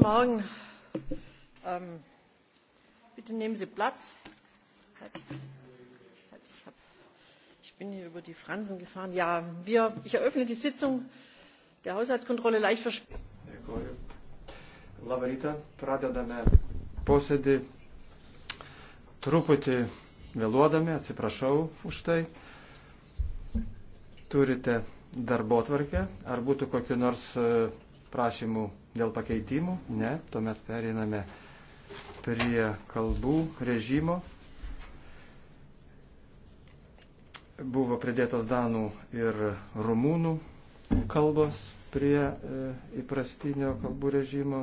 Guten Morgen. Ähm, bitte nehmen Sie Platz. Halt, halt, ich, hab, ich bin hier über die Fransen gefahren. Ja, wir, ich eröffne die Sitzung der Haushaltskontrolle leicht verspätet. Labą rytą, pradedame posėdį truputį vėluodami, atsiprašau už tai. Turite darbo tvarkę, ar būtų kokiu nors e, prašymu dėl pakeitimų? Ne, tuomet periname prie kalbų režimo. Buvo pridėtos danų ir rumūnų kalbos prie e, įprastinio kalbų režimo.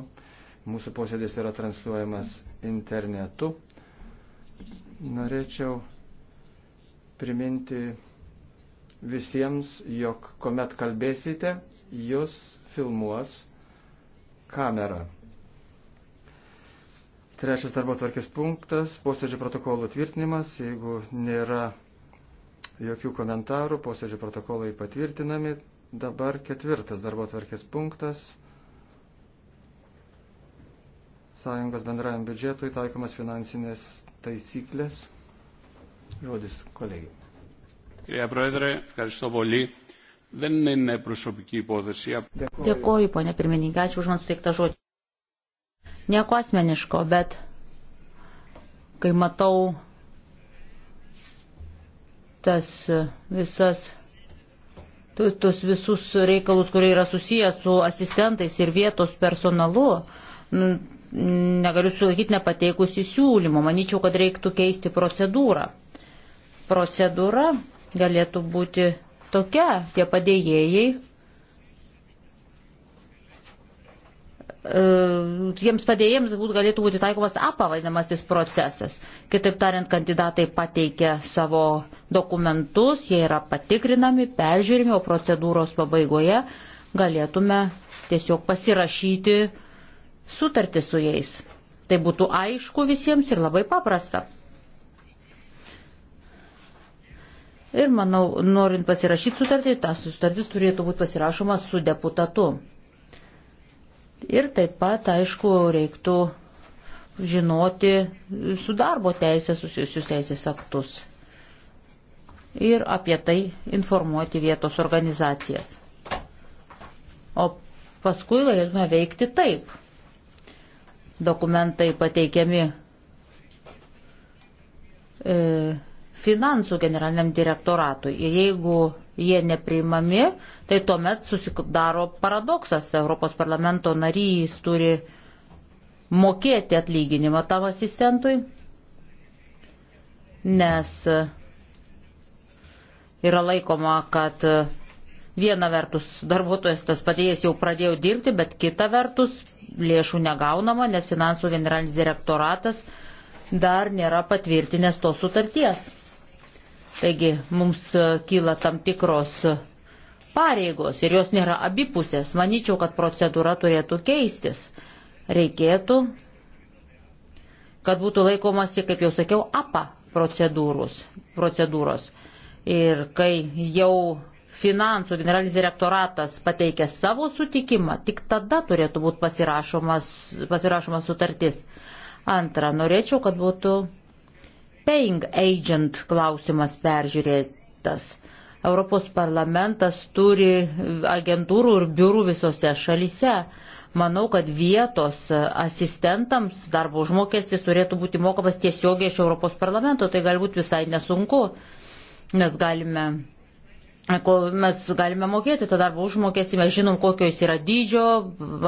Mūsų posėdis yra transliuojamas internetu. Norėčiau priminti visiems, jog kuomet kalbėsite, jūs filmuos kamerą. Trečias darbo tvarkės punktas - posėdžio protokolų tvirtinimas. Jeigu nėra jokių komentarų, posėdžio protokolai patvirtinami. Dabar ketvirtas darbo tvarkės punktas - sąjungos bendrajam biudžetui taikomas finansinės taisyklės. Žodis kolegijai. Κυρία Πρόεδρε, ευχαριστώ πολύ. Δεν είναι προσωπική υπόθεση. Dėkoju, ponė pirmininkė, ačiū už man suteiktą žodį. Nieko asmeniško, bet kai matau tas visas, tos visus reikalus, kurie yra susijęs su asistentais ir vietos personalu, negaliu sulaikyti nepateikus įsiūlymo. Manyčiau, kad reiktų keisti procedūrą. Procedūra galėtų būti tokia, tie padėjėjai, e, jiems padėjėjams galėtų būti taikomas apavainamasis procesas. Kitaip tariant, kandidatai pateikia savo dokumentus, jie yra patikrinami, peržiūrimi, o procedūros pabaigoje galėtume tiesiog pasirašyti sutartį su jais. Tai būtų aišku visiems ir labai paprasta. Ir manau, norint pasirašyti sutartį, ta sutartis turėtų būti pasirašoma su deputatu. Ir taip pat, aišku, reiktų žinoti su darbo teisė susijusius teisės aktus. Ir apie tai informuoti vietos organizacijas. O paskui galėtume veikti taip. Dokumentai pateikiami. E, finansų generaliniam direktoratui. Ir jeigu jie nepriimami, tai tuomet susidaro paradoksas. Europos parlamento narys turi mokėti atlyginimą tavo asistentui, nes yra laikoma, kad viena vertus darbuotojas tas padėjęs jau pradėjo dirbti, bet kita vertus lėšų negaunama, nes finansų generalinis direktoratas dar nėra patvirtinęs tos sutarties. Taigi mums e, kyla tam tikros e, pareigos ir jos nėra abipusės. Maničiau, kad procedūra turėtų keistis. Reikėtų, kad būtų laikomasi, kaip jau sakiau, apa procedūros. Ir kai jau finansų generalinis direktoratas pateikia savo sutikimą, tik tada turėtų būti pasirašomas, pasirašomas sutartis. Antra, norėčiau, kad būtų paying agent klausimas peržiūrėtas. Europos parlamentas turi agentūrų ir biurų visose šalise. Manau, kad vietos asistentams darbo užmokestis turėtų būti mokamas tiesiogiai iš Europos parlamento. Tai galbūt visai nesunku, nes galime, mes galime mokėti tą darbo užmokestį, mes žinom, kokio jis yra dydžio,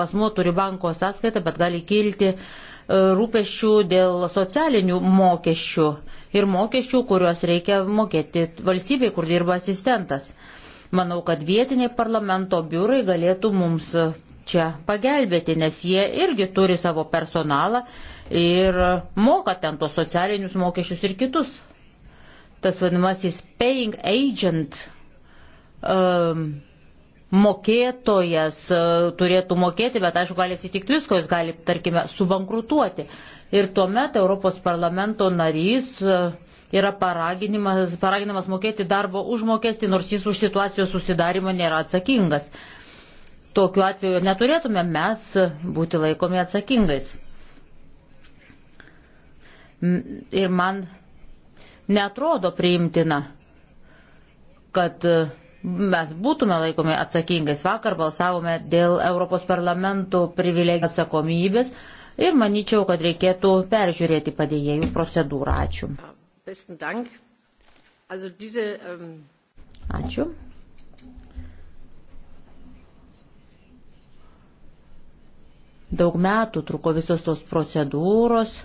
asmuo turi banko sąskaitą, bet gali kilti uh, rūpeščių dėl socialinių mokesčių ir mokesčių, kuriuos reikia mokėti valstybei, kur dirba asistentas. Manau, kad vietiniai parlamento biurai galėtų mums čia pagelbėti, nes jie irgi turi savo personalą ir moka ten tos socialinius mokesčius ir kitus. Tas vadinamasis paying agent um, mokėtojas e, turėtų mokėti, bet aišku, gali atsitikti visko, jis gali, tarkime, subankrutuoti. Ir tuomet Europos parlamento narys e, yra paraginimas, paraginimas mokėti darbo užmokestį, nors jis už situacijos susidarimą nėra atsakingas. Tokiu atveju neturėtume mes būti laikomi atsakingais. Ir man netrodo priimtina, kad e, mes būtume laikomi atsakingais. Vakar balsavome dėl Europos parlamentų privilegijų atsakomybės ir manyčiau, kad reikėtų peržiūrėti padėjėjų procedūrą. Ačiū. Ähm, Ačiū. Daug metų truko visos tos procedūros.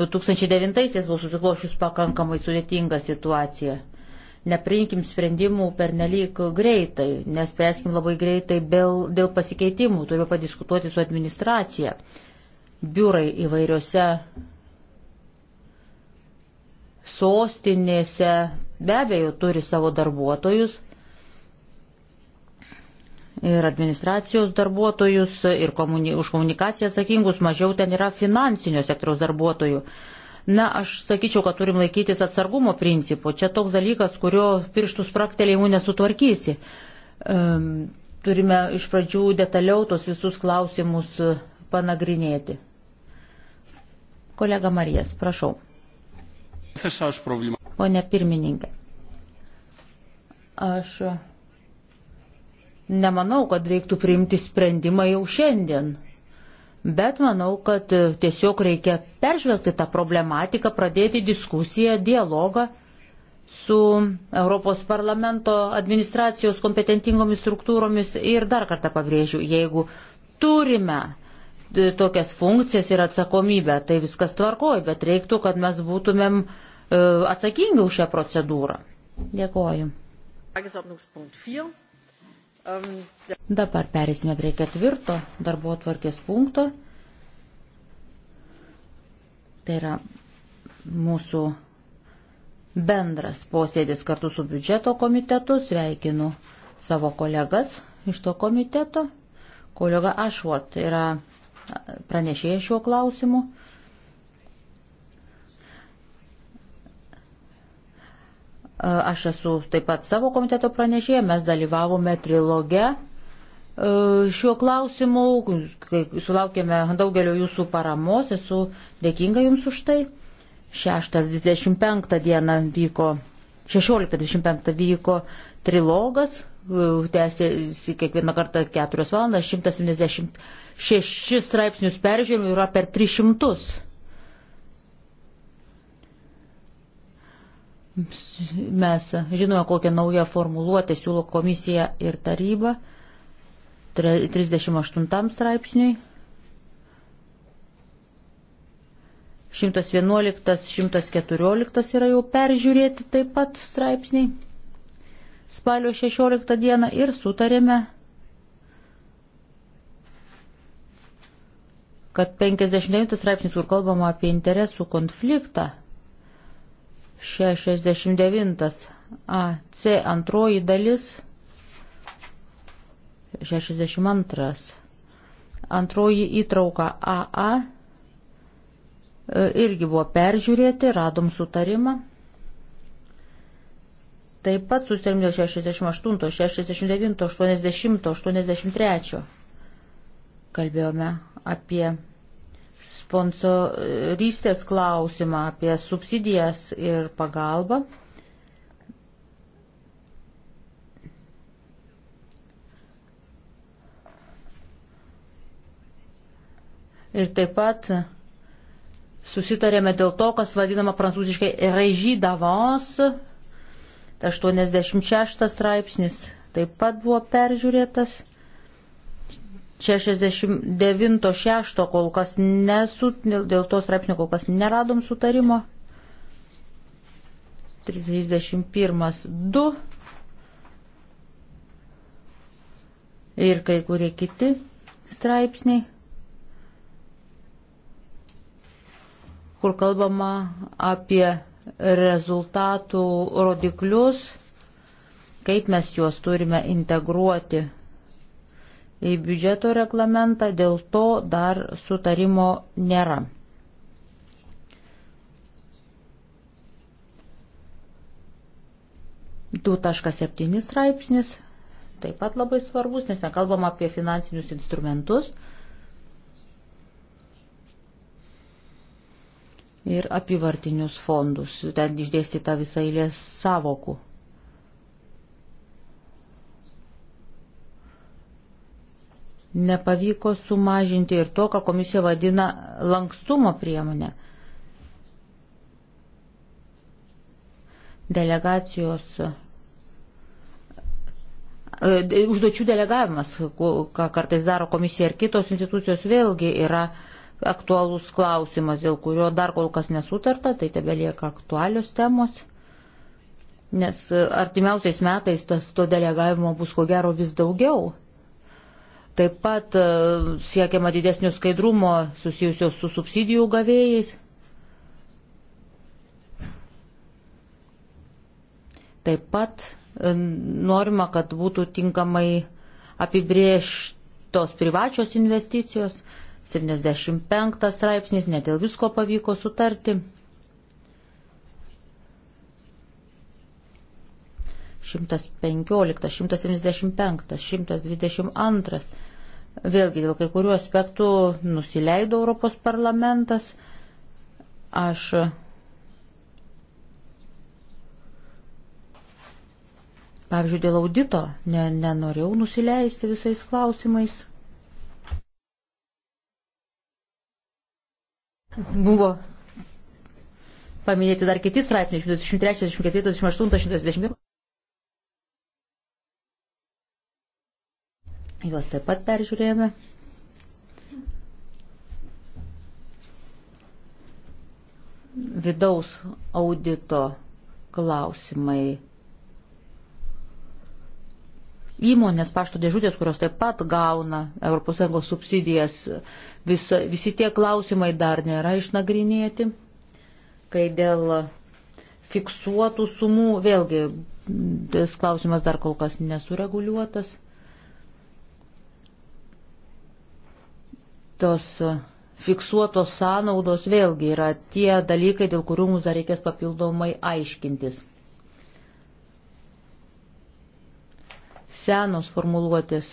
2009-aisiais buvo susiklošius pakankamai sudėtinga situacija. Nepriimkim sprendimų pernelyg greitai, nespręskim labai greitai dėl, dėl pasikeitimų, turime padiskutuoti su administracija. Biurai įvairiose sostinėse be abejo turi savo darbuotojus ir administracijos darbuotojus, ir komuni už komunikaciją atsakingus, mažiau ten yra finansinio sektoriaus darbuotojų. Uh, Na, aš sakyčiau, kad turim laikytis atsargumo principų. Čia toks dalykas, kurio pirštų spraktelėjimų nesutvarkysi. Turime iš pradžių detaliau tos visus klausimus e, panagrinėti. Kolega Marijas, prašau. Pone pirmininkė, aš nemanau, kad reiktų priimti sprendimą jau šiandien Bet manau, kad e, tiesiog reikia peržvelgti tą problematiką, pradėti diskusiją, dialogą su Europos parlamento administracijos kompetentingomis struktūromis ir dar kartą pabrėžiu, jeigu turime e, tokias funkcijas ir atsakomybę, tai viskas tvarkoja, bet reiktų, kad mes būtumėm e, atsakingi už šią procedūrą. Dėkoju. Tagesordnungspunkt 4. Dabar perėsime prie ketvirto darbo tvarkės punkto. Tai yra mūsų bendras posėdis kartu su biudžeto komitetu. Sveikinu savo kolegas iš to komiteto. Kolega Ašvot yra pranešėjęs šiuo klausimu. Aš esu taip pat savo komiteto pranešėja, mes dalyvavome triloge e, šiuo klausimu, sulaukėme daugelio jūsų paramos, esu dėkinga jums už tai. 6.25 dieną vyko, 16.25 vyko trilogas, e, tęsiasi kiekvieną kartą 4 valandas, 176 straipsnius peržiūrėjau yra per 300. Mes žinome, kokią naują formuluotę siūlo komisija ir taryba 38 straipsniui. 111, 114 yra jau peržiūrėti taip pat straipsniai spalio 16 dieną ir sutarėme, kad 59 straipsnis, kur kalbama apie interesų konfliktą, 69 AC antroji dalis 62 antroji įtrauka AA e, irgi buvo peržiūrėti, radom sutarimą. Taip pat susitarim dėl 68, 69, 80, 83. Kalbėjome apie sponsorystės klausimą, apie subsidijas ir pagalbą. Ir taip pat susitarėme dėl to, kas vadinama prancūziškai reži davos, 86 straipsnis taip pat buvo peržiūrėtas. 69.6 kol kas nesu, dėl to straipsnio kol kas neradom sutarimo. 31.2 ir kai kurie kiti straipsniai, kur kalbama apie rezultatų rodiklius, kaip mes juos turime integruoti į biudžeto reglamentą, dėl to dar sutarimo nėra. Du taškas septynis straipsnis taip pat labai svarbus, nes nekalbam apie finansinius instrumentus ir apivartinius fondus. Ten išdėstyta visai lės savokų. nepavyko sumažinti ir to, ką komisija vadina lankstumo priemonė. Delegacijos. E, užduočių delegavimas, ką kartais daro komisija ir kitos institucijos, vėlgi yra aktualus klausimas, dėl kurio dar kol kas nesutarta, tai tebelieka aktualios temos, nes e, artimiausiais metais tas to delegavimo bus ko gero vis daugiau Taip pat e, siekiama didesnio skaidrumo susijusios su subsidijų gavėjais. Taip pat e, norima, kad būtų tinkamai apibrieštos privačios investicijos. 75 straipsnis, ne dėl visko pavyko sutarti. 115, 175, 122. Vėlgi dėl kai kurių aspektų nusileido Europos parlamentas. Aš Pavyzdžiui, dėl audito ne, nenorėjau nusileisti visais klausimais. Buvo paminėti dar kiti straipsniai 23, 24, 28, 121. Juos taip pat peržiūrėjome. Vidaus audito klausimai. Įmonės pašto dėžutės, kurios taip pat gauna ES subsidijas, visa, visi tie klausimai dar nėra išnagrinėti. Kai dėl fiksuotų sumų, vėlgi, tas klausimas dar kol kas nesureguliuotas. tos fiksuotos sąnaudos vėlgi yra tie dalykai, dėl kurių mums dar reikės papildomai aiškintis. Senos formuluotės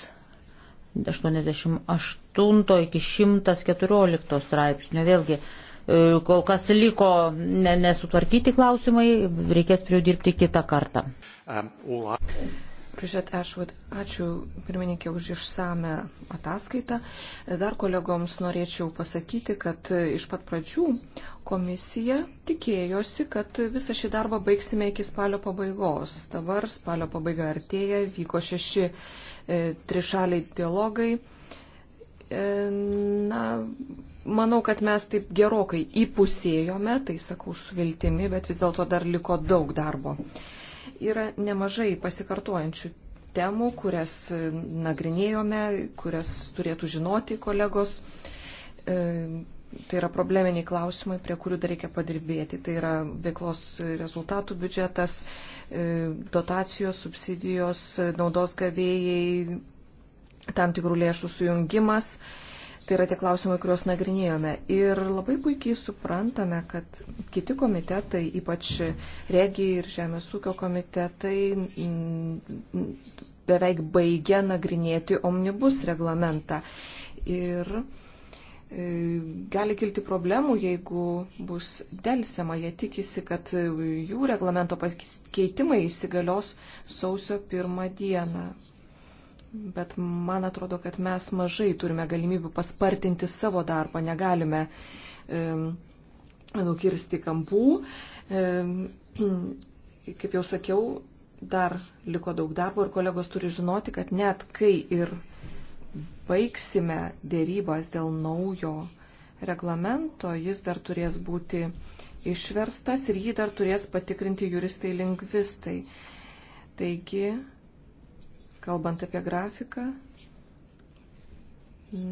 88 iki 114 straipsnio vėlgi e, kol kas liko nesutvarkyti klausimai, reikės prie jų dirbti kitą kartą. Um, Prižet Ashwood, ačiū pirmininkė už išsame ataskaitą. Dar kolegoms norėčiau pasakyti, kad iš pat pradžių komisija tikėjosi, kad visą šį darbą baigsime iki spalio pabaigos. Dabar spalio pabaiga artėja, vyko šeši e, trišaliai dialogai. E, na, manau, kad mes taip gerokai įpusėjome, tai sakau su viltimi, bet vis dėlto dar liko daug darbo. E, Yra nemažai pasikartojančių temų, kurias nagrinėjome, kurias turėtų žinoti kolegos. E, tai yra probleminiai klausimai, prie kurių dar reikia padirbėti. Tai yra veiklos rezultatų biudžetas, e, dotacijos, subsidijos, naudos gavėjai, tam tikrų lėšų sujungimas. Tai yra tie klausimai, kuriuos nagrinėjome. Ir labai puikiai suprantame, kad kiti komitetai, ypač regijai ir žemės ūkio komitetai, mm, beveik baigia nagrinėti omnibus reglamentą. Ir e, gali kilti problemų, jeigu bus dėlsiama. Jie tikisi, kad jų reglamento pakeitimai įsigalios sausio pirmą dieną bet man atrodo, kad mes mažai turime galimybių paspartinti savo darbą, negalime e, nukirsti kampų. E, kaip jau sakiau, dar liko daug darbo ir kolegos turi žinoti, kad net kai ir baigsime dėrybas dėl naujo reglamento, jis dar turės būti išverstas ir jį dar turės patikrinti juristai lingvistai. Taigi, Kalbant apie grafiką,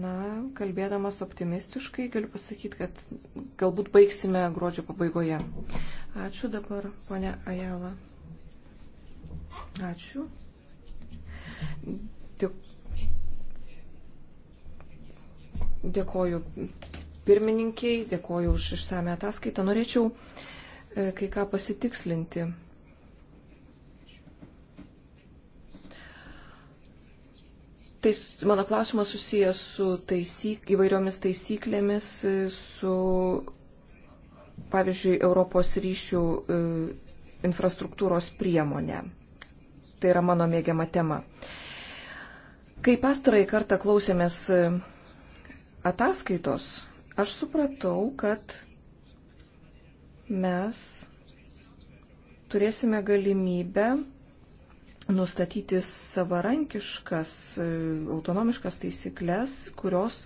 na, kalbėdamas optimistiškai, galiu pasakyti, kad galbūt baigsime gruodžio pabaigoje. Ačiū dabar, ponia Ajala. Ačiū. Dėkoju pirmininkiai, dėkoju už išsame ataskaitą. Norėčiau e, kai ką pasitikslinti. Tai mano klausimas susijęs su taisyk, įvairiomis taisyklėmis, e, su, pavyzdžiui, Europos ryšių e, infrastruktūros priemonė. Tai yra mano mėgiama tema. Kai pastarąjį kartą klausėmės e, ataskaitos, aš supratau, kad mes turėsime galimybę nustatyti savarankiškas, e, autonomiškas taisyklės, kurios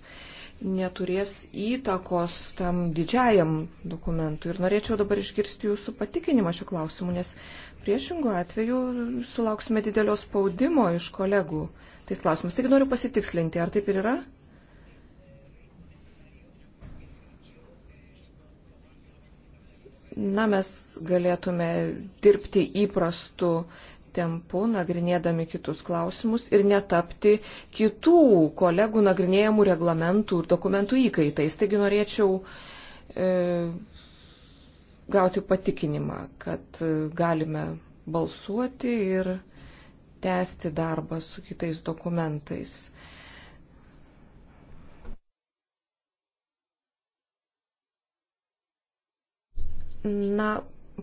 neturės įtakos tam didžiajam dokumentui. Ir norėčiau dabar išgirsti jūsų patikinimą šiuo klausimu, nes priešingų atveju sulauksime didelio spaudimo iš kolegų tais klausimais. Tik noriu pasitikslinti, ar taip ir yra? Na, mes galėtume dirbti įprastu uh, tempu, nagrinėdami kitus klausimus ir netapti kitų kolegų nagrinėjamų reglamentų ir dokumentų įkaitais. Taigi norėčiau e, gauti patikinimą, kad e, galime balsuoti ir tęsti darbą su kitais dokumentais. Na,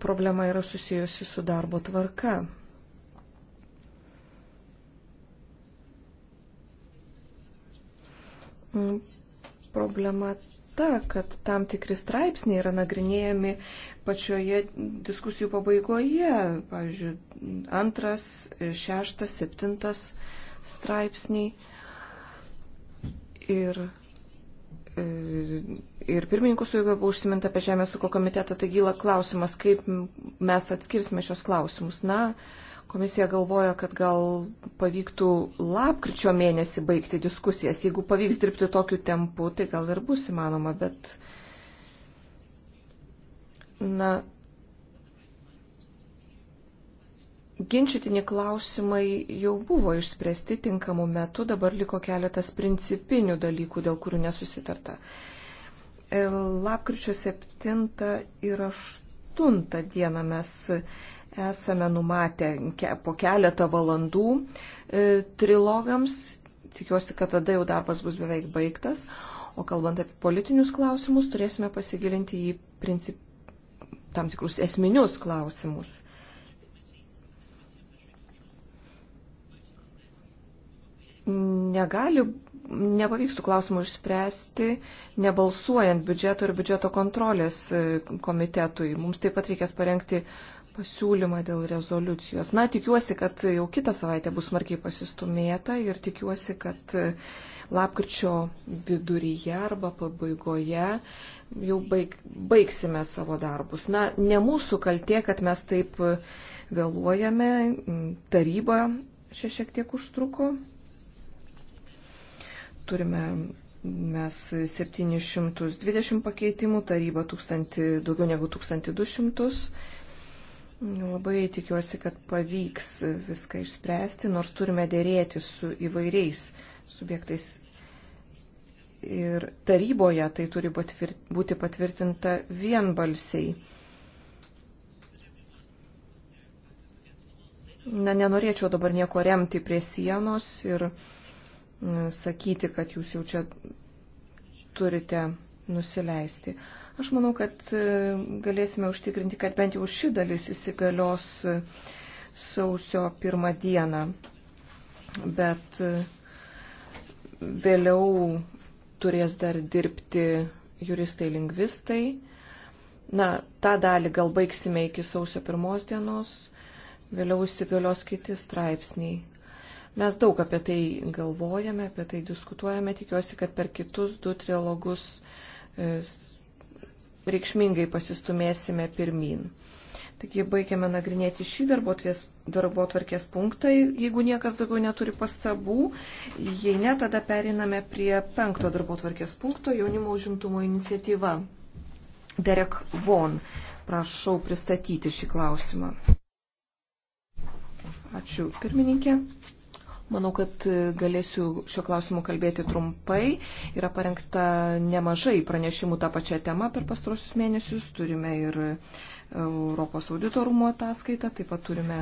problema yra susijusi su darbo tvarka. Mm, problema ta, kad tam tikri straipsniai yra nagrinėjami pačioje diskusijų pabaigoje, pavyzdžiui, antras, šeštas, septintas straipsniai. Ir, e, ir pirmininkų sujuga buvo užsiminta apie Žemės ūkio komitetą, taigi klausimas, kaip mes atskirsime šios klausimus. Na, Komisija galvoja, kad gal pavyktų lapkričio mėnesį baigti diskusijas. Jeigu pavyks dirbti tokiu tempu, tai gal ir bus įmanoma, bet. Na. Ginčytini klausimai jau buvo išspręsti tinkamu metu, dabar liko keletas principinių dalykų, dėl kurių nesusitarta. Lapkričio 7 ir 8 dieną mes Esame numatę po keletą valandų e, trilogams. Tikiuosi, kad tada jau darbas bus beveik baigtas. O kalbant apie politinius klausimus, turėsime pasigilinti į princip... tam tikrus esminius klausimus. Negali, nepavyks tų klausimų išspręsti, nebalsuojant biudžeto ir biudžeto kontrolės e, komitetui. Mums taip pat reikės parengti uh, pasiūlymą dėl rezoliucijos. Na, tikiuosi, kad jau kitą savaitę bus smarkiai pasistumėta ir tikiuosi, kad e, lapkričio viduryje arba pabaigoje jau baig, baigsime savo darbus. Na, ne mūsų kaltė, kad mes taip e, vėluojame, mm, taryba čia šiek tiek užtruko. Turime mes 720 pakeitimų, taryba 1000, daugiau negu 1200. Labai tikiuosi, kad pavyks viską išspręsti, nors turime dėrėti su įvairiais subjektais. Ir taryboje tai turi būti patvirtinta vienbalsiai. Na, nenorėčiau dabar nieko remti prie sienos ir mm, sakyti, kad jūs jau čia turite nusileisti. Aš manau, kad e, galėsime užtikrinti, kad bent jau ši dalis įsigalios e, sausio pirmą dieną. Bet e, vėliau turės dar dirbti juristai lingvistai. Na, tą dalį gal baigsime iki sausio pirmos dienos, vėliau įsigalios kiti straipsniai. Mes daug apie tai galvojame, apie tai diskutuojame, tikiuosi, kad per kitus du trilogus reikšmingai pasistumėsime pirmin. Taigi baigiame nagrinėti šį darbo tvarkės punktą. Jeigu niekas daugiau neturi pastabų, jei ne, tada periname prie penkto darbo tvarkės punkto jaunimo užimtumo iniciatyva. Derek Von, prašau pristatyti šį klausimą. Ačiū pirmininkė. Manau, kad galėsiu šiuo klausimu kalbėti trumpai. Yra parengta nemažai pranešimų tą pačią temą per pastarosius mėnesius. Turime ir Europos auditorumo ataskaitą, taip pat turime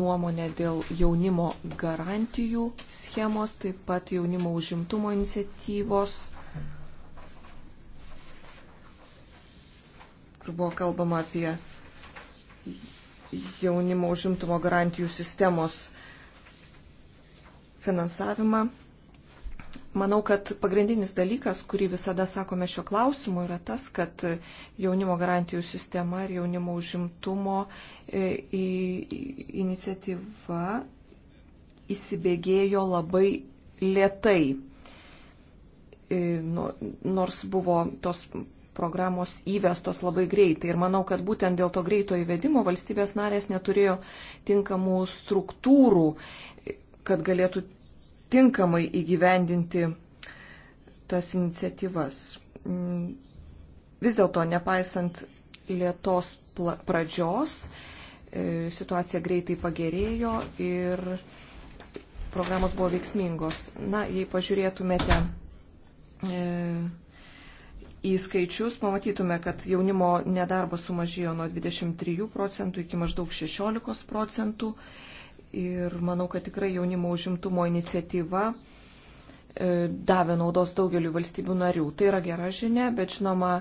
nuomonę dėl jaunimo garantijų schemos, taip pat jaunimo užimtumo iniciatyvos, kur buvo kalbama apie jaunimo užimtumo garantijų sistemos finansavimą. Manau, kad pagrindinis dalykas, kurį visada sakome šio klausimu, yra tas, kad jaunimo garantijų sistema ir jaunimo užimtumo e, iniciatyva įsibėgėjo labai lietai. E, nors buvo tos programos įvestos labai greitai. Ir manau, kad būtent dėl to greito įvedimo valstybės narės neturėjo tinkamų struktūrų, kad galėtų tinkamai įgyvendinti tas iniciatyvas. Vis dėlto, nepaisant lietos pradžios, e, situacija greitai pagerėjo ir programos buvo veiksmingos. Na, jei pažiūrėtumėte e, į skaičius, pamatytume, kad jaunimo nedarbas sumažėjo nuo 23 procentų iki maždaug 16 procentų. Ir manau, kad tikrai jaunimo užimtumo iniciatyva e, davė naudos daugeliu valstybių narių. Tai yra gera žinia, bet žinoma,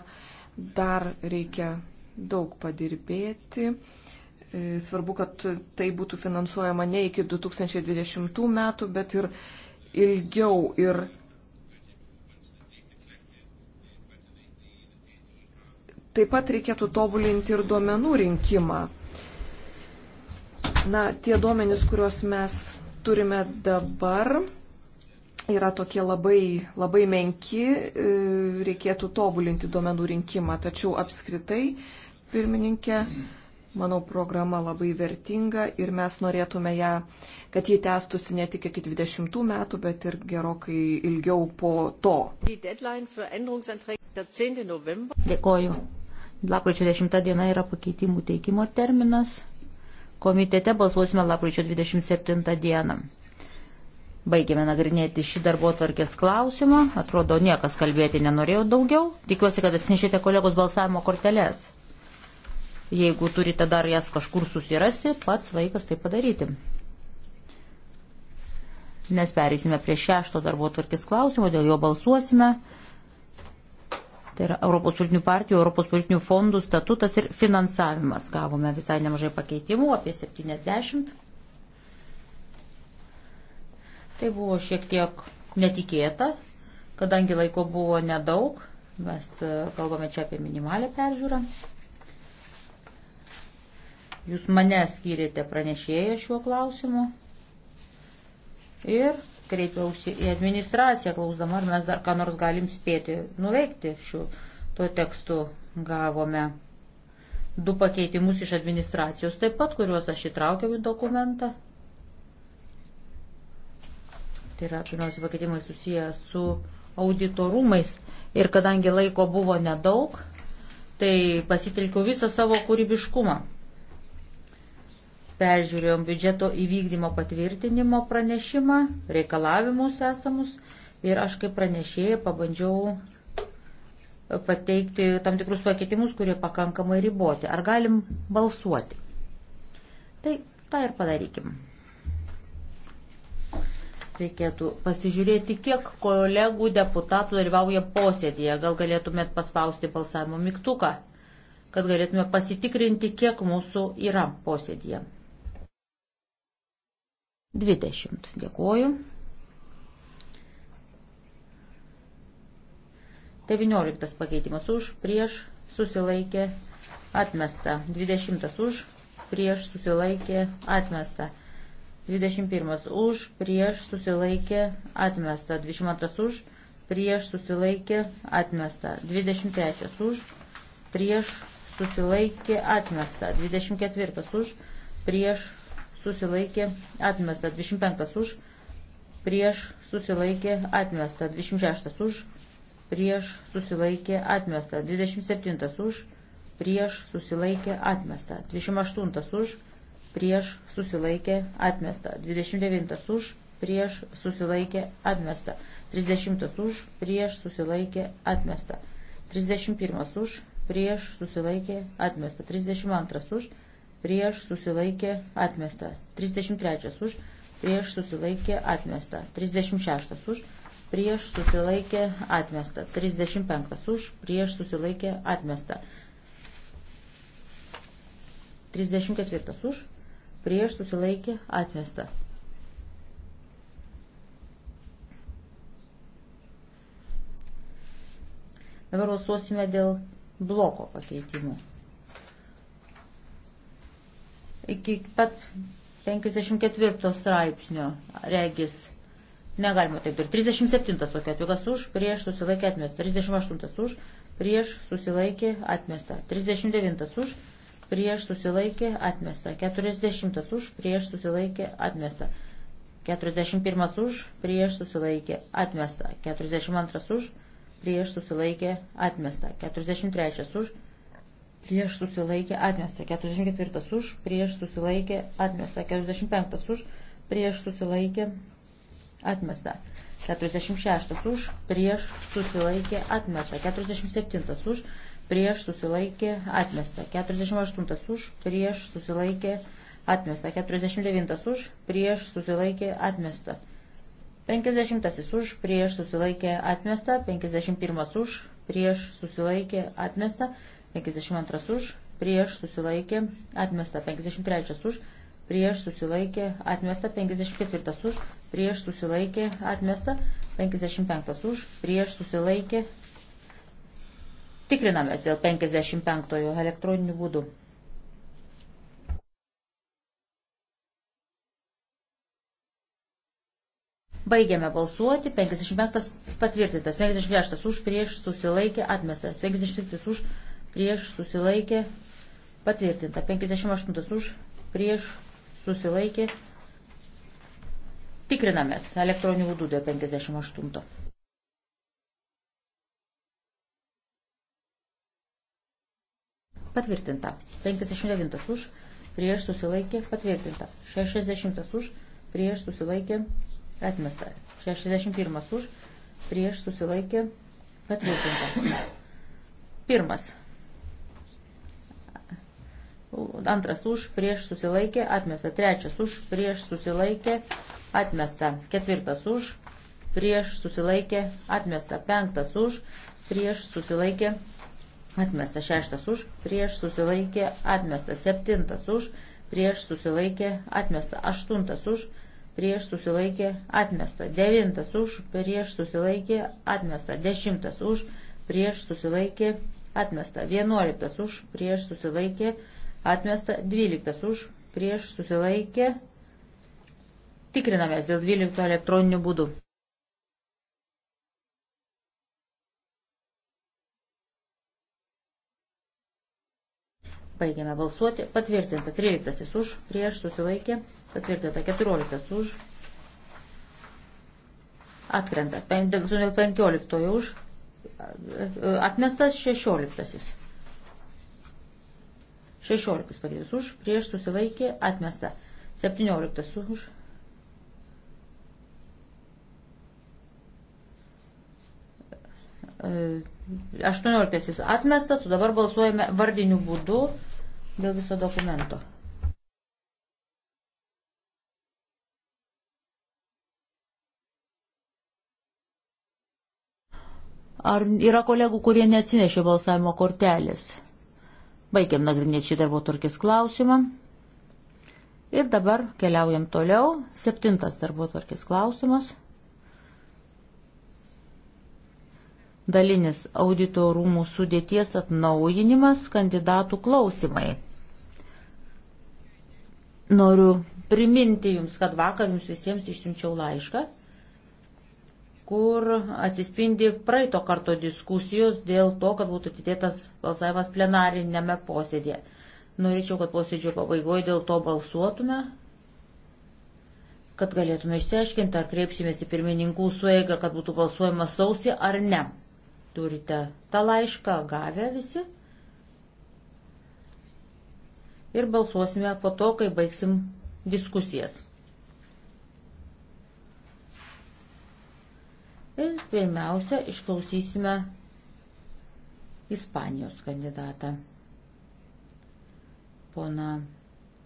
dar reikia daug padirbėti. E, svarbu, kad tai būtų finansuojama ne iki 2020 metų, bet ir ilgiau ir Taip pat reikėtų tobulinti ir duomenų rinkimą. Na, tie duomenys, kuriuos mes turime dabar, yra tokie labai, labai menki, e, reikėtų tobulinti duomenų rinkimą. Tačiau apskritai, pirmininkė, manau, programa labai vertinga ir mes norėtume ją, kad ji tęstusi ne tik iki 20 metų, bet ir gerokai ilgiau po to. Dėkoju. Lapkričio 10 diena yra pakeitimų teikimo terminas. Komitete balsuosime lapkričio 27 dieną. Baigėme nagrinėti šį darbo tvarkės klausimą. Atrodo, niekas kalbėti nenorėjo daugiau. Tikiuosi, kad atsinešėte kolegos balsavimo korteles. Jeigu turite dar jas kažkur susirasti, pats vaikas tai padaryti. Nes perėsime prie šešto darbo tvarkės klausimo, dėl jo balsuosime. Tai yra Europos politinių partijų, Europos politinių fondų statutas ir finansavimas. Gavome visai nemažai pakeitimų, apie 70. Tai buvo šiek tiek netikėta, kadangi laiko buvo nedaug. Mes e, kalbame čia apie minimalę peržiūrą. Jūs mane skyrėte pranešėję šiuo klausimu. Ir kreipiausi į administraciją, klausdama, ar mes dar ką nors galim spėti nuveikti šiuo tuo tekstu. Gavome du pakeitimus iš administracijos taip pat, kuriuos aš įtraukiau į dokumentą. Tai yra pirmiausia pakeitimai susiję su auditorumais ir kadangi laiko buvo nedaug, tai pasitelkiau visą savo kūrybiškumą peržiūrėjom biudžeto įvykdymo patvirtinimo pranešimą, reikalavimus esamus ir aš kaip pranešėjai pabandžiau pateikti tam tikrus pakeitimus, kurie pakankamai riboti. Ar galim balsuoti? Tai tą ir padarykim. Reikėtų pasižiūrėti, kiek kolegų deputatų dalyvauja posėdėje. Gal galėtumėt paspausti balsavimo mygtuką, kad galėtume pasitikrinti, kiek mūsų yra posėdėje. 20. Dėkoju. 19 pakeitimas už, prieš, susilaikė, atmesta. 20 už, prieš, susilaikė, atmesta. 21 už, prieš, susilaikė, atmesta. 22 už, prieš, susilaikė, atmesta. 23 už, prieš, susilaikė, atmesta. 24 už, prieš, susilaikė atmesta 25 už, prieš susilaikė atmesta 26 už, prieš susilaikė atmesta 27 už, prieš susilaikė atmesta 28 už, prieš susilaikė atmesta 29 už, prieš susilaikė atmesta 30 už, prieš susilaikė atmesta 31 už, prieš susilaikė atmesta 32 už, prieš susilaikė atmesta. 33 už, prieš susilaikė atmesta. 36 už, prieš susilaikė atmesta. 35 už, prieš susilaikė atmesta. 34 už, prieš susilaikė atmesta. Dabar balsuosime dėl bloko pakeitimų iki pat 54 straipsnio regis. Negalima taip ir 37 tokia atvykas už, prieš susilaikė atmestą, 38 už, prieš susilaikė atmestą, 39 už, prieš susilaikė atmestą, 40 už, prieš susilaikė atmestą, 41 už, prieš susilaikė atmestą, 42 už, prieš susilaikė atmestą, 43 už, prieš susilaikė atmesta. 44 už, prieš susilaikė atmesta. 45 už, prieš susilaikė atmesta. 46 už, prieš susilaikė atmesta. 47 už, prieš susilaikė atmesta. 48 už, prieš susilaikė atmesta. 49 už, prieš susilaikė atmesta. 50 už, prieš susilaikė atmesta. 51 už, prieš susilaikė atmesta. 52 už, prieš susilaikė, atmesta 53 už, prieš susilaikė, atmesta 54 už, prieš susilaikė, atmesta 55 už, prieš susilaikė. Tikrinamės dėl 55 elektroninių būdų. Baigiame balsuoti. 55 patvirtintas. 56 už prieš susilaikė atmestas. 56 už prieš susilaikė patvirtinta. 58 už prieš susilaikė. Tikrinamės elektroninių būdų dėl 58. Patvirtinta. 59 už prieš susilaikė patvirtinta. 60 už prieš susilaikė atmesta. 61 už prieš susilaikė patvirtinta. Pirmas Antras už, prieš susilaikė, atmesta. Trečias už, prieš susilaikė, atmesta. Ketvirtas už, prieš susilaikė, atmesta. Penktas už, prieš susilaikė, atmesta. Šeštas už, prieš susilaikė, atmesta. Septintas už, prieš susilaikė, atmesta. Aštuntas už, prieš susilaikė, atmesta. Devintas už, prieš susilaikė, atmesta. Dešimtas už, prieš susilaikė, atmesta. Vienuoliktas už, prieš susilaikė, atmesta atmesta 12 už, prieš susilaikė. Tikrinamės dėl 12 elektroninių būdų. Baigiame balsuoti. Patvirtinta 13 už, prieš susilaikė. Patvirtinta 14 už. Atkrenta 15 už. Atmestas 16. 16 pakeitimas už, prieš susilaikė atmesta. 17 už. E, aštuonioliktasis atmestas, o dabar balsuojame vardiniu būdu dėl viso dokumento. Ar yra kolegų, kurie neatsinešė balsavimo kortelės? Baigiam nagrinėti šį darbo tvarkės klausimą. Ir dabar keliaujam toliau. Septintas darbo tvarkės klausimas. Dalinis audito rūmų sudėties atnaujinimas, kandidatų klausimai. Noriu priminti jums, kad vakar jums visiems išsiunčiau laišką kur atsispindi praeito karto diskusijos dėl to, kad būtų atidėtas balsavimas plenarinėme posėdėje. Norėčiau, kad posėdžio pabaigoje dėl to balsuotume, kad galėtume išsiaiškinti, ar kreipsimės į pirmininkų sueigą, kad būtų balsuojama sausi ar ne. Turite tą laišką gavę visi. Ir balsuosime po to, kai baigsim diskusijas. Ir pirmiausia, išklausysime Ispanijos kandidatą, pona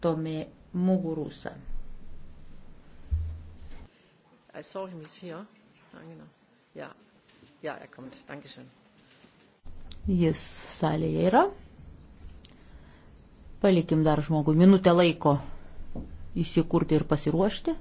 Tomė Mugurusą. I saw him, he's here. Genau. Ja, ja, er kommt. Dankeschön. Jis salėje yra. Palikim dar žmogų minutę laiko įsikurti ir pasiruošti.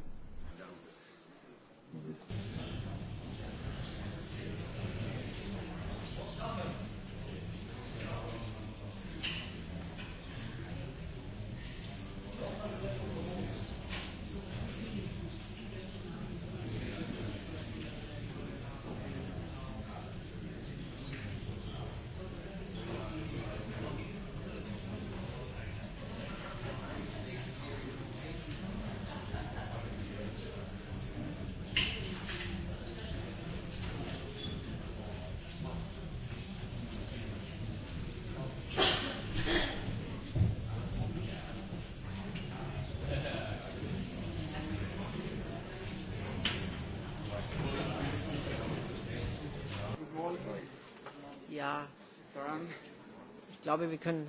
glaube, wir können,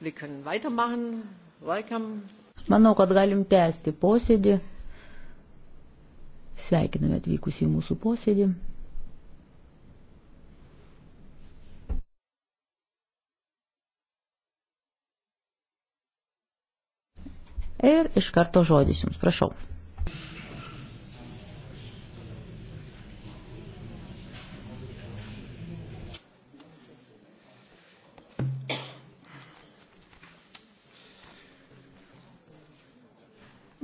wir können weitermachen. Welcome. Manau, kad galim tęsti posėdį. Sveikiname atvykus į mūsų posėdį. Ir iš karto žodis jums, prašau.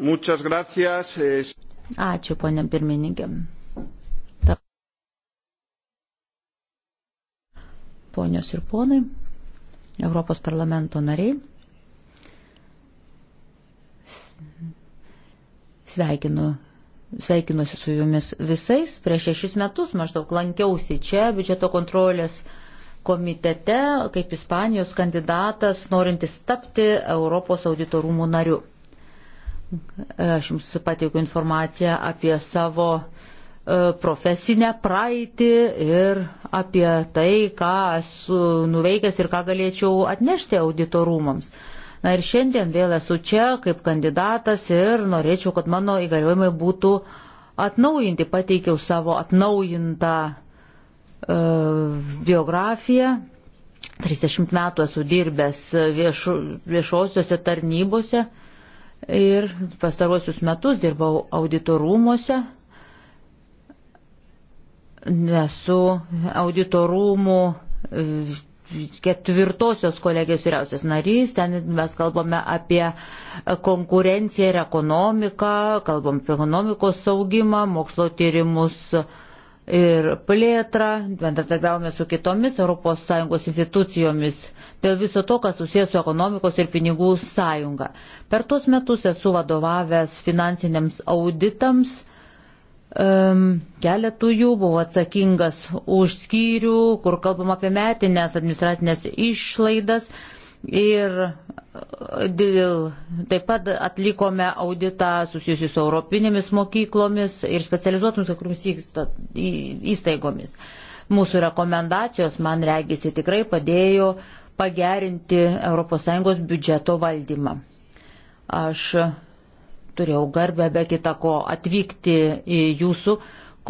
Muchas gracias. Ačiū, ponė pirmininkė. Ponios ir ponai, Europos parlamento nariai, sveikinu sveikinuosi su jumis visais. Prieš šešis metus maždaug lankiausi čia biudžeto kontrolės komitete kaip Ispanijos kandidatas, norintis tapti Europos auditorumų nariu. Aš jums pateikiu informaciją apie savo e, profesinę praeitį ir apie tai, ką esu nuveikęs ir ką galėčiau atnešti auditorumams. Na ir šiandien vėl esu čia kaip kandidatas ir norėčiau, kad mano įgaliojimai būtų atnaujinti. Pateikiau savo atnaujintą e, biografiją. 30 metų esu dirbęs viešo, viešosiuose tarnybose. E, ir pastaruosius metus dirbau auditorumuose. Nesu auditorumų e, ketvirtosios kolegijos vyriausias narys, ten mes kalbame apie konkurenciją ir ekonomiką, kalbam apie ekonomikos saugimą, mokslo tyrimus, uh, ir plėtrą, bendradarbiavome su kitomis ES institucijomis dėl viso to, kas susijęs su ekonomikos ir pinigų sąjunga. Per tuos metus esu vadovavęs finansiniams auditams. Um, keletų jų buvo atsakingas už skyrių, kur kalbam apie metinės administracinės išlaidas. Uh, Ir e, dėl, taip pat atlikome auditą susijusius su europinėmis mokyklomis ir specializuotomis kokiamis įstaigomis. Mūsų rekomendacijos, man regisi, tai tikrai padėjo pagerinti ES biudžeto valdymą. Aš turėjau garbę be kitako atvykti į jūsų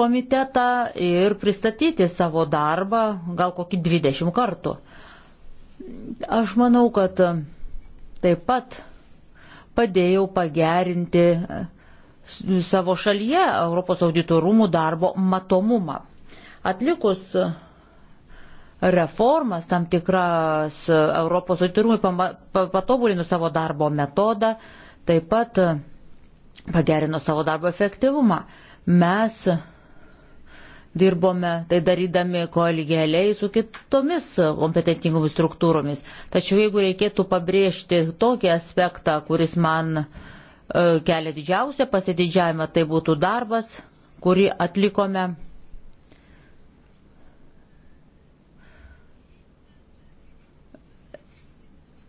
komitetą ir pristatyti savo darbą gal kokį 20 kartų. Aš manau, kad taip pat padėjau pagerinti savo šalyje Europos auditorumų darbo matomumą. Atlikus reformas, tam tikras Europos auditorumai patobulino savo darbo metodą, taip pat pagerino savo darbo efektyvumą. Mes dirbome tai darydami kolegialiai su kitomis kompetentingomis struktūromis. Tačiau jeigu reikėtų pabrėžti tokį aspektą, kuris man e, kelia didžiausią pasididžiavimą, tai būtų darbas, kurį atlikome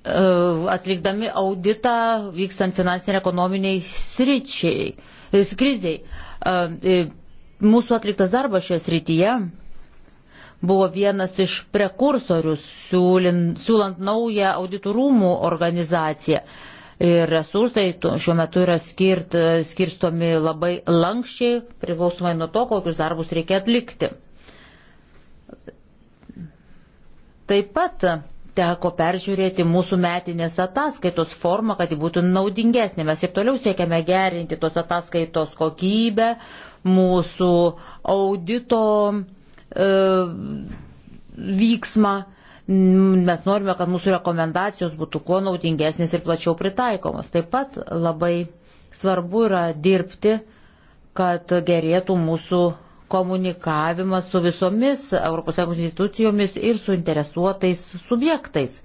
e, atlikdami auditą vykstant finansinė ir ekonominiai sričiai, e, kriziai. Mūsų atliktas darbas šioje srityje buvo vienas iš prekursorių siūlint, siūlant naują auditorumų organizaciją. Ir resursai šiuo metu yra skirt, skirstomi labai lankščiai, priklausomai nuo to, kokius darbus reikia atlikti. Taip pat teko peržiūrėti mūsų metinės ataskaitos formą, kad ji būtų naudingesnė. Mes ir toliau siekiame gerinti tos ataskaitos kokybę, mūsų audito e, vyksmą. Mes norime, kad mūsų rekomendacijos būtų kuo naudingesnės ir plačiau pritaikomos. Taip pat labai svarbu yra dirbti, kad gerėtų mūsų komunikavimas su visomis ES institucijomis ir suinteresuotais subjektais.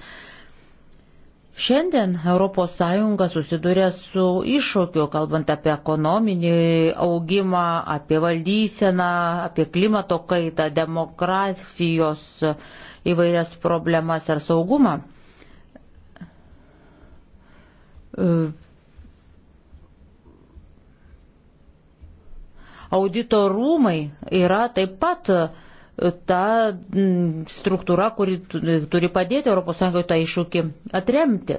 Šiandien ES susiduria su iššūkiu, kalbant apie ekonominį augimą, apie valdyseną, apie klimato kaitą, demokratijos įvairias problemas ar saugumą. E, audito rūmai yra taip pat ta struktūra, kuri turi padėti ES tą iššūkį atremti.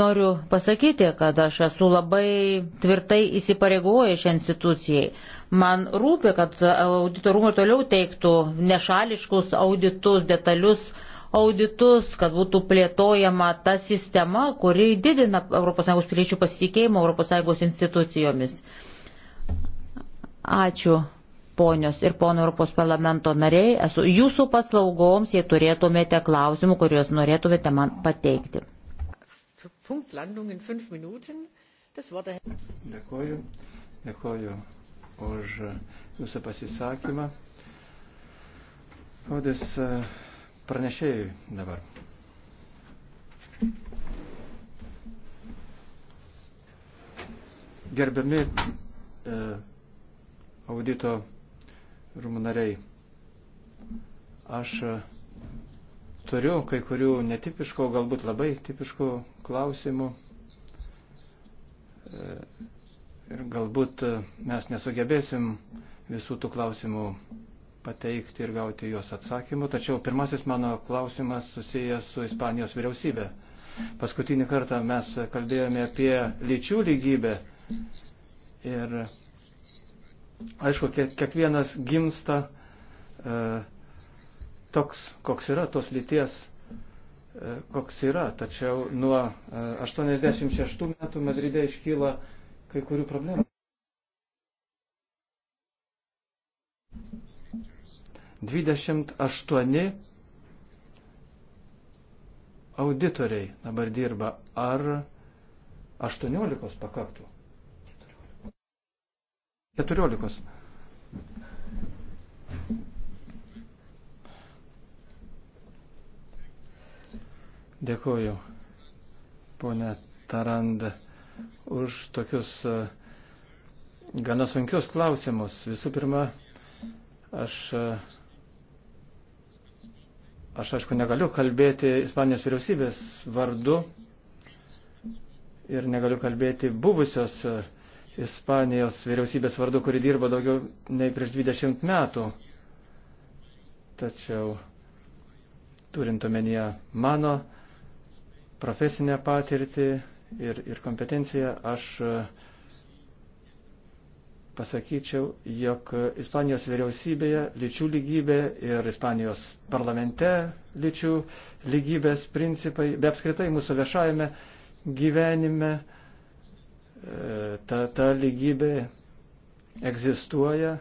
Noriu pasakyti, kad aš esu labai tvirtai įsipareigojęs šią institucijai. Man rūpi, kad auditorumai toliau teiktų nešališkus auditus, detalius auditus, kad būtų plėtojama ta sistema, kuri didina ES piliečių pasitikėjimą ES institucijomis. Ačiū ponios ir pono Europos parlamento nariai, esu jūsų paslaugoms, jei turėtumėte klausimų, kuriuos norėtumėte man pateikti. Dėkuoju, dėkuoju už jūsų pasisakymą. Rodis e, pranešėjui dabar. Gerbiami e, audito rūmų nariai. Aš e, turiu kai kurių netipiškų, galbūt labai tipiškų klausimų. E, ir galbūt e, mes nesugebėsim visų tų klausimų pateikti ir gauti juos atsakymų. Tačiau pirmasis mano klausimas susijęs su Ispanijos vyriausybė. Paskutinį kartą mes kalbėjome apie lyčių lygybę ir Aišku, kiekvienas gimsta e, toks, koks yra, tos lyties, e, koks yra. Tačiau nuo e, 86 metų Madride iškyla kai kurių problemų. Dvidešimt aštuoni auditoriai dabar dirba. Ar aštuoniolikos pakaktų? 14. Dėkuoju, ponė Tarand, už tokius e, gana sunkius klausimus. Visų pirma, aš, e, aš aišku negaliu kalbėti Ispanijos vyriausybės vardu ir negaliu kalbėti buvusios vyriausybės e, Ispanijos vyriausybės vardu, kuri dirba daugiau nei prieš 20 metų. Tačiau turint omenyje mano profesinę patirtį ir, ir kompetenciją, aš e, pasakyčiau, jog Ispanijos vyriausybėje lyčių lygybė ir Ispanijos parlamente lyčių lygybės principai, be apskritai mūsų viešajame gyvenime, ta, ta lygybė egzistuoja,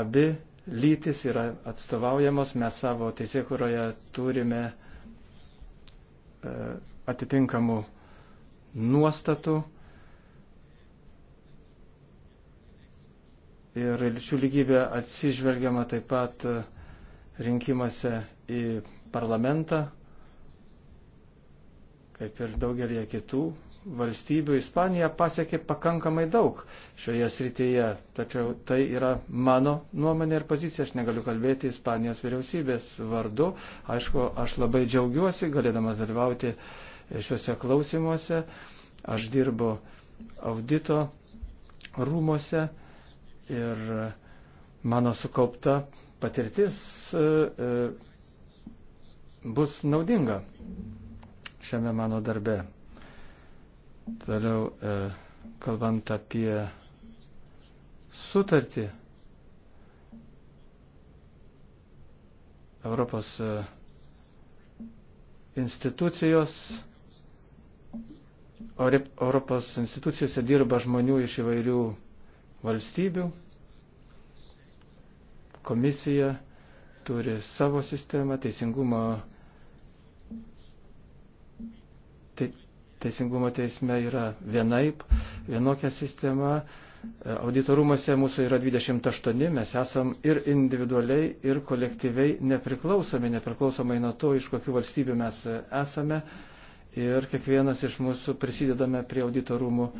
abi lytis yra atstovaujamos, mes savo teisėkuroje turime e, atitinkamų nuostatų ir lyčių lygybė atsižvelgiama taip pat rinkimuose į parlamentą, kaip ir daugelie kitų valstybių, Ispanija pasiekė pakankamai daug šioje srityje. Tačiau tai yra mano nuomonė ir pozicija. Aš negaliu kalbėti Ispanijos vyriausybės vardu. Aišku, aš labai džiaugiuosi galėdamas dalyvauti šiuose klausimuose. Aš dirbu audito rūmose ir mano sukaupta patirtis e, e, bus naudinga šiame mano darbe. Toliau, e, kalbant apie sutartį, Europos e, institucijos, Europos institucijose dirba žmonių iš įvairių valstybių. Komisija turi savo sistemą, teisingumo teisingumo teisme yra vienaip, vienokia sistema. E, auditorumuose mūsų yra 28, mes esam ir individualiai, ir kolektyviai nepriklausomi, nepriklausomai nuo to, iš kokių valstybių mes esame. Ir kiekvienas iš mūsų prisidedame prie auditorumų e,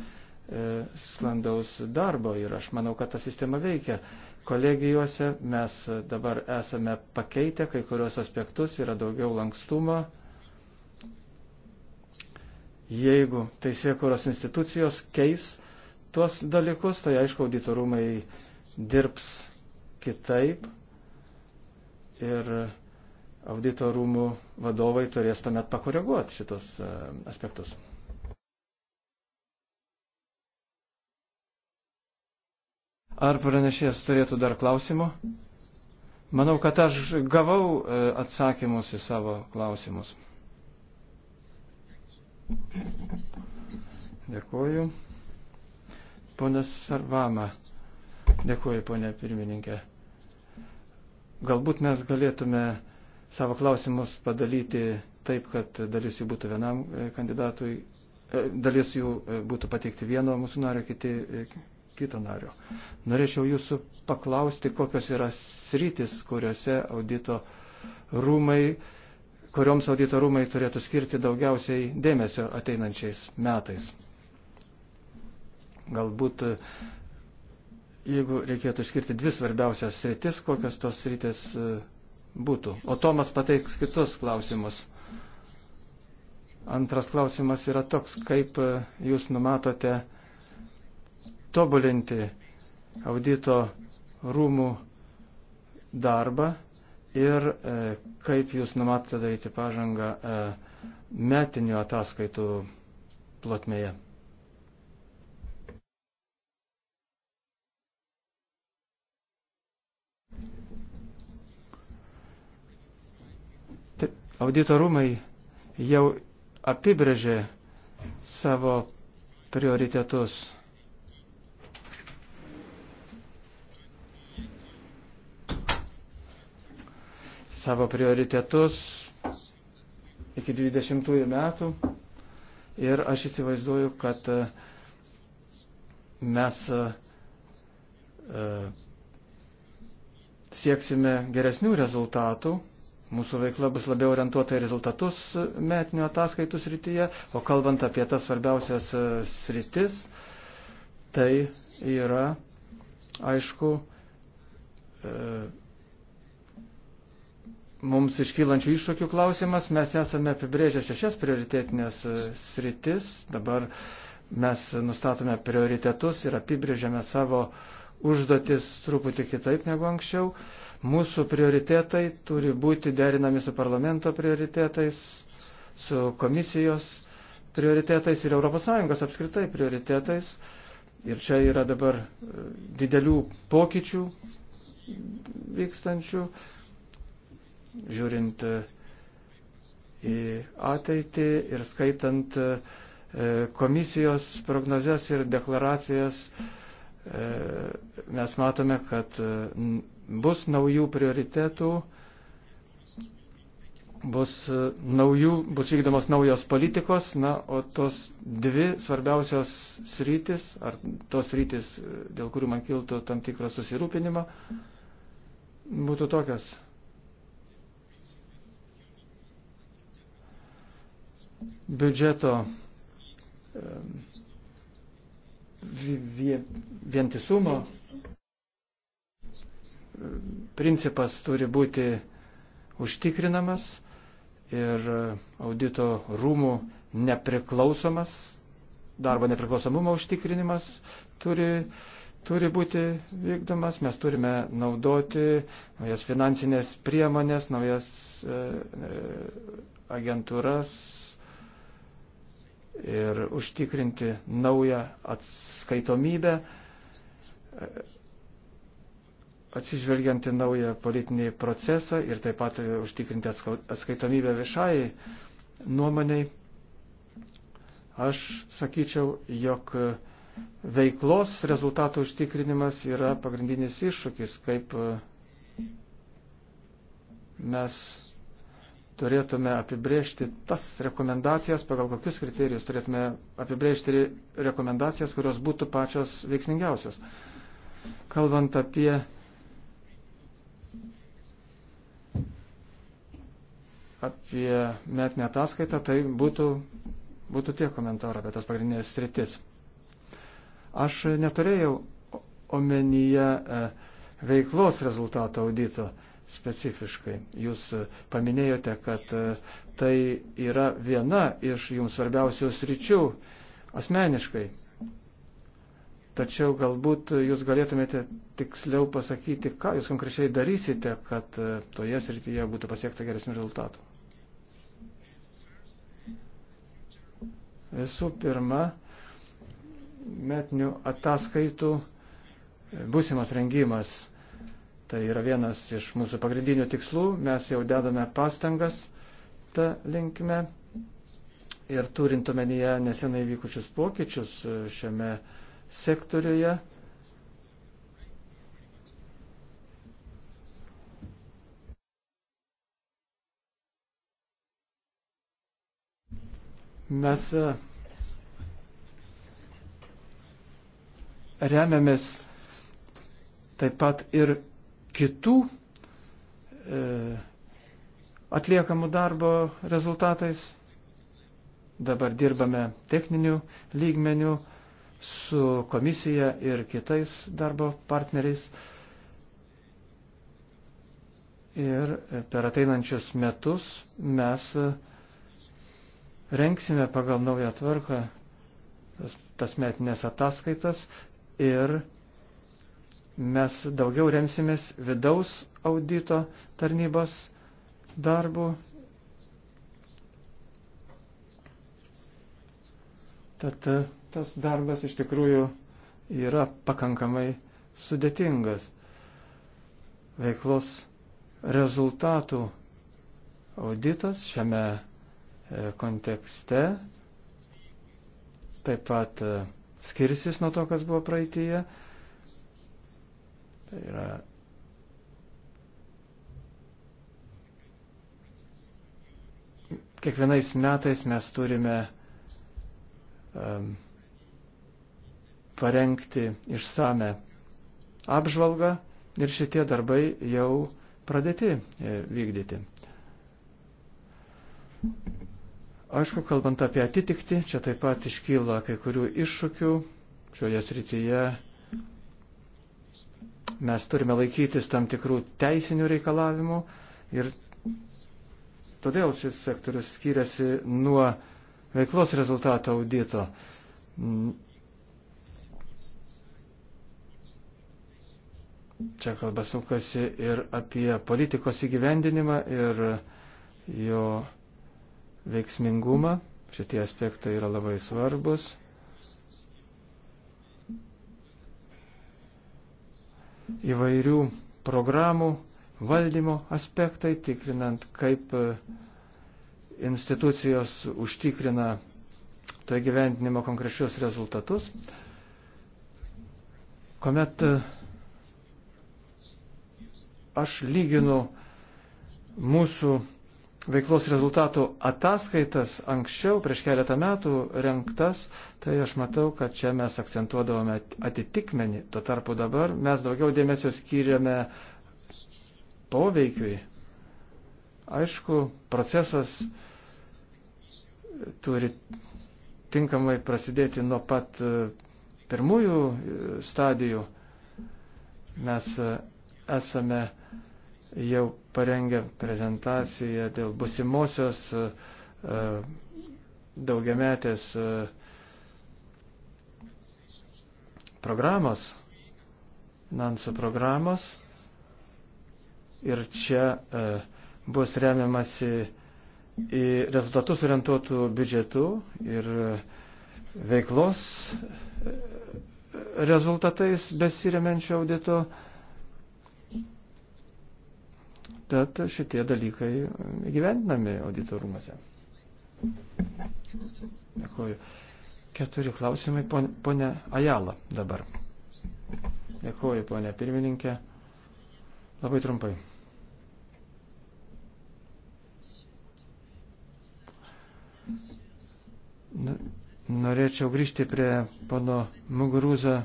sklandaus darbo. Ir aš manau, kad ta sistema veikia. Kolegijose mes dabar esame pakeitę kai kurios aspektus, yra daugiau lankstumo, jeigu teisėkuros institucijos keis tuos dalykus, tai aišku, auditorumai dirbs kitaip ir auditorumų vadovai turės tuomet pakoreguoti šitos e, aspektus. Ar pranešėjas turėtų dar klausimų? Manau, kad aš gavau e, atsakymus į savo klausimus. Dėkuoju. Ponas Sarvama. Dėkuoju, ponė pirmininkė. Galbūt mes galėtume savo klausimus padalyti taip, kad dalis jų būtų vienam e, kandidatui, e, dalis jų e, būtų pateikti vieno mūsų nario, kiti kito nario. Norėčiau jūsų paklausti, kokios yra sritis, kuriuose audito rūmai kurioms auditorumai turėtų skirti daugiausiai dėmesio ateinančiais metais. Galbūt, e, jeigu reikėtų skirti dvi svarbiausias sritis, kokios tos sritis e, būtų. O Tomas pateiks kitus klausimus. Antras klausimas yra toks, kaip e, jūs numatote tobulinti audito rūmų darbą ir e, kaip jūs numatote daryti pažangą e, metinių ataskaitų plotmėje. Auditorumai jau apibrėžė savo prioritetus savo prioritetus iki 20 metų ir aš įsivaizduoju, kad e, mes e, e, sieksime geresnių rezultatų. Mūsų veikla bus labiau orientuota į rezultatus metinių ataskaitų srityje, o kalbant apie tas svarbiausias sritis, tai yra, aišku, mums iškylančių iššūkių klausimas. Mes esame apibrėžę šešias prioritetinės e, sritis. Dabar mes nustatome prioritetus ir apibrėžėme savo užduotis truputį kitaip negu anksčiau. Mūsų prioritetai turi būti derinami su parlamento prioritetais, su komisijos prioritetais ir ES apskritai prioritetais. Ir čia yra dabar e, didelių pokyčių vykstančių žiūrint e, į ateitį ir skaitant e, komisijos prognozes ir deklaracijas, e, mes matome, kad bus naujų prioritetų, bus, naujų, bus vykdomos naujos politikos, na, o tos dvi svarbiausios sritis, ar tos sritis, dėl kurių man kiltų tam tikrą susirūpinimą, būtų tokios. biudžeto vientisumo principas turi būti užtikrinamas ir audito rūmų nepriklausomas, darbo nepriklausomumo užtikrinimas turi, turi būti vykdomas. Mes turime naudoti naujas finansinės priemonės, naujas e, e agentūras, ir užtikrinti naują atskaitomybę, atsižvelgianti naują politinį procesą ir taip pat užtikrinti atskaitomybę viešai nuomoniai. Aš sakyčiau, jog veiklos rezultatų užtikrinimas yra pagrindinis iššūkis, kaip mes turėtume apibrėžti tas rekomendacijas, pagal kokius kriterijus turėtume apibrėžti rekomendacijas, kurios būtų pačios veiksmingiausios. Kalbant apie apie metinę ataskaitą, tai būtų, būtų tie komentarai apie tas pagrindinės sritis. Aš neturėjau omenyje e, veiklos rezultato audito specifiškai. Jūs paminėjote, kad tai yra viena iš jums svarbiausių sričių asmeniškai. Tačiau galbūt jūs galėtumėte tiksliau pasakyti, ką jūs konkrečiai darysite, kad toje srityje būtų pasiekta geresnių rezultatų. Visų pirma, metinių ataskaitų būsimas rengimas Tai yra vienas iš mūsų pagrindinių tikslų, mes jau dedame pastangas tą linkme ir turint omenyje nesenai vykučius pokyčius šiame sektoriuje. Mes e, remiamės taip pat ir kitų e, atliekamų darbo rezultatais. Dabar dirbame techninių lygmenių su komisija ir kitais darbo partneriais. Ir per ateinančius metus mes e, renksime pagal naują tvarką tas, tas metinės ataskaitas ir mes daugiau remsimės vidaus audito tarnybos darbu. Tad e, tas darbas iš tikrųjų yra pakankamai sudėtingas. Veiklos rezultatų auditas šiame e, kontekste taip pat e, skirsis nuo to, kas buvo praeitėje. Tai yra kiekvienais metais mes turime um, parengti išsame apžvalgą ir šitie darbai jau pradėti e, vykdyti. Aišku, kalbant apie atitikti, čia taip pat iškyla kai kurių iššūkių šioje srityje Mes turime laikytis tam tikrų teisinių reikalavimų ir todėl šis sektorius skiriasi nuo veiklos rezultato audito. Čia kalba sukasi ir apie politikos įgyvendinimą ir jo veiksmingumą. Šitie aspektai yra labai svarbus. įvairių programų valdymo aspektai, tikrinant, kaip e, institucijos užtikrina to įgyvendinimo konkrečius rezultatus. Komet e, aš lyginu mūsų veiklos rezultatų ataskaitas anksčiau, prieš keletą metų renktas, tai aš matau, kad čia mes akcentuodavome atitikmenį. Tuo tarpu dabar mes daugiau dėmesio skiriame poveikiui. Aišku, procesas turi tinkamai prasidėti nuo pat e, pirmųjų e, stadijų. Mes e, esame jau parengė prezentaciją dėl busimosios e, e, daugiametės e, programos, finansų programos. Ir čia bus remiamasi į rezultatus orientuotų biudžetų ir veiklos rezultatais besiremenčio audito tad šitie dalykai gyventinami auditorumuose. Dėkuoju. Keturi klausimai, ponė Ajala dabar. Dėkuoju, ponė pirmininkė. Labai trumpai. Norėčiau grįžti prie pono Muguruza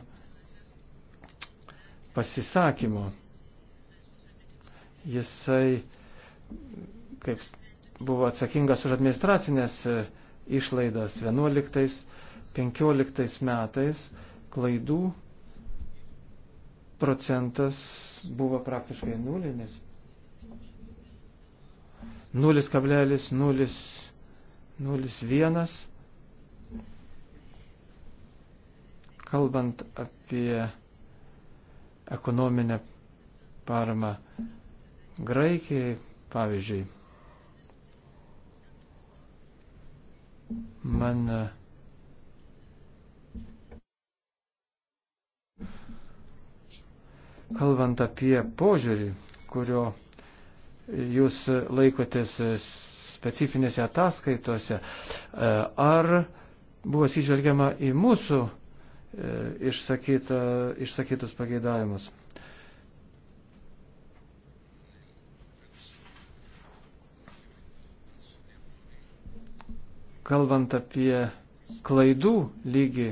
pasisakymo. Jisai kaip buvo atsakingas už administracinės e, išlaidas 11-15 metais klaidų procentas buvo praktiškai nulinis. 0,001. Kalbant apie ekonominę paramą Graikijai, pavyzdžiui, man e, kalbant apie požiūrį, kurio jūs laikotės specifinėse ataskaitose, e, ar buvo atsižvelgiama į mūsų e, išsakyta, išsakytus pageidavimus? kalbant apie klaidų lygį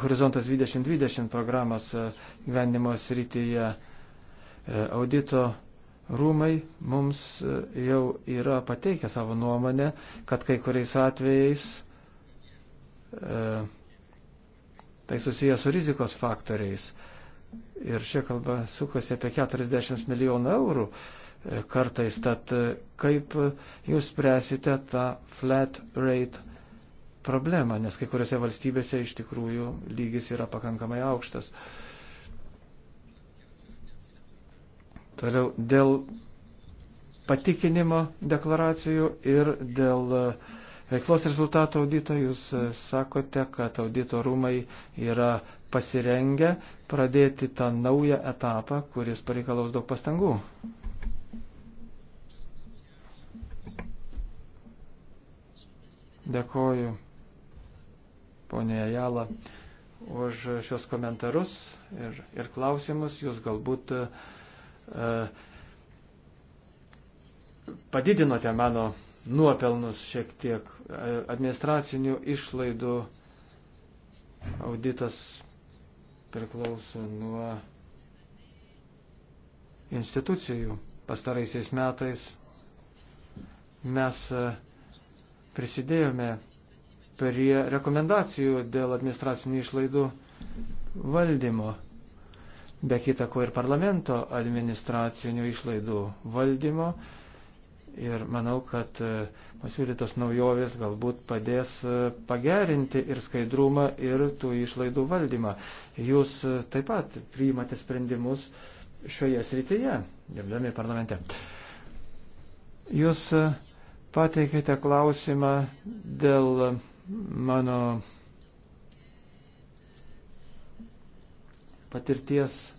Horizontas 2020 programos e, gyvenimo srityje, e, audito rūmai mums e, jau yra pateikę savo nuomonę, kad kai kuriais atvejais e, tai susijęs su rizikos faktoriais. Ir čia kalba sukasi apie 40 milijonų eurų kartais. Tad kaip jūs spręsite tą flat rate problemą, nes kai kuriuose valstybėse iš tikrųjų lygis yra pakankamai aukštas. Toliau dėl patikinimo deklaracijų ir dėl e, veiklos rezultato audito jūs e, sakote, kad audito rūmai yra pasirengę pradėti tą naują etapą, kuris pareikalaus daug pastangų. Dėkoju ponė Jala, už šios komentarus ir, ir klausimus. Jūs galbūt e, padidinote mano nuopelnus šiek tiek e, administracinių išlaidų auditas priklauso nuo institucijų. Pastaraisiais metais mes e, prisidėjome prie rekomendacijų dėl administracinių išlaidų valdymo, be kitako ir parlamento administracinių išlaidų valdymo. Ir manau, kad e, pasiūlytos naujovės galbūt padės e, pagerinti ir skaidrumą, ir tų išlaidų valdymą. Jūs e, taip pat priimate sprendimus šioje srityje, dirbdami parlamente. Jūs pateikėte klausimą dėl mano patirties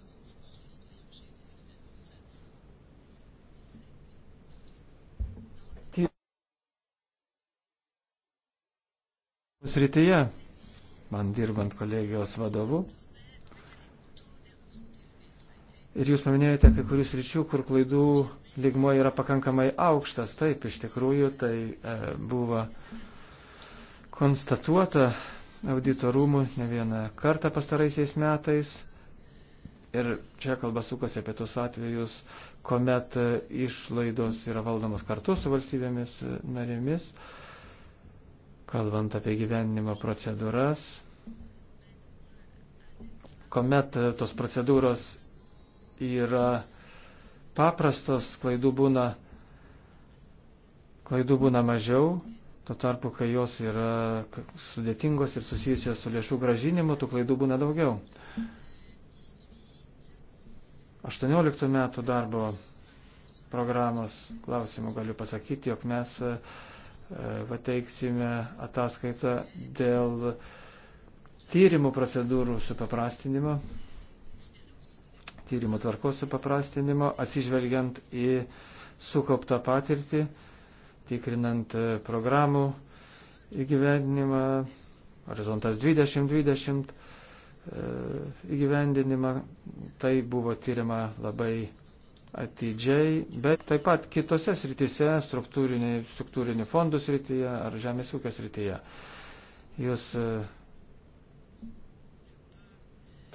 srityje, man dirbant kolegijos vadovu. Ir jūs paminėjote kai kurius ryčių, kur klaidų lygmo yra pakankamai aukštas. Taip, iš tikrųjų, tai e, buvo konstatuota auditorumų ne vieną kartą pastaraisiais metais. Ir čia kalba sukasi apie tos atvejus, kuomet išlaidos yra valdomos kartu su valstybėmis narėmis, kalbant apie gyvenimo procedūras, kuomet tos procedūros yra paprastos, klaidų būna, klaidų būna mažiau, Tuo tarpu, kai jos yra sudėtingos ir susijusios su lėšų gražinimu, tų klaidų būna daugiau. 18 metų darbo programos klausimų galiu pasakyti, jog mes pateiksime e, ataskaitą dėl tyrimų procedūrų supaprastinimo, tyrimų tvarkos supaprastinimo, atsižvelgiant į sukauptą patirtį tikrinant e, programų įgyvendinimą, horizontas 2020 e, įgyvendinimą. Tai buvo tyrima labai atidžiai, bet taip pat kitose srityse, struktūrinių fondų srityje ar žemės ūkio srityje. Jūs e,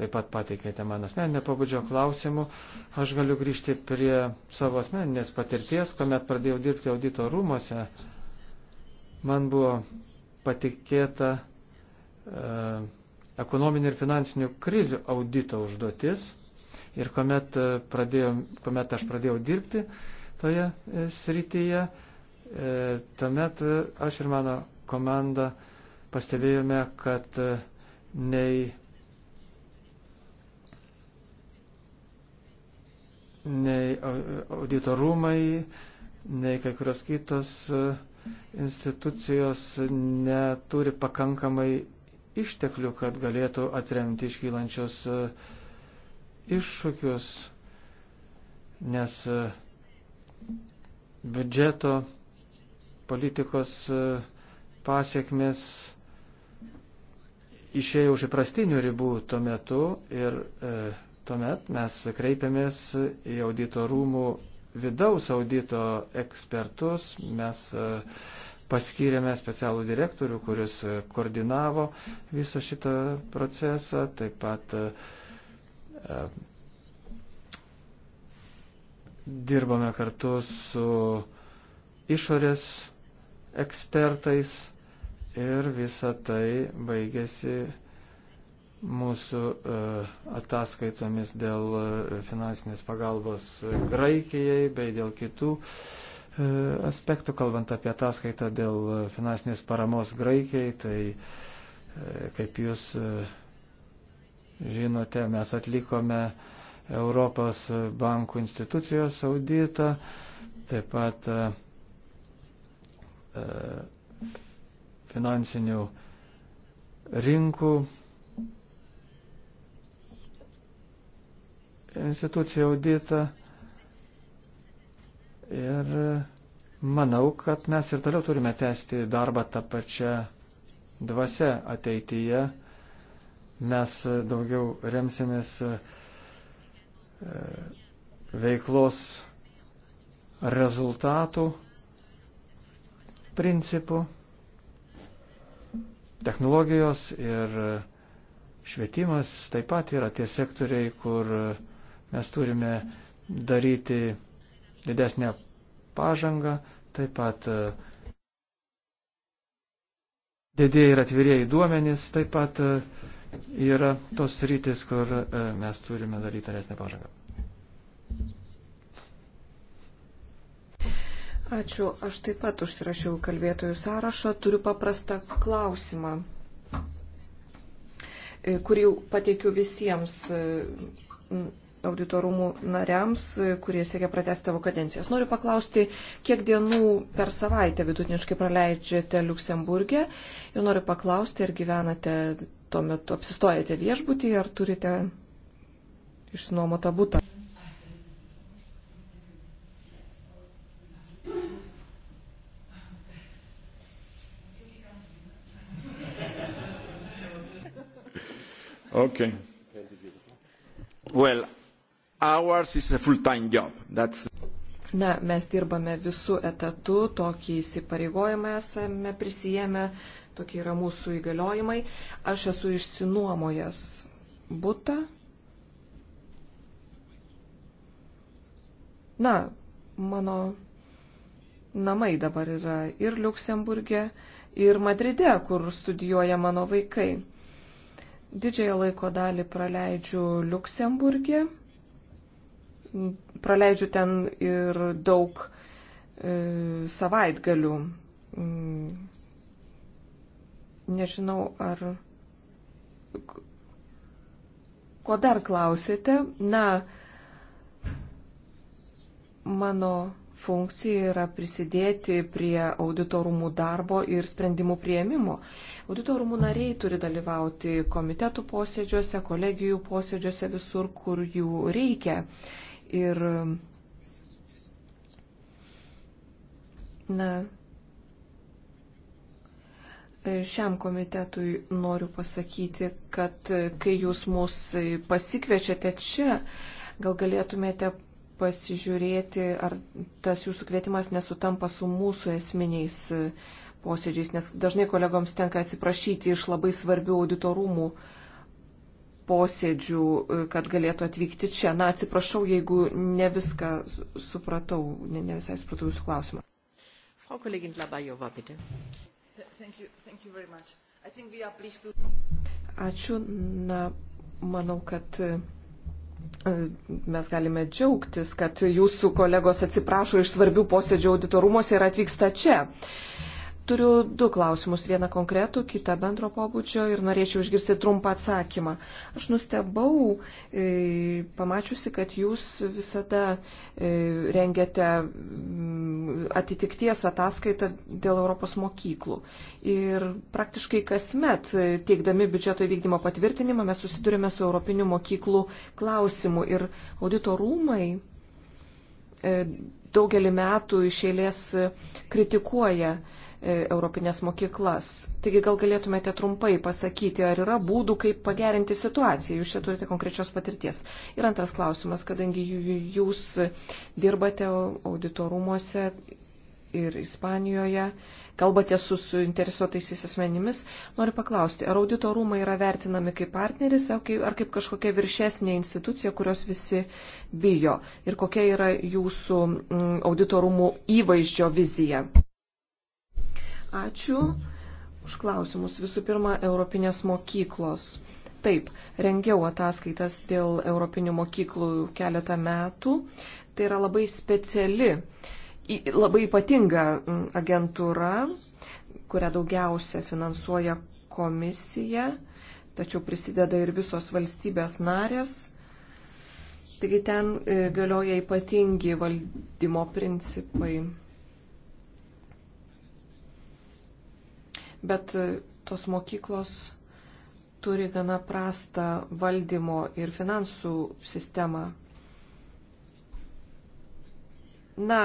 taip pat pateikėte man asmeninio pabudžio klausimų. Aš galiu grįžti prie savo asmeninės patirties, kuomet pradėjau dirbti audito rūmose. Man buvo patikėta e, ekonominių ir finansinių krizių audito užduotis. Ir kuomet, e, pradėjau, kuomet aš pradėjau dirbti toje e, srityje, e, tuomet e, aš ir mano komanda pastebėjome, kad nei nei auditorumai, nei kai kurios kitos e, institucijos neturi pakankamai išteklių, kad galėtų atremti iškylančius e, iššūkius, nes e, biudžeto politikos pasiekmes išėjo už įprastinių ribų tuo metu ir e, Tuomet mes kreipiamės į audito rūmų vidaus audito ekspertus, mes e, paskyrėme specialų direktorių, kuris e, koordinavo visą šitą procesą, taip pat e, dirbame kartu su išorės ekspertais ir visa tai baigėsi mūsų e, ataskaitomis dėl e, finansinės pagalbos Graikijai bei dėl kitų e, aspektų, kalbant apie ataskaitą dėl finansinės paramos Graikijai, tai kaip jūs žinote, mes atlikome Europos bankų institucijos auditą, taip pat finansinių rinkų institucija auditą. Ir manau, kad mes ir toliau turime tęsti darbą tą pačią dvasę ateityje. Mes daugiau remsimės e, veiklos rezultatų principų, technologijos ir švietimas taip pat yra tie sektoriai, kur Mes turime daryti didesnę pažangą, taip pat e, didėjai ir atvirieji duomenys, taip pat e, yra tos rytis, kur e, mes turime daryti aresnę pažangą. Ačiū. Aš taip pat užsirašiau kalbėtojų sąrašą. Turiu paprastą klausimą, kurį pateikiu visiems auditorumų nariams, kurie siekia pratesti tavo kadencijas. Noriu paklausti, kiek dienų per savaitę vidutiniškai praleidžiate Luksemburgė ir noriu paklausti, ar gyvenate tuo metu, apsistojate viešbutį, ar turite išnuomotą būtą. Okay. Well, hours is a full-time job. That's Na, mes dirbame visų etatų, tokį įsipareigojimą esame prisijėmę, tokie yra mūsų įgaliojimai. Aš esu išsinuomojęs būtą. Na, mano namai dabar yra ir Luksemburgė, ir Madride, kur studijuoja mano vaikai. Didžiąją laiko dalį praleidžiu Luksemburgė praleidžiu ten ir daug e, savaitgalių. Mm. Nežinau, ar. Ko dar klausėte? Na, mano funkcija yra prisidėti prie auditorumų darbo ir sprendimų prieimimo. Auditorumų nariai turi dalyvauti komitetų posėdžiuose, kolegijų posėdžiuose visur, kur jų reikia. E, ir, na, šiam komitetui noriu pasakyti, kad kai jūs mus pasikviečiate čia, gal galėtumėte pasižiūrėti, ar tas jūsų kvietimas nesutampa su mūsų esminiais posėdžiais, nes dažnai kolegoms tenka atsiprašyti iš labai svarbių auditorumų uh, posėdžių, e, kad galėtų atvykti čia. Na, atsiprašau, jeigu ne viską supratau, ne, ne visai supratau jūsų klausimą. Frau Kollegin Labajova, bitte. Thank you, thank you very much. I think we are pleased to... Ačiū. Na, manau, kad e, mes galime džiaugtis, kad jūsų kolegos atsiprašo iš svarbių posėdžių auditorumuose ir atvyksta čia. Uh, Turiu du klausimus, vieną konkretų, kitą bendro pobūdžio ir norėčiau išgirsti trumpą atsakymą. Aš nustebau, e, pamačiusi, kad jūs visada e, rengiate mm, atitikties ataskaitą dėl Europos mokyklų. Ir praktiškai kasmet, e, teikdami biudžeto įvykdymo patvirtinimą, mes susidurime su Europinių mokyklų klausimu. Ir auditorumai. E, daugelį metų iš eilės kritikuoja E, europinės mokyklas. Taigi gal galėtumėte trumpai pasakyti, ar yra būdų, kaip pagerinti situaciją, jūs čia turite konkrečios patirties. Ir antras klausimas, kadangi jūs dirbate auditorumuose ir Ispanijoje, kalbate su suinteresuotaisiais asmenimis, noriu paklausti, ar auditorumai yra vertinami kaip partneris, ar kaip, ar kaip kažkokia viršesnė institucija, kurios visi bijo, ir kokia yra jūsų mm, auditorumų įvaizdžio vizija. Ačiū už klausimus. Visų pirma, Europinės mokyklos. Taip, rengiau ataskaitas dėl Europinių mokyklų keletą metų. Tai yra labai speciali, labai ypatinga agentūra, kurią daugiausia finansuoja komisija, tačiau prisideda ir visos valstybės narės. Taigi ten e, galioja ypatingi valdymo principai. bet e, tos mokyklos turi gana prastą valdymo ir finansų sistemą. Na,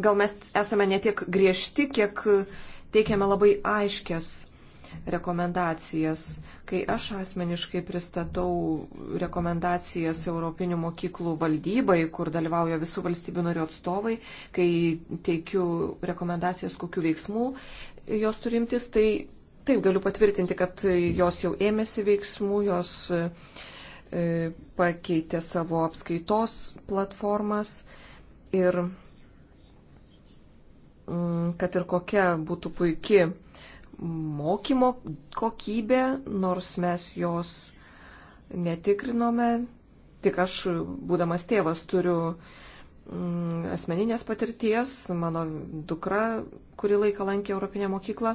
gal mes esame ne tiek griežti, kiek teikiame labai aiškias rekomendacijas. Kai aš asmeniškai pristatau rekomendacijas Europinių mokyklų valdybai, kur dalyvauja visų valstybių narių atstovai, kai teikiu rekomendacijas kokiu veiksmu jos turi imtis, tai taip galiu patvirtinti, kad jos jau ėmėsi veiksmų, jos e, e, pakeitė savo apskaitos platformas ir mm, kad ir kokia būtų puikia mokymo kokybė, nors mes jos netikrinome, tik aš, būdamas tėvas, turiu uh, Mm, asmeninės patirties. Mano dukra kurį laiką lankė Europinę mokyklą.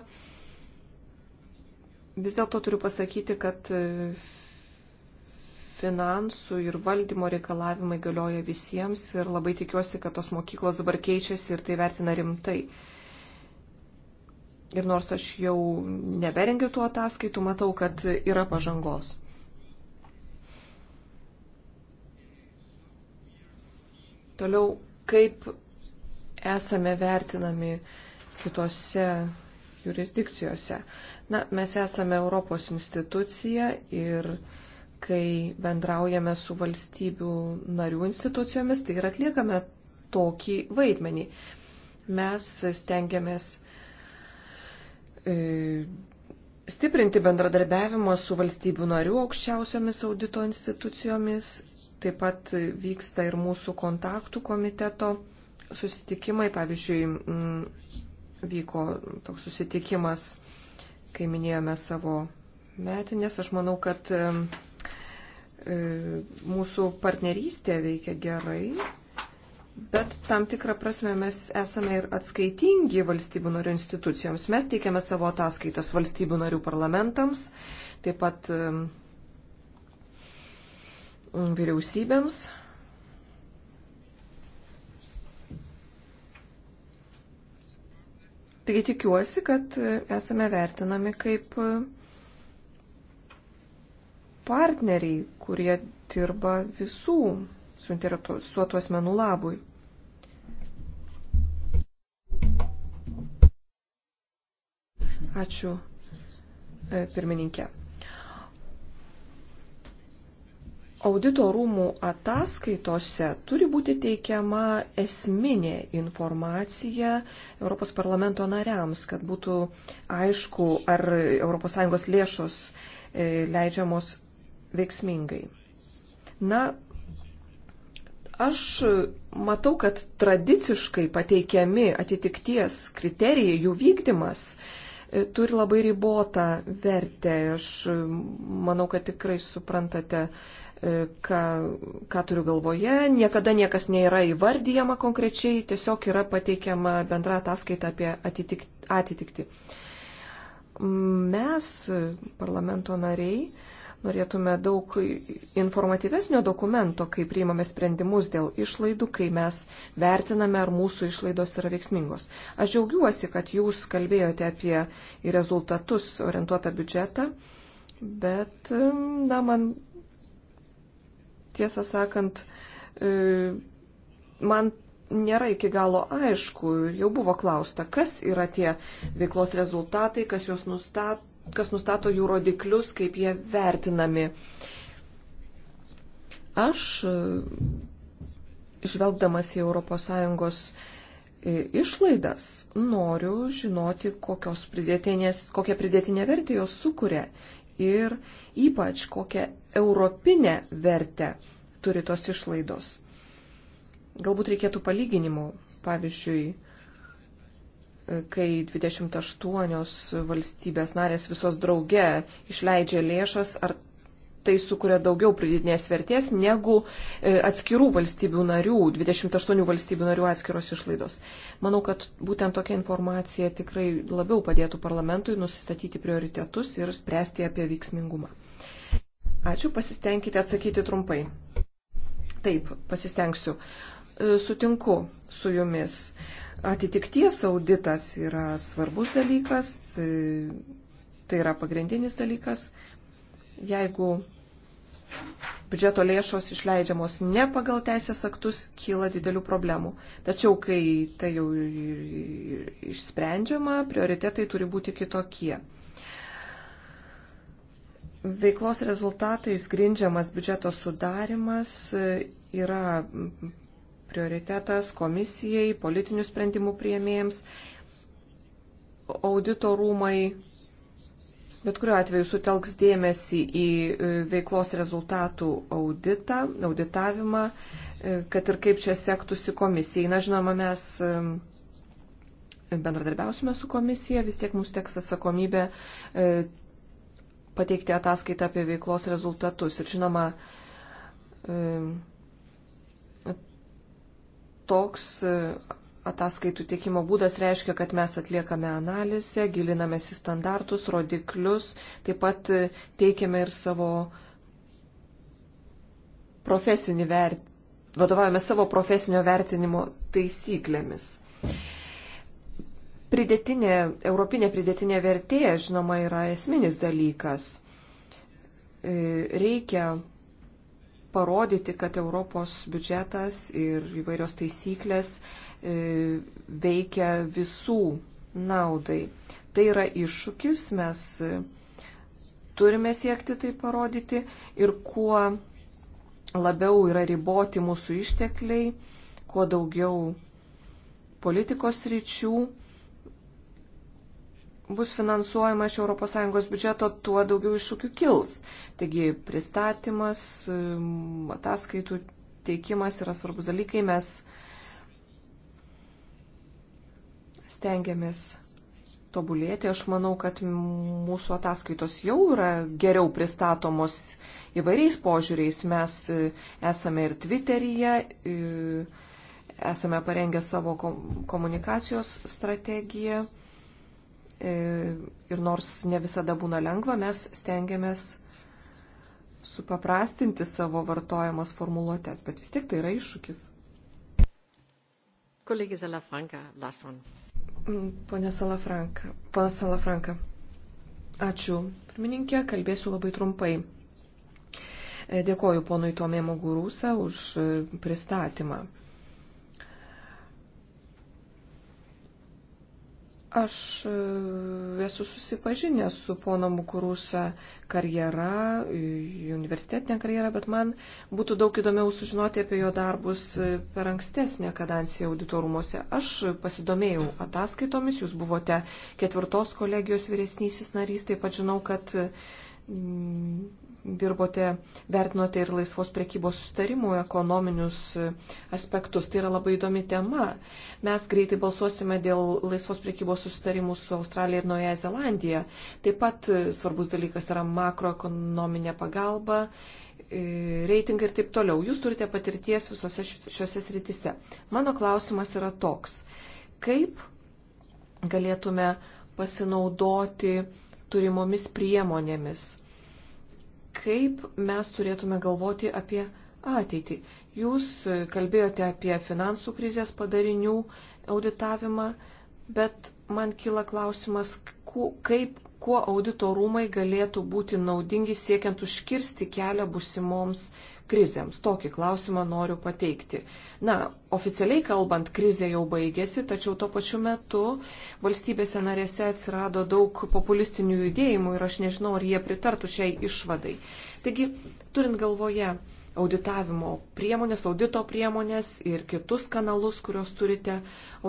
Vis dėlto turiu pasakyti, kad e, finansų ir valdymo reikalavimai galioja visiems ir labai tikiuosi, kad tos mokyklos dabar keičiasi ir tai vertina rimtai. Ir nors aš jau neberengiu tų ataskaitų, matau, kad yra pažangos. Toliau, kaip esame vertinami kitose jurisdikcijose. Na, mes esame Europos institucija ir kai bendraujame su valstybių narių institucijomis, tai ir atliekame tokį vaidmenį. Mes stengiamės e, stiprinti bendradarbiavimą su valstybių narių aukščiausiomis audito institucijomis Taip pat vyksta ir mūsų kontaktų komiteto susitikimai. Pavyzdžiui, mm, vyko toks susitikimas, kai minėjome savo metinės. Aš manau, kad e, mūsų partnerystė veikia gerai, bet tam tikrą prasme mes esame ir atskaitingi valstybių narių institucijoms. Mes teikiame savo ataskaitas valstybių narių parlamentams, taip pat e, vyriausybėms. Taigi tikiuosi, kad esame vertinami kaip partneriai, kurie dirba visų suinteresuotų asmenų labui. Ačiū e, pirmininkė. Audito rūmų ataskaitose turi būti teikiama esminė informacija Europos parlamento nariams, kad būtų aišku, ar ES lėšos e, leidžiamos veiksmingai. Na, aš matau, kad tradiciškai pateikiami atitikties kriterijai, jų vykdymas e, turi labai ribotą vertę. Aš manau, kad tikrai suprantate ką, ką turiu galvoje. Niekada niekas nėra įvardyjama konkrečiai, tiesiog yra pateikiama bendra ataskaita apie atitik, atitikti. Mes, parlamento nariai, norėtume daug informatyvesnio dokumento, kai priimame sprendimus dėl išlaidų, kai mes vertiname, ar mūsų išlaidos yra veiksmingos. Aš džiaugiuosi, kad jūs kalbėjote apie rezultatus orientuotą biudžetą, bet na, man tiesą sakant, e, man nėra iki galo aišku, jau buvo klausta, kas yra tie veiklos rezultatai, kas juos nustato kas nustato jų rodiklius, kaip jie vertinami. Aš, e, žvelgdamas į ES e, išlaidas, noriu žinoti, kokios pridėtinės, kokią pridėtinę vertę jos sukuria ir ypač kokią europinę vertę turi tos išlaidos. Galbūt reikėtų palyginimų. Pavyzdžiui, kai 28 valstybės narės visos drauge išleidžia lėšas, ar tai sukuria daugiau pridėtinės vertės negu e, atskirų valstybių narių, 28 valstybių narių atskiros išlaidos. Manau, kad būtent tokia informacija tikrai labiau padėtų parlamentui nusistatyti prioritetus ir spręsti apie veiksmingumą. Ačiū, pasistengkite atsakyti trumpai. Taip, pasistengsiu. E, sutinku su jumis. Atitikties auditas yra svarbus dalykas, tai, tai yra pagrindinis dalykas jeigu biudžeto lėšos išleidžiamos ne pagal teisės aktus, kyla didelių problemų. Tačiau, kai tai jau išsprendžiama, prioritetai turi būti kitokie. Veiklos rezultatais grindžiamas biudžeto sudarimas e, yra prioritetas komisijai, politinių sprendimų prieimėjams, auditorumai bet kuriuo atveju sutelks dėmesį į e, veiklos rezultatų auditą, auditavimą, e, kad ir kaip čia sektųsi komisijai. Na, žinoma, mes e, bendradarbiausime su komisija, vis tiek mums teks atsakomybė pateikti ataskaitą apie veiklos rezultatus. Ir žinoma, toks ataskaitų tiekimo būdas reiškia, kad mes atliekame analizę, gilinamės į standartus, rodiklius, taip pat e, teikiame ir savo profesinį vert... vadovavome savo profesinio vertinimo taisyklėmis. Pridėtinė, europinė pridėtinė vertė, žinoma, yra esminis dalykas. E, reikia parodyti, kad Europos biudžetas ir įvairios taisyklės E, veikia visų naudai. Tai yra iššūkis, mes e, turime siekti tai parodyti ir kuo labiau yra riboti mūsų ištekliai, kuo daugiau politikos ryčių bus finansuojama iš ES biudžeto, tuo daugiau iššūkių kils. Taigi pristatymas, ataskaitų teikimas yra svarbus dalykai, mes stengiamės tobulėti. Aš manau, kad mūsų ataskaitos jau yra geriau pristatomos įvairiais požiūriais. Mes e, esame ir Twitteryje, e, esame parengę savo komunikacijos strategiją. E, ir nors ne visada būna lengva, mes stengiamės supaprastinti savo vartojamas formuluotės, bet vis tiek tai yra iššūkis. Kolegė Zalafranka, last one. Mm, Pone Salafranka. Pone Salafranka. Ačiū. Pirmininkė, kalbėsiu labai trumpai. E, dėkoju ponui Tomėmo Gurūsa už e, pristatymą. Aš e, esu susipažinęs su pono Mukurusa karjera, universitetinė karjera, bet man būtų daug įdomiau sužinoti apie jo darbus e, per ankstesnę kadenciją auditorumuose. Aš pasidomėjau ataskaitomis, jūs buvote ketvirtos kolegijos vyresnysis narys, taip pat žinau, kad dirbote, vertinote ir laisvos priekybos sustarimų ekonominius e, aspektus. Tai yra labai įdomi tema. Mes greitai balsuosime dėl laisvos priekybos sustarimų su Australija ir Naujaja Zelandija. Taip pat e, svarbus dalykas yra makroekonominė pagalba e, reitingai ir taip toliau. Jūs turite patirties visose šiuose srityse. Mano klausimas yra toks. Kaip galėtume pasinaudoti turimomis priemonėmis, kaip mes turėtume galvoti apie ateitį. Jūs kalbėjote apie finansų krizės padarinių auditavimą, bet man kyla klausimas, ku, kaip, kuo audito rūmai galėtų būti naudingi siekiant užkirsti kelią busimoms krizėms. Tokį klausimą noriu pateikti. Na, oficialiai kalbant, krizė jau baigėsi, tačiau tuo pačiu metu valstybėse narėse atsirado daug populistinių judėjimų ir aš nežinau, ar jie pritartų šiai išvadai. Taigi, turint galvoje auditavimo priemonės, audito priemonės ir kitus kanalus, kuriuos turite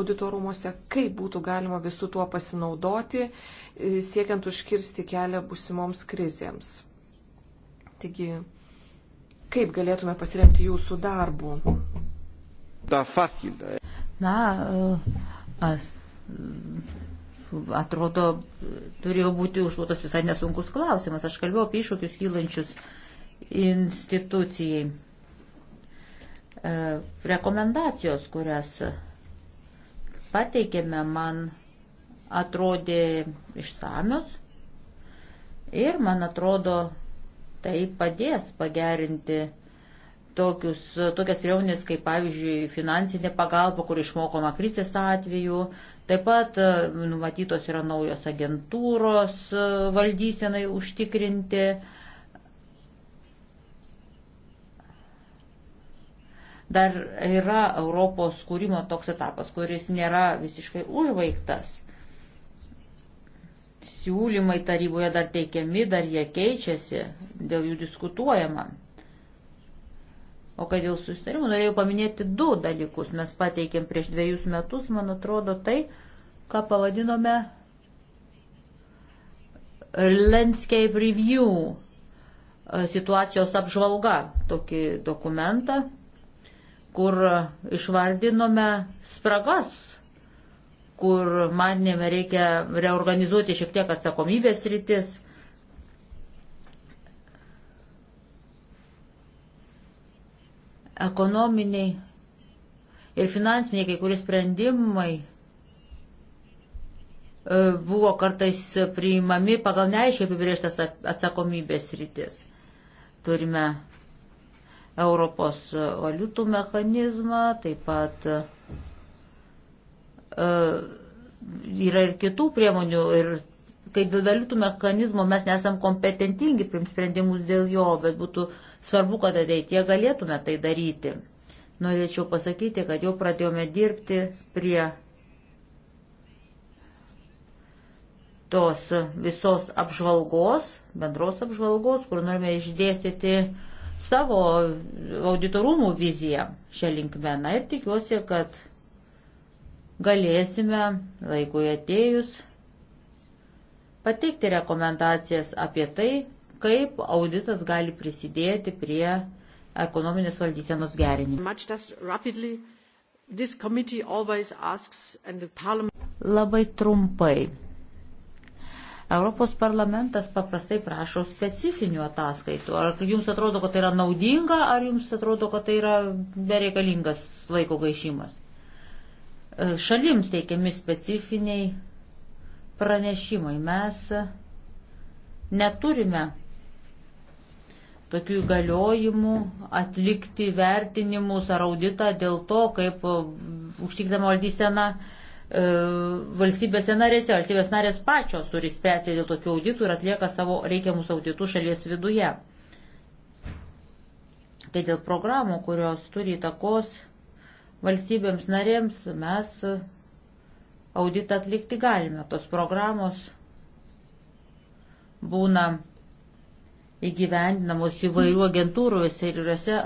auditorumuose, kaip būtų galima visų tuo pasinaudoti, siekiant užkirsti kelią busimoms krizėms. Taigi, Kaip galėtume pasiremti jūsų darbų? Eh. Na, eh, as, mm, atrodo, turėjo būti užduotas visai nesunkus klausimas. Aš kalbėjau apie iššūkius kylančius institucijai. Eh, rekomendacijos, kurias pateikėme, man atrodė išsamios ir, man atrodo, Tai padės pagerinti tokius, tokias priemonės, kaip pavyzdžiui finansinė pagalba, kur išmokoma krizės atveju. Taip pat e, numatytos yra naujos agentūros e, valdysenai užtikrinti. Dar yra Europos kūrimo toks etapas, kuris nėra visiškai užbaigtas siūlymai taryboje dar teikiami, dar jie keičiasi, dėl jų diskutuojama. O kad dėl susitarimų norėjau paminėti du dalykus. Mes pateikėm prieš dviejus metus, man atrodo, tai, ką pavadinome Landscape Review e, situacijos apžvalga, tokį dokumentą, kur išvardinome spragas kur manėme reikia reorganizuoti šiek tiek atsakomybės rytis. Ekonominiai ir finansiniai kai kurie sprendimai e, buvo kartais priimami pagal neaiškiai apibrėžtas atsakomybės rytis. Turime Europos valiutų mechanizmą, taip pat E, yra ir kitų priemonių ir kaip dėl valiutų mechanizmo mes nesam kompetentingi priimti sprendimus dėl jo, bet būtų svarbu, kad ateitie galėtume tai daryti. Norėčiau pasakyti, kad jau pradėjome dirbti prie tos visos apžvalgos, bendros apžvalgos, kur norime išdėstyti savo auditorumų viziją šią linkmeną ir tikiuosi, kad galėsime laikui atėjus pateikti rekomendacijas apie tai, kaip auditas gali prisidėti prie ekonominės valdysenos gerinimo. Labai trumpai. Europos parlamentas paprastai prašo specifinių ataskaitų. Ar jums atrodo, kad tai yra naudinga, ar jums atrodo, kad tai yra bereikalingas laiko gaišimas? E, šalims teikiami specifiniai pranešimai. Mes neturime tokių įgaliojimų atlikti vertinimus ar auditą dėl to, kaip užtikdama valdysena e, valstybėse narėse. Valstybės narės pačios turi spręsti dėl tokių auditų ir atlieka savo reikiamus auditus šalies viduje. Tai dėl programų, kurios turi įtakos Valstybėms narėms mes auditą atlikti galime. Tos programos būna įgyvendinamos įvairių agentūrų įvairiose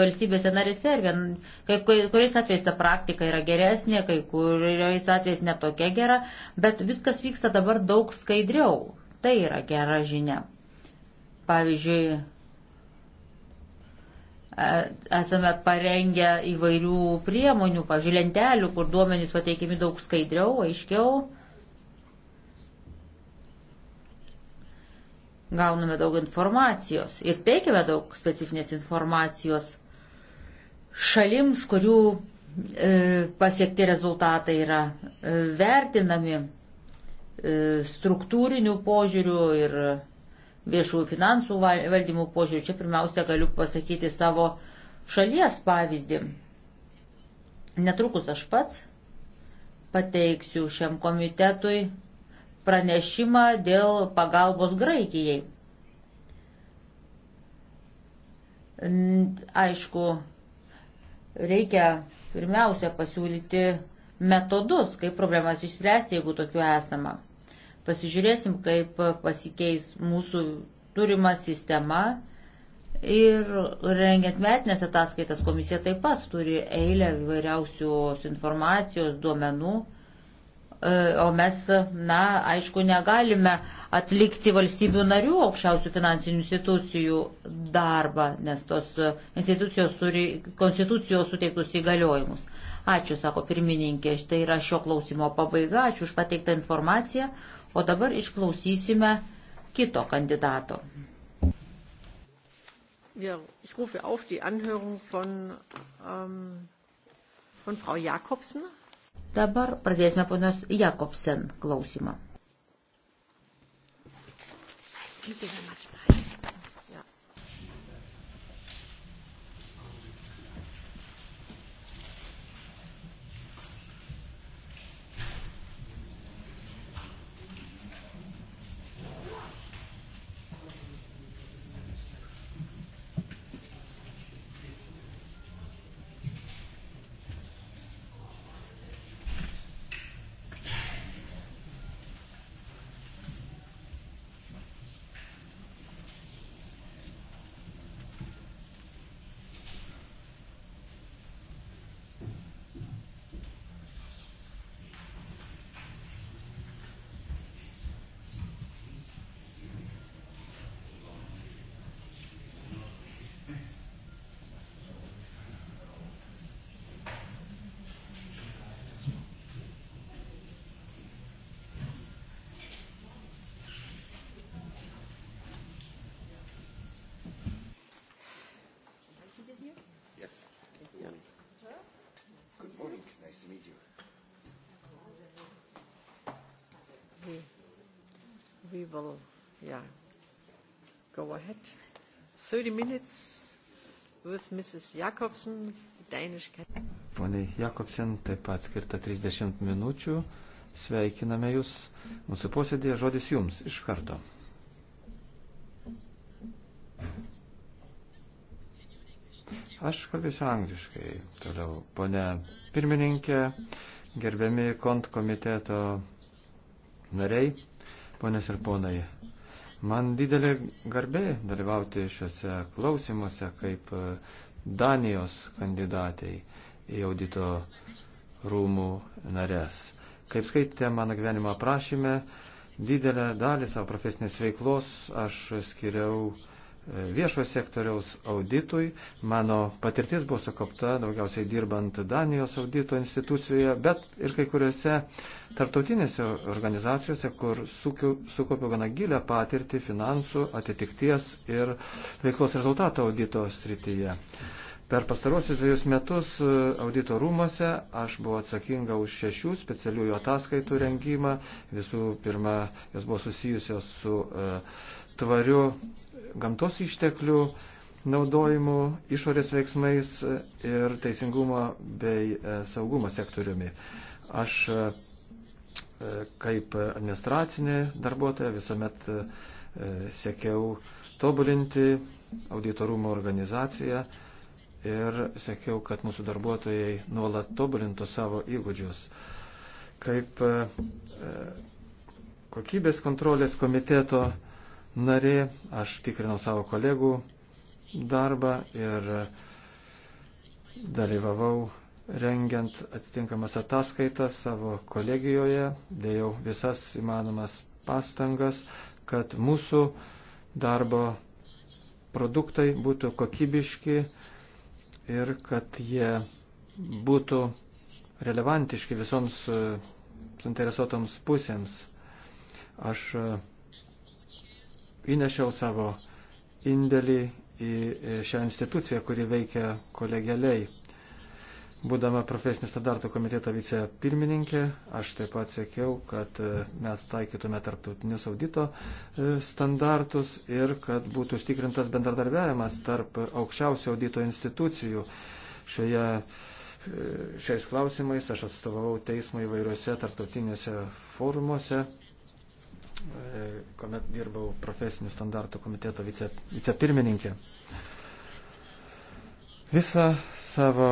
valstybėse narėse. Ir vien, kai kuriais atvejais ta praktika yra geresnė, kai kuriais atvejais netokia gera, bet viskas vyksta dabar daug skaidriau. Tai yra gera žinia. Pavyzdžiui, E, esame parengę įvairių priemonių, pažiūrėjau, lentelių, kur duomenys pateikiami daug skaidriau, aiškiau. Gauname daug informacijos ir teikiame daug specifinės informacijos šalims, kurių e, pasiekti rezultatai yra e, vertinami struktūrinių požiūrių ir viešųjų finansų valdymų požiūrių. Čia pirmiausia galiu pasakyti savo šalies pavyzdį. Netrukus aš pats pateiksiu šiam komitetui pranešimą dėl pagalbos Graikijai. Aišku, reikia pirmiausia pasiūlyti metodus, kaip problemas išspręsti, jeigu tokių esama. Pasižiūrėsim, kaip pasikeis mūsų turima sistema. Ir rengiant metinės ataskaitas komisija taip pat turi eilę įvairiausios informacijos, duomenų, e, o mes, na, aišku, negalime atlikti valstybių narių aukščiausių finansinių institucijų darbą, nes tos institucijos turi konstitucijos suteiktus įgaliojimus. Ačiū, sako pirmininkė, štai yra šio klausimo pabaiga, ačiū už pateiktą informaciją, O dabar išklausysime kito kandidato. Ja, ich rufe auf die Anhörung von, ähm, von Frau Jakobsen. Dabar pradėsime ponios Jakobsen klausimą. Thank you very much. we will, yeah, go ahead. 30 minutes with Mrs. Jakobsen, Danish Cat. Pone Jakobsen, taip pat skirta 30 minučių. Sveikiname Jūs. Mūsų posėdėje žodis Jums iš karto. Aš kalbėsiu angliškai. Toliau, pone pirmininkė, gerbiami kont komiteto nariai, ponės ir ponai. Man didelė garbė dalyvauti šiuose klausimuose kaip e, Danijos kandidatai į audito rūmų narės. Kaip skaitėte mano gyvenimo aprašymę, didelę dalį savo profesinės veiklos aš skiriau viešo sektoriaus auditui. Mano patirtis buvo sukaupta daugiausiai dirbant Danijos audito institucijoje, bet ir kai kuriuose tarptautinėse organizacijose, kur sukaupiau gana gilę patirtį finansų, atitikties ir veiklos rezultato audito srityje. Per pastarosius dviejus metus e, audito rūmose aš buvau atsakinga už šešių specialiųjų ataskaitų rengimą. Visų pirma, jos buvo susijusios su e, tvariu gamtos išteklių naudojimu, išorės veiksmais ir teisingumo bei e, saugumo sektoriumi. Aš e, e, kaip administracinė darbuotoja visuomet siekiau tobulinti auditorumo organizaciją ir sakiau, kad mūsų darbuotojai nuolat tobulintų savo įgūdžius. Kaip kokybės kontrolės komiteto narė, aš tikrinau savo kolegų darbą ir dalyvavau rengiant atitinkamas ataskaitas savo kolegijoje, dėjau visas įmanomas pastangas, kad mūsų darbo produktai būtų kokybiški ir kad jie būtų relevantiški visoms suinteresuotoms pusėms. Aš įnešiau savo indėlį į šią instituciją, kuri veikia kolegialiai. Būdama profesinių standartų komiteto vicepirmininkė, aš taip pat sėkiau, kad e, mes taikytume tarptautinius audito e, standartus ir kad būtų užtikrintas bendradarbiavimas tarp aukščiausių audito institucijų. Šioje, e, šiais klausimais aš atstovau teismą įvairiuose tarptautiniuose forumuose E, kuomet dirbau profesinių standartų komiteto vice, vicepirmininkė. Visą savo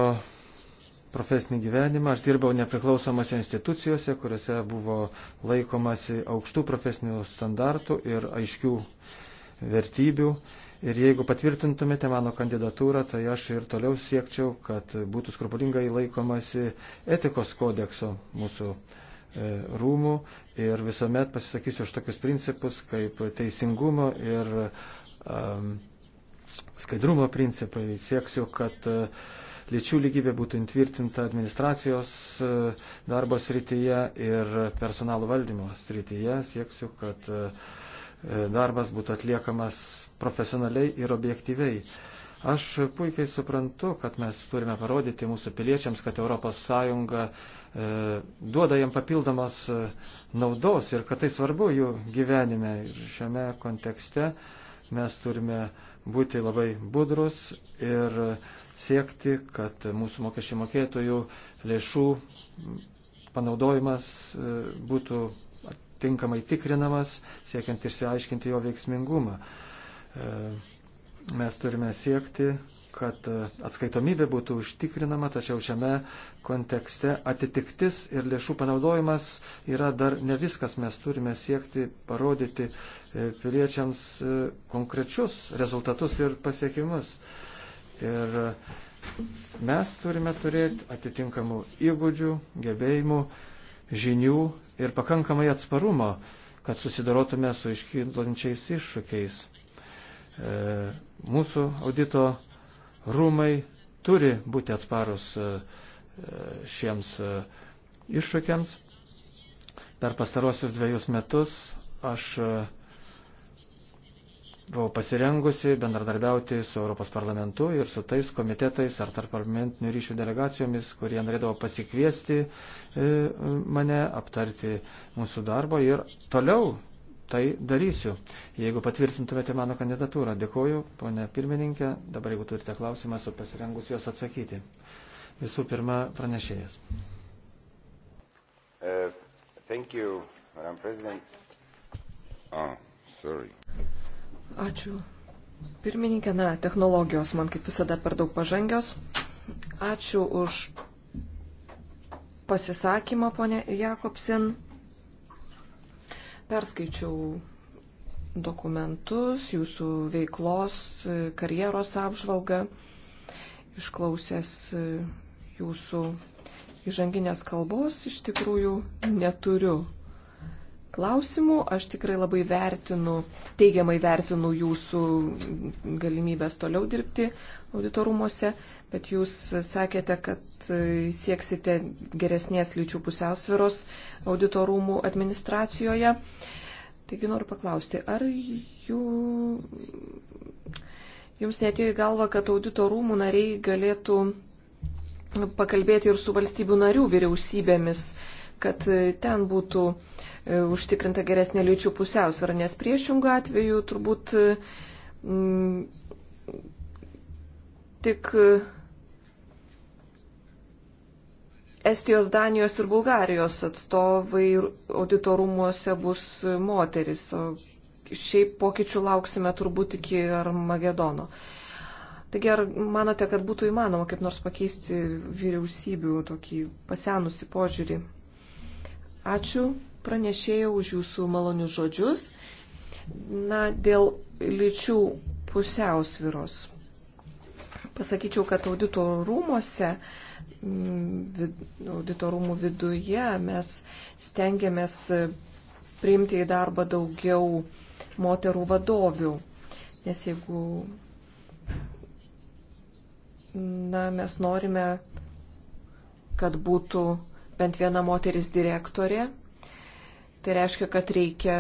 profesinį gyvenimą aš dirbau nepriklausomose institucijose, kuriuose buvo laikomasi aukštų profesinių standartų ir aiškių vertybių. Ir jeigu patvirtintumėte mano kandidatūrą, tai aš ir toliau siekčiau, kad būtų skrupulingai laikomasi etikos kodekso mūsų E, rūmų ir visuomet pasisakysiu už tokius principus kaip teisingumo ir um, skaidrumo principai. Sieksiu, kad uh, lyčių lygybė būtų įtvirtinta administracijos e, darbo srityje ir personalo valdymo srityje. Sieksiu, kad darbas būtų atliekamas profesionaliai ir objektyviai. Aš puikiai suprantu, kad mes turime parodyti mūsų piliečiams, kad ES E, duoda jam papildomas e, naudos ir kad tai svarbu jų gyvenime. Ir šiame kontekste mes turime būti labai budrus ir siekti, kad mūsų mokesčių mokėtojų lėšų panaudojimas e, būtų tinkamai tikrinamas, siekiant išsiaiškinti jo veiksmingumą. Mes turime siekti, kad e, atskaitomybė būtų užtikrinama, tačiau šiame kontekste atitiktis ir lėšų panaudojimas yra dar ne viskas. Mes turime siekti parodyti e, piliečiams e, konkrečius rezultatus ir pasiekimus. Ir mes turime turėti atitinkamų įgūdžių, gebėjimų, žinių ir pakankamai atsparumo, kad susidorotume su iškylančiais iššūkiais. Mūsų audito rūmai turi būti atsparus e, e, šiems e, iššūkiams. Per pastarosius dviejus metus aš buvau pasirengusi bendradarbiauti su Europos parlamentu ir su tais komitetais ar tarp parlamentinių ryšių delegacijomis, kurie norėdavo pasikviesti mane, aptarti mūsų darbo ir toliau tai darysiu, jeigu patvirtintumėte mano kandidatūrą. Dėkuoju, ponė pirmininkė, dabar jeigu turite klausimą, esu pasirengus juos atsakyti. Visų pirma, pranešėjas. Uh, thank you, Madam President. Oh, sorry. Ačiū. Pirmininkė, na, technologijos man kaip visada per daug pažangios. Ačiū už pasisakymą, ponė Jakobsin. Perskaičiau dokumentus, jūsų veiklos, e, karjeros apžvalgą, išklausęs e, jūsų įžanginės kalbos, iš tikrųjų neturiu klausimų. Aš tikrai labai vertinu, teigiamai vertinu jūsų galimybės toliau dirbti auditorumuose, bet jūs sakėte, kad e, sieksite geresnės lyčių pusiausviros auditorumų administracijoje. Taigi noriu paklausti, ar jų... jums netėjo į galvą, kad auditorumų nariai galėtų pakalbėti ir su valstybių narių vyriausybėmis? Uh, kad e, ten būtų e, užtikrinta geresnė lyčių pusiausvara, nes priešingų atveju turbūt e, m, tik Estijos, Danijos ir Bulgarijos atstovai auditorumuose bus moteris, o šiaip pokyčių lauksime turbūt iki Armagedono. Taigi ar manote, kad būtų įmanoma kaip nors pakeisti vyriausybių tokį pasenusį požiūrį Ačiū pranešėjau už jūsų malonius žodžius. Na, dėl lyčių pusiausviros. Pasakyčiau, kad audito rūmose, mm, audito rūmų viduje mes stengiamės priimti į darbą daugiau moterų vadovių. Nes jeigu na, mes norime, kad būtų bent viena moteris direktorė. Tai reiškia, kad reikia,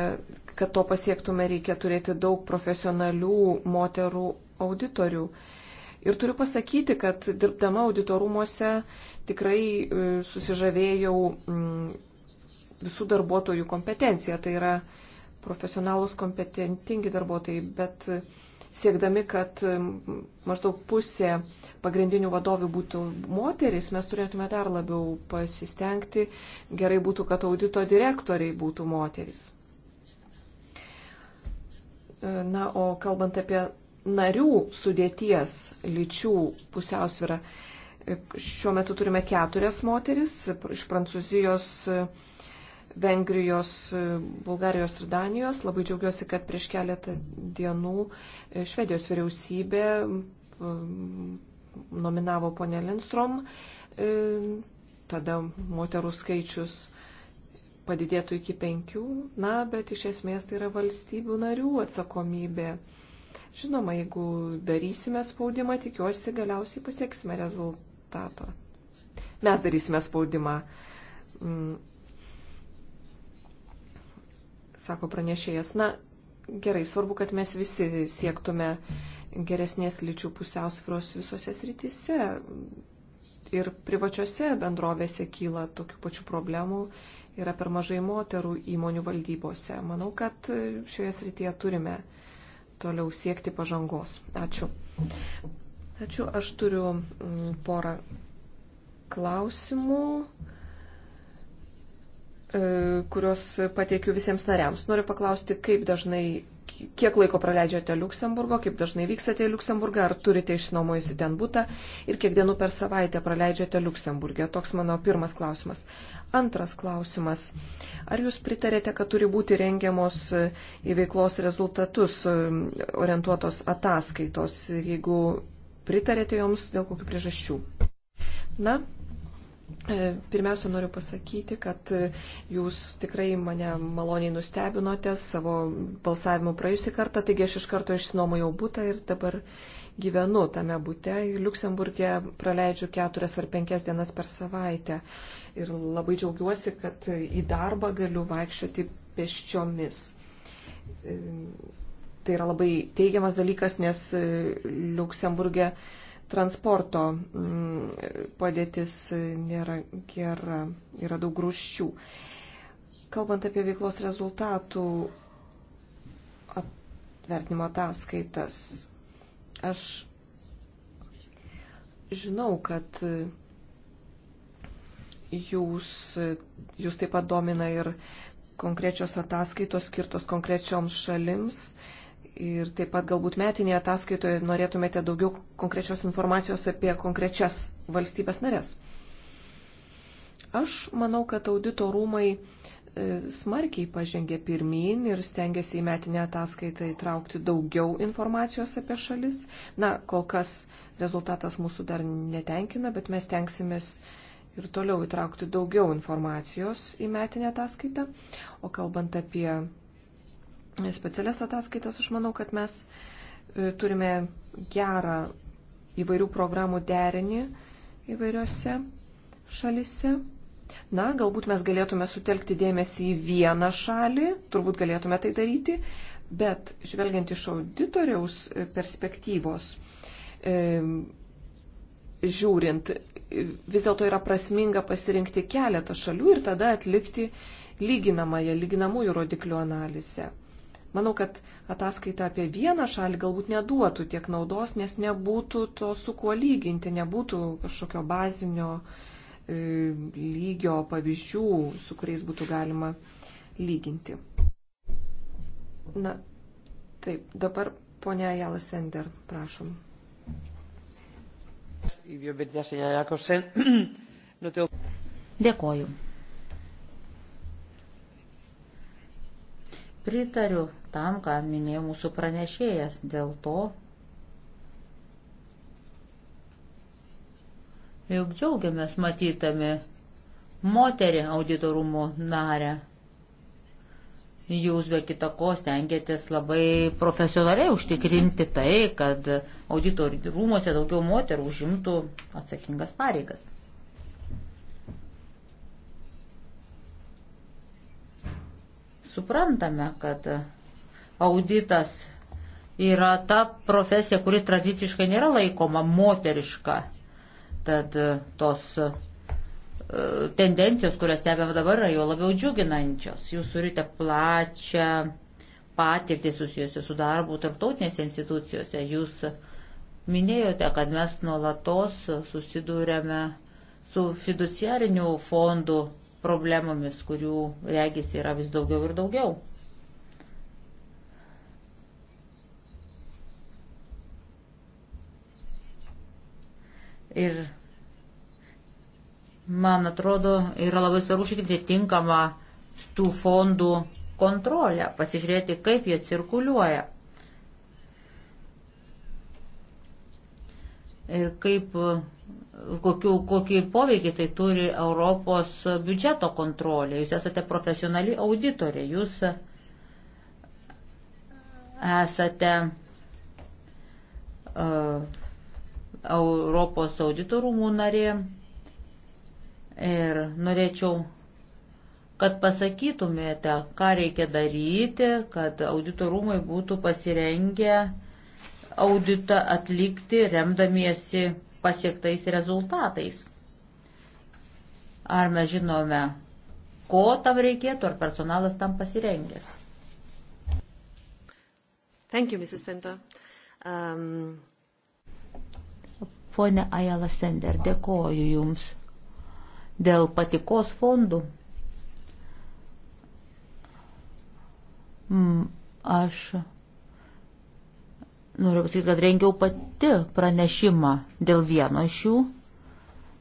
kad to pasiektume, reikia turėti daug profesionalių moterų auditorių. Ir turiu pasakyti, kad dirbdama auditorumuose tikrai e, susižavėjau mm, visų darbuotojų kompetencija. Tai yra profesionalus kompetentingi darbuotojai, bet siekdami, kad maždaug pusė pagrindinių vadovių būtų moteris, mes turėtume dar labiau pasistengti. Gerai būtų, kad audito direktoriai būtų moteris. Na, o kalbant apie narių sudėties lyčių pusiausvyrą, šiuo metu turime keturias moteris iš Prancūzijos, Vengrijos, e, Bulgarijos ir Danijos. Labai džiaugiuosi, kad prieš keletą dienų e, Švedijos vyriausybė nominavo ponę Lindstrom. E, tada moterų skaičius padidėtų iki penkių. Na, bet iš esmės tai yra valstybių narių atsakomybė. Žinoma, jeigu darysime spaudimą, tikiuosi galiausiai pasieksime rezultato. Mes darysime spaudimą mm, sako pranešėjas. Na, gerai, svarbu, kad mes visi siektume geresnės lyčių pusiausvyros visose srityse. Ir privačiose bendrovėse kyla tokių pačių problemų, yra per mažai moterų įmonių valdybose. Manau, kad šioje srityje turime toliau siekti pažangos. Ačiū. Ačiū, aš turiu mm, porą klausimų. E, kuriuos pateikiu visiems nariams. Noriu paklausti, kaip dažnai, kiek laiko praleidžiate Luksemburgo, kaip dažnai vykstate į Luksemburgą, ar turite išnuomojusi ten būtą ir kiek dienų per savaitę praleidžiate Luksemburgė. Toks mano pirmas klausimas. Antras klausimas. Ar jūs pritarėte, kad turi būti rengiamos e, į veiklos rezultatus e, orientuotos ataskaitos, jeigu pritarėte joms, dėl kokių priežasčių? Na, E, pirmiausia, noriu pasakyti, kad e, jūs tikrai mane maloniai nustebinote savo balsavimu praėjusį kartą, taigi aš iš karto išsinuomojau būtą ir dabar gyvenu tame būte. Liuksemburgė praleidžiu keturias ar penkias dienas per savaitę ir labai džiaugiuosi, kad į darbą galiu vaikščioti pėsčiomis. E, tai yra labai teigiamas dalykas, nes Liuksemburgė. E, transporto mm, padėtis nėra gera, yra daug grūščių. Kalbant apie veiklos rezultatų vertinimo ataskaitas, aš žinau, kad jūs, jūs taip pat domina ir konkrečios ataskaitos skirtos konkrečioms šalims ir taip pat galbūt metinėje ataskaitoje norėtumėte daugiau konkrečios informacijos apie konkrečias valstybės narės. Aš manau, kad audito rūmai e, smarkiai pažengė pirmin ir stengiasi į metinę ataskaitą įtraukti daugiau informacijos apie šalis. Na, kol kas rezultatas mūsų dar netenkina, bet mes tenksimės ir toliau įtraukti daugiau informacijos į metinę ataskaitą. O kalbant apie specialias ataskaitas, aš manau, kad mes e, turime gerą įvairių programų derinį įvairiose šalise. Na, galbūt mes galėtume sutelkti dėmesį į vieną šalį, turbūt galėtume tai daryti, bet žvelgiant iš auditoriaus e, perspektyvos, e, žiūrint, vis dėlto yra prasminga pasirinkti keletą šalių ir tada atlikti lyginamąją, lyginamųjų rodiklių analizę. Manau, kad ataskaita apie vieną šalį galbūt neduotų tiek naudos, nes nebūtų to su kuo lyginti, nebūtų kažkokio bazinio e, lygio pavyzdžių, su kuriais būtų galima lyginti. Na, taip, dabar ponia Jala Sender, prašom. Dėkoju. Pritariu tam, ką minėjo mūsų pranešėjas. Dėl to, jog džiaugiamės matytami moterį auditorumo narę. Jūs be kita ko stengiatės labai profesionaliai užtikrinti tai, kad auditorių rūmose daugiau moterų užimtų atsakingas pareigas. Suprantame, kad auditas yra ta profesija, kuri tradiciškai nėra laikoma moteriška. Tad e, tos e, tendencijos, kurias stebėme dabar, yra jo labiau džiuginančios. Jūs turite plačią patirtį susijusiu su darbu tarptautinėse institucijose. Jūs minėjote, kad mes nuolatos susidūrėme su fiduciarinių fondų problemomis, kurių regis yra vis daugiau ir daugiau. Ir man atrodo, yra labai svarbu užtikrinti tinkamą tų fondų kontrolę, pasižiūrėti, kaip jie cirkuliuoja. Ir kaip kokiu, kokį poveikį tai turi Europos biudžeto kontrolė. Jūs esate profesionali auditorė, jūs esate uh, Europos auditorumų narė ir norėčiau kad pasakytumėte, ką reikia daryti, kad auditorumai būtų pasirengę auditą atlikti remdamiesi pasiektais rezultatais. Ar mes žinome, ko tam reikėtų, ar personalas tam pasirengęs. Thank you, Mrs. Center. Um... Pone Ajala Sender, dėkoju Jums dėl patikos fondų. Mm, aš Noriu pasakyti, kad rengiau pati pranešimą dėl vieno iš jų.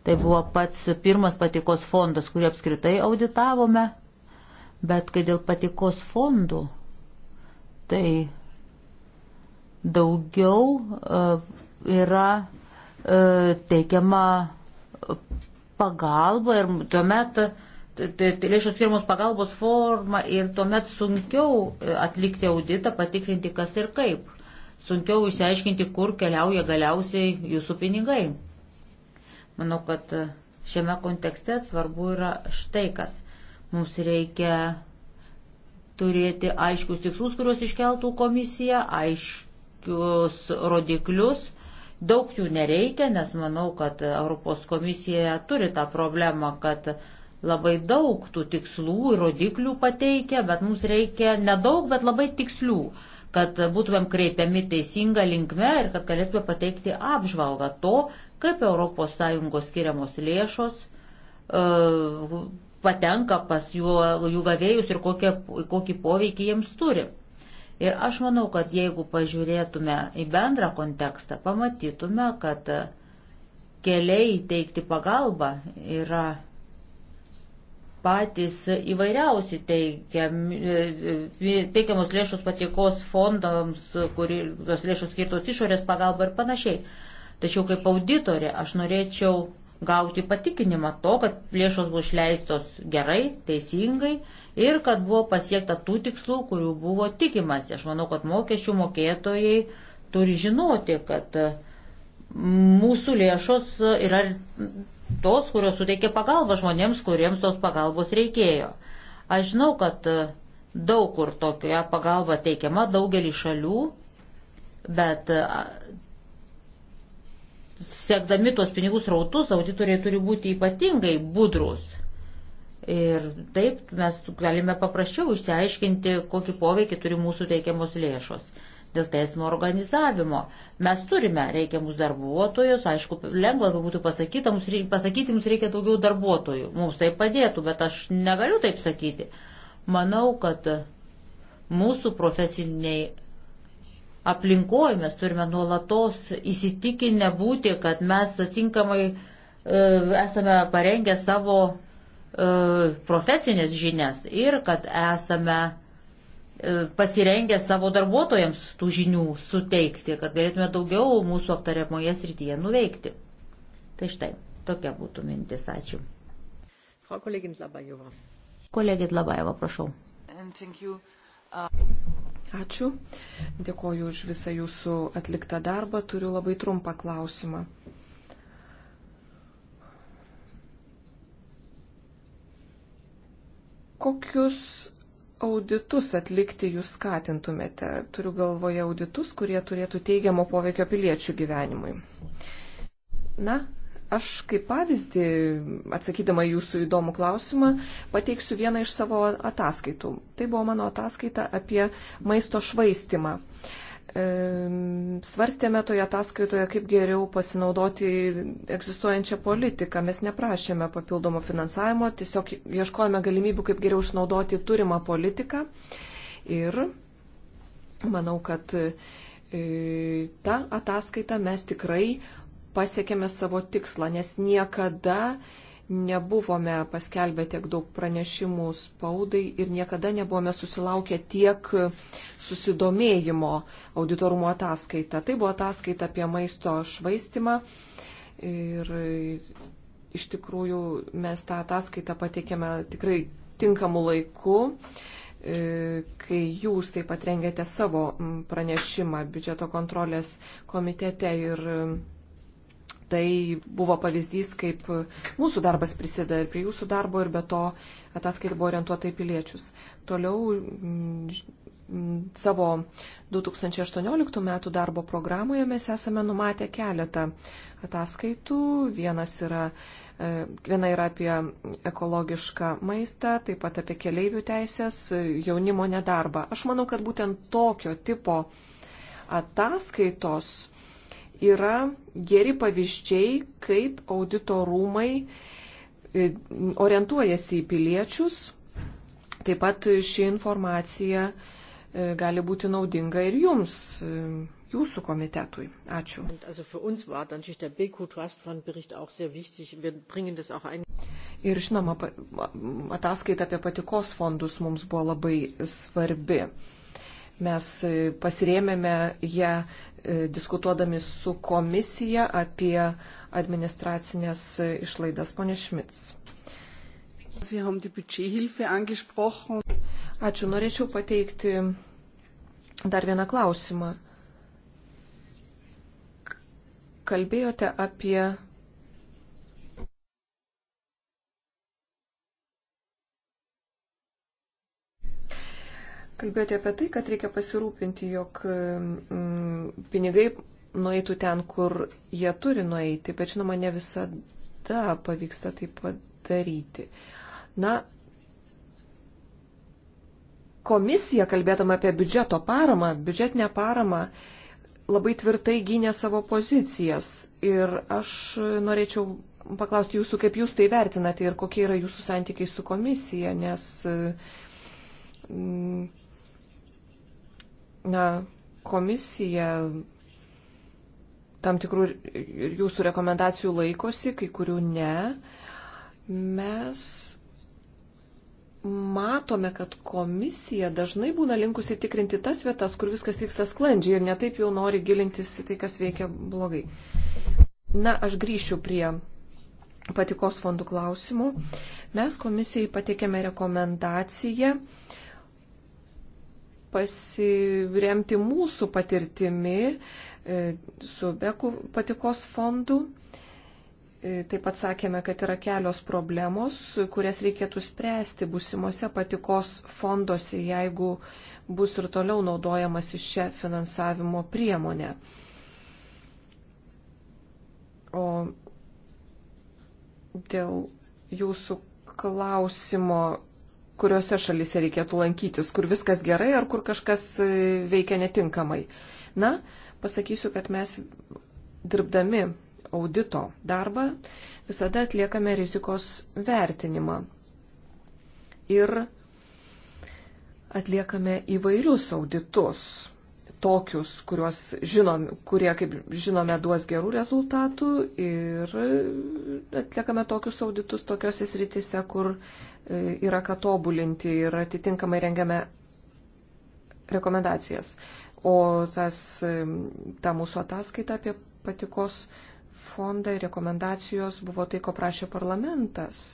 Tai buvo pats pirmas patikos fondas, kurį apskritai auditavome. Bet kai dėl patikos fondų, tai daugiau uh, yra uh, teikiama pagalba ir tuomet lėšos skiriamos pagalbos forma ir tuomet sunkiau e, atlikti auditą, patikrinti kas ir kaip sunkiau išsiaiškinti, kur keliauja galiausiai jūsų pinigai. Manau, kad šiame kontekste svarbu yra štai kas. Mums reikia turėti aiškius tikslus, kuriuos iškeltų komisija, aiškius rodiklius. Daug jų nereikia, nes manau, kad Europos komisija turi tą problemą, kad labai daug tų tikslų ir rodiklių pateikia, bet mums reikia nedaug, bet labai tikslių kad būtumėm kreipiami teisinga linkme ir kad galėtume pateikti apžvalgą to, kaip ES skiriamos lėšos e, patenka pas jų, jų gavėjus ir kokie, kokį poveikį jiems turi. Ir aš manau, kad jeigu pažiūrėtume į bendrą kontekstą, pamatytume, kad keliai teikti pagalbą yra patys įvairiausi e, e, teikiamos lėšos patiekos fondams, kurios lėšos skirtos išorės pagalba ir panašiai. Tačiau kaip auditorė aš norėčiau gauti patikinimą to, kad lėšos buvo išleistos gerai, teisingai ir kad buvo pasiekta tų tikslų, kurių buvo tikimasi. Aš manau, kad mokesčių mokėtojai turi žinoti, kad mūsų lėšos yra tos, kurios suteikė pagalbą žmonėms, kuriems tos pagalbos reikėjo. Aš žinau, kad e, daug kur tokia pagalba teikiama, daugelį šalių, bet e, sekdami tuos pinigus rautus, auditoriai turi būti ypatingai budrus. Ir taip mes galime paprasčiau išsiaiškinti, kokį poveikį turi mūsų teikiamos lėšos dėl teismo organizavimo. Mes turime reikiamus darbuotojus, aišku, lengva būtų pasakyti mums, reikia, pasakyti, mums reikia daugiau darbuotojų, mums tai padėtų, bet aš negaliu taip sakyti. Manau, kad mūsų profesiniai aplinkoje mes turime nuolatos įsitikinę būti, kad mes tinkamai e, esame parengę savo e, profesinės žinias ir kad esame E, pasirengę savo darbuotojams tų žinių suteikti, kad galėtume daugiau mūsų aptariamoje srityje nuveikti. Tai štai, tokia būtų mintis. Ačiū. Frau Kollegin Labajova. Kolegė Labajova, prašau. Uh, Ačiū. Dėkoju už visą jūsų atliktą darbą. Turiu labai trumpą klausimą. Kokius auditus atlikti jūs skatintumėte? Turiu galvoje auditus, kurie turėtų teigiamo poveikio piliečių gyvenimui. Na, aš kaip pavyzdį, atsakydama jūsų įdomų klausimą, pateiksiu vieną iš savo ataskaitų. Tai buvo mano ataskaita apie maisto švaistimą. Uh, svarstėme toje ataskaitoje, kaip geriau pasinaudoti egzistuojančią politiką. Mes neprašėme papildomo finansavimo, tiesiog ieškojame galimybių, kaip geriau išnaudoti turimą politiką. Ir manau, kad e, ta ataskaita mes tikrai pasiekėme savo tikslą, nes niekada nebuvome paskelbę tiek daug pranešimų spaudai ir niekada nebuvome susilaukę tiek susidomėjimo auditorumo ataskaita. Tai buvo ataskaita apie maisto švaistimą ir iš tikrųjų mes tą ataskaitą patikėme tikrai tinkamu laiku e, kai jūs taip pat rengėte savo pranešimą biudžeto kontrolės komitete ir tai buvo pavyzdys, kaip mūsų darbas prisideda ir prie jūsų darbo, ir be to ataskaita buvo orientuota į piliečius. Toliau mm, mm, savo 2018 metų darbo programoje mes esame numatę keletą ataskaitų. Vienas yra, e, viena yra apie ekologišką maistą, taip pat apie keleivių teisės, e, jaunimo nedarbą. Aš manau, kad būtent tokio tipo ataskaitos yra geri pavyzdžiai, kaip auditorumai e, orientuojasi į piliečius. Taip pat ši informacija e, gali būti naudinga ir jums, e, jūsų komitetui. Ačiū. Ir žinoma, ataskaita apie patikos fondus mums buvo labai svarbi. Mes pasirėmėme ją E, diskutuodami su komisija apie administracinės išlaidas. Pone Šmits. Ačiū. Norėčiau pateikti dar vieną klausimą. Kalbėjote apie Kalbėjote apie tai, kad reikia pasirūpinti, jog mm, pinigai nueitų ten, kur jie turi nueiti, bet žinoma, ne visada pavyksta tai padaryti. Na, komisija, kalbėdama apie biudžeto paramą, biudžetinę paramą, labai tvirtai gynė savo pozicijas. Ir aš norėčiau paklausti jūsų, kaip jūs tai vertinate ir kokie yra jūsų santykiai su komisija, nes mm, na, komisija tam tikrų jūsų rekomendacijų laikosi, kai kurių ne. Mes matome, kad komisija dažnai būna linkusi tikrinti tas vietas, kur viskas vyksta sklandžiai ir netaip jau nori gilintis į tai, kas veikia blogai. Na, aš grįšiu prie patikos fondų klausimų. Mes komisijai patikėme rekomendaciją uh, pasiremti mūsų patirtimi e, su Bekų patikos fondu. E, taip pat sakėme, kad yra kelios problemos, kurias reikėtų spręsti busimuose patikos fonduose, jeigu bus ir toliau naudojamas iš šią finansavimo priemonę. O dėl jūsų klausimo, kuriuose šalise reikėtų lankytis, kur viskas gerai ar kur kažkas e, veikia netinkamai. Na, pasakysiu, kad mes dirbdami audito darbą visada atliekame rizikos vertinimą. Ir atliekame įvairius auditus tokius, kuriuos žinom, kurie, kaip žinome, duos gerų rezultatų ir atliekame tokius auditus tokiuose srityse, kur e, yra ką tobulinti ir atitinkamai rengiame rekomendacijas. O tas, e, ta mūsų ataskaita apie patikos fondą ir rekomendacijos buvo tai, ko prašė parlamentas.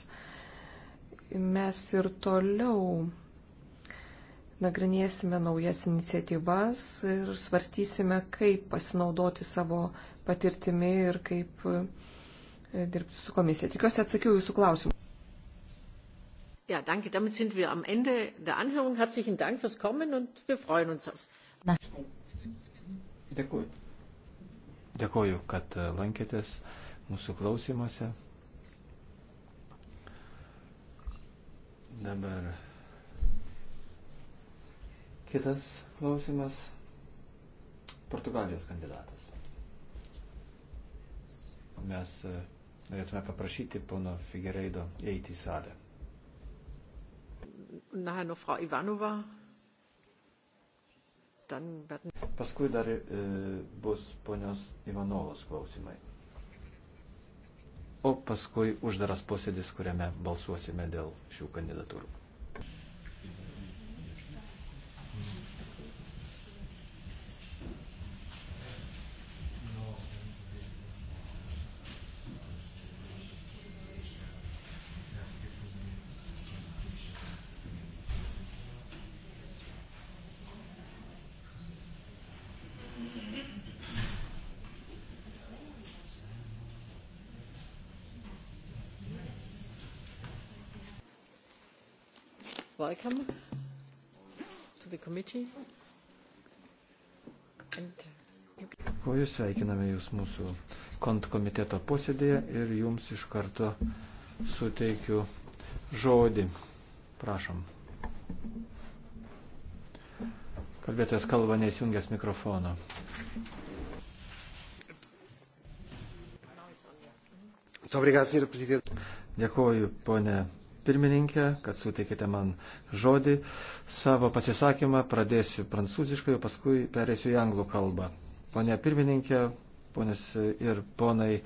Mes ir toliau nagrinėsime naujas iniciatyvas ir svarstysime, kaip pasinaudoti savo patirtimi ir kaip e, dirbti su komisija. Tikiuosi atsakiau jūsų klausimą. Ja, danke. Damit sind wir am Ende der Anhörung. Herzlichen Dank fürs Kommen und wir freuen uns aufs. Na. Dėkuoju. Dėkuoju, kad e, lankėtės mūsų klausimuose. Dabar Kitas klausimas. Portugalijos kandidatas. Mes e, norėtume paprašyti pono Figereido eiti į salę. Paskui dar e, bus ponios Ivanovos klausimai. O paskui uždaras posėdis, kuriame balsuosime dėl šių kandidatūrų. welcome to the committee. Po jūs sveikiname jūs mūsų kontkomiteto posėdėje ir jums iš karto suteikiu žodį. Prašom. Kalbėtojas kalba neįsijungęs mikrofono. Dėkuoju, ponė pirmininkė, kad suteikite man žodį. Savo pasisakymą pradėsiu prancūziškai, o paskui perėsiu į anglų kalbą. Pone pirmininkė, ponės ir ponai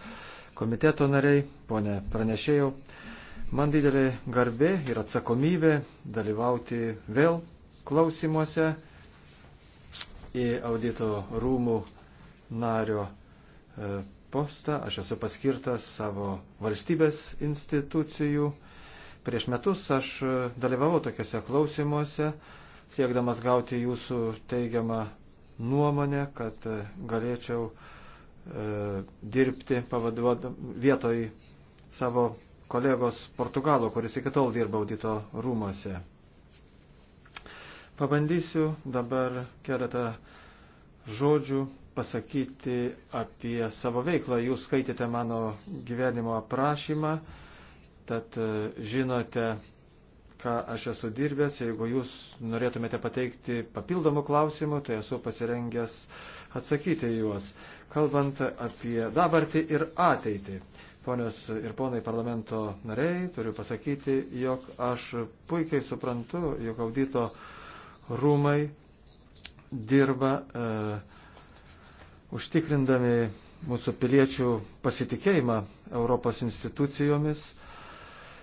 komiteto nariai, ponė pranešėjau, man didelė garbė ir atsakomybė dalyvauti vėl klausimuose į audito rūmų nario e, postą. Aš esu paskirtas savo valstybės institucijų Prieš metus aš e, dalyvavau tokiuose klausimuose, siekdamas gauti jūsų teigiamą nuomonę, kad e, galėčiau e, dirbti vietoj savo kolegos Portugalo, kuris iki tol dirba audito rūmose. Pabandysiu dabar keletą žodžių pasakyti apie savo veiklą. Jūs skaitėte mano gyvenimo aprašymą tad e, žinote, ką aš esu dirbęs. Jeigu jūs norėtumėte pateikti papildomų klausimų, tai esu pasirengęs atsakyti juos. Kalbant apie dabartį ir ateitį. Ponios ir ponai parlamento nariai, turiu pasakyti, jog aš puikiai suprantu, jog audito rūmai dirba e, užtikrindami mūsų piliečių pasitikėjimą Europos institucijomis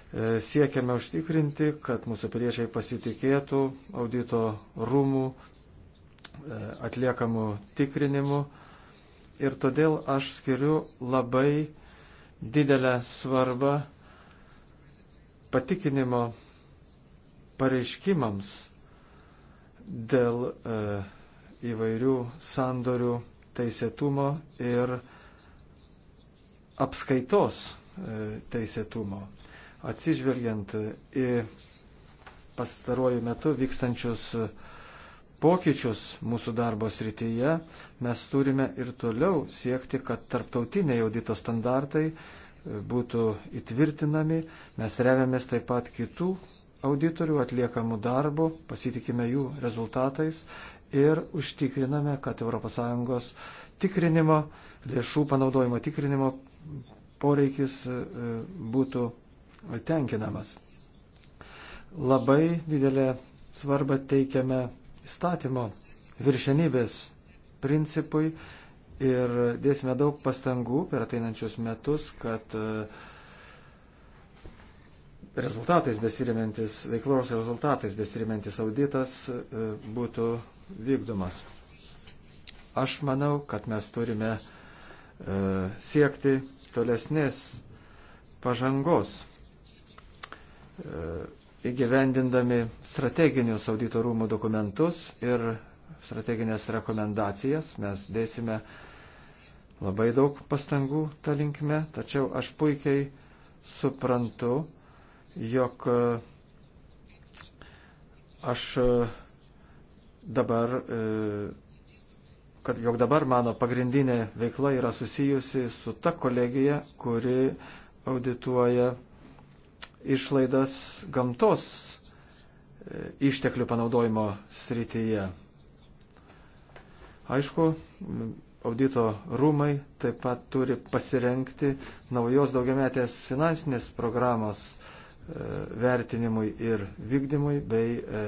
E, siekiame užtikrinti, kad mūsų piliečiai pasitikėtų audito rūmų e, atliekamų tikrinimų ir todėl aš skiriu labai didelę svarbą patikinimo pareiškimams dėl e, įvairių sandorių teisėtumo ir apskaitos e, teisėtumo atsižvelgiant į pastaruoju metu vykstančius pokyčius mūsų darbo srityje, mes turime ir toliau siekti, kad tarptautiniai audito standartai būtų įtvirtinami. Mes remiamės taip pat kitų auditorių atliekamų darbų, pasitikime jų rezultatais ir užtikriname, kad ES tikrinimo, lėšų panaudojimo tikrinimo poreikis e, būtų tenkinamas. Labai didelę svarbą teikiame įstatymo viršenybės principui ir dėsime daug pastangų per ateinančius metus, kad e, rezultatais besirimintis, veiklos rezultatais besirimintis auditas e, būtų vykdomas. Aš manau, kad mes turime e, siekti tolesnės pažangos E, įgyvendindami strateginius auditorumų dokumentus ir strateginės rekomendacijas. Mes dėsime labai daug pastangų tą linkme, tačiau aš puikiai suprantu, jog e, aš e, dabar, kad jog dabar mano pagrindinė veikla yra susijusi su ta kolegija, kuri audituoja išlaidas gamtos e, išteklių panaudojimo srityje. Aišku, audito rūmai taip pat turi pasirenkti naujos daugiametės finansinės programos e, vertinimui ir vykdymui, bei e,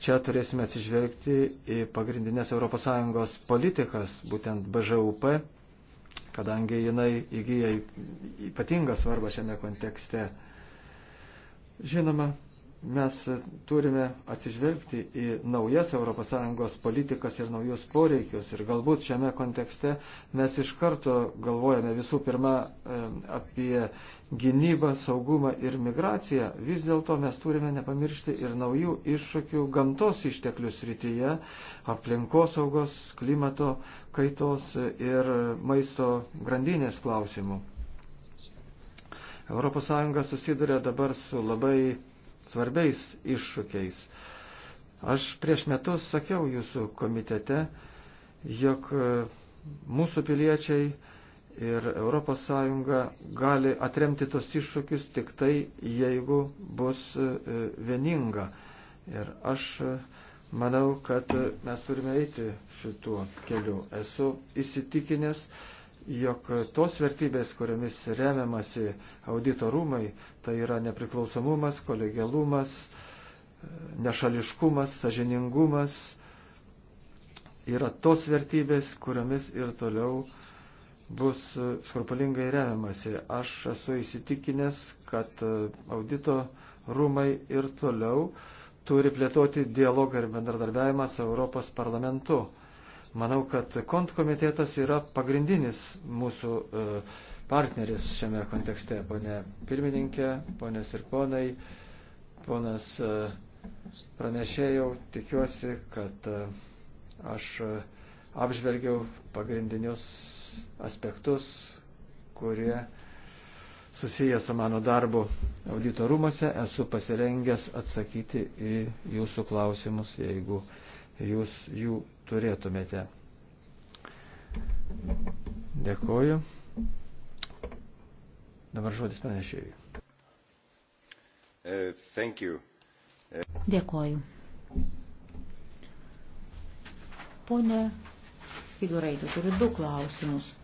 čia turėsime atsižvelgti į pagrindinės ES politikas, būtent BŽUP, kadangi jinai įgyja ypatingą svarbą šiame kontekste. Žinoma, mes turime atsižvelgti į naujas ES politikas ir naujus poreikius. Ir galbūt šiame kontekste mes iš karto galvojame visų pirma e, apie gynybą, saugumą ir migraciją. Vis dėlto mes turime nepamiršti ir naujų iššūkių gamtos išteklių srityje, aplinkosaugos, klimato kaitos ir maisto grandinės klausimų. ES susiduria dabar su labai svarbiais iššūkiais. Aš prieš metus sakiau jūsų komitete, jog e, mūsų piliečiai ir ES gali atremti tos iššūkius tik tai, jeigu bus e, e, vieninga. Ir aš manau, kad mes turime eiti šituo keliu. Esu įsitikinęs, jog tos vertybės, kuriamis remiamasi audito rūmai, tai yra nepriklausomumas, kolegialumas, nešališkumas, sažiningumas, yra tos vertybės, kuriamis ir toliau bus skrupulingai remiamasi. Aš esu įsitikinęs, kad audito rūmai ir toliau turi plėtoti dialogą ir bendradarbiavimą su Europos parlamentu. Manau, kad kontkomitetas yra pagrindinis mūsų e, partneris šiame kontekste, ponė pirmininkė, ponės ir ponai, ponas e, pranešėjau, tikiuosi, kad e, aš apžvelgiau pagrindinius aspektus, kurie susiję su mano darbu audito rūmose, esu pasirengęs atsakyti į jūsų klausimus, jeigu jūs jų turėtumėte. Dėkoju. Dabar žodis pranešėjai. Uh, uh... Dėkoju. Pone Figuraitė, turiu du klausimus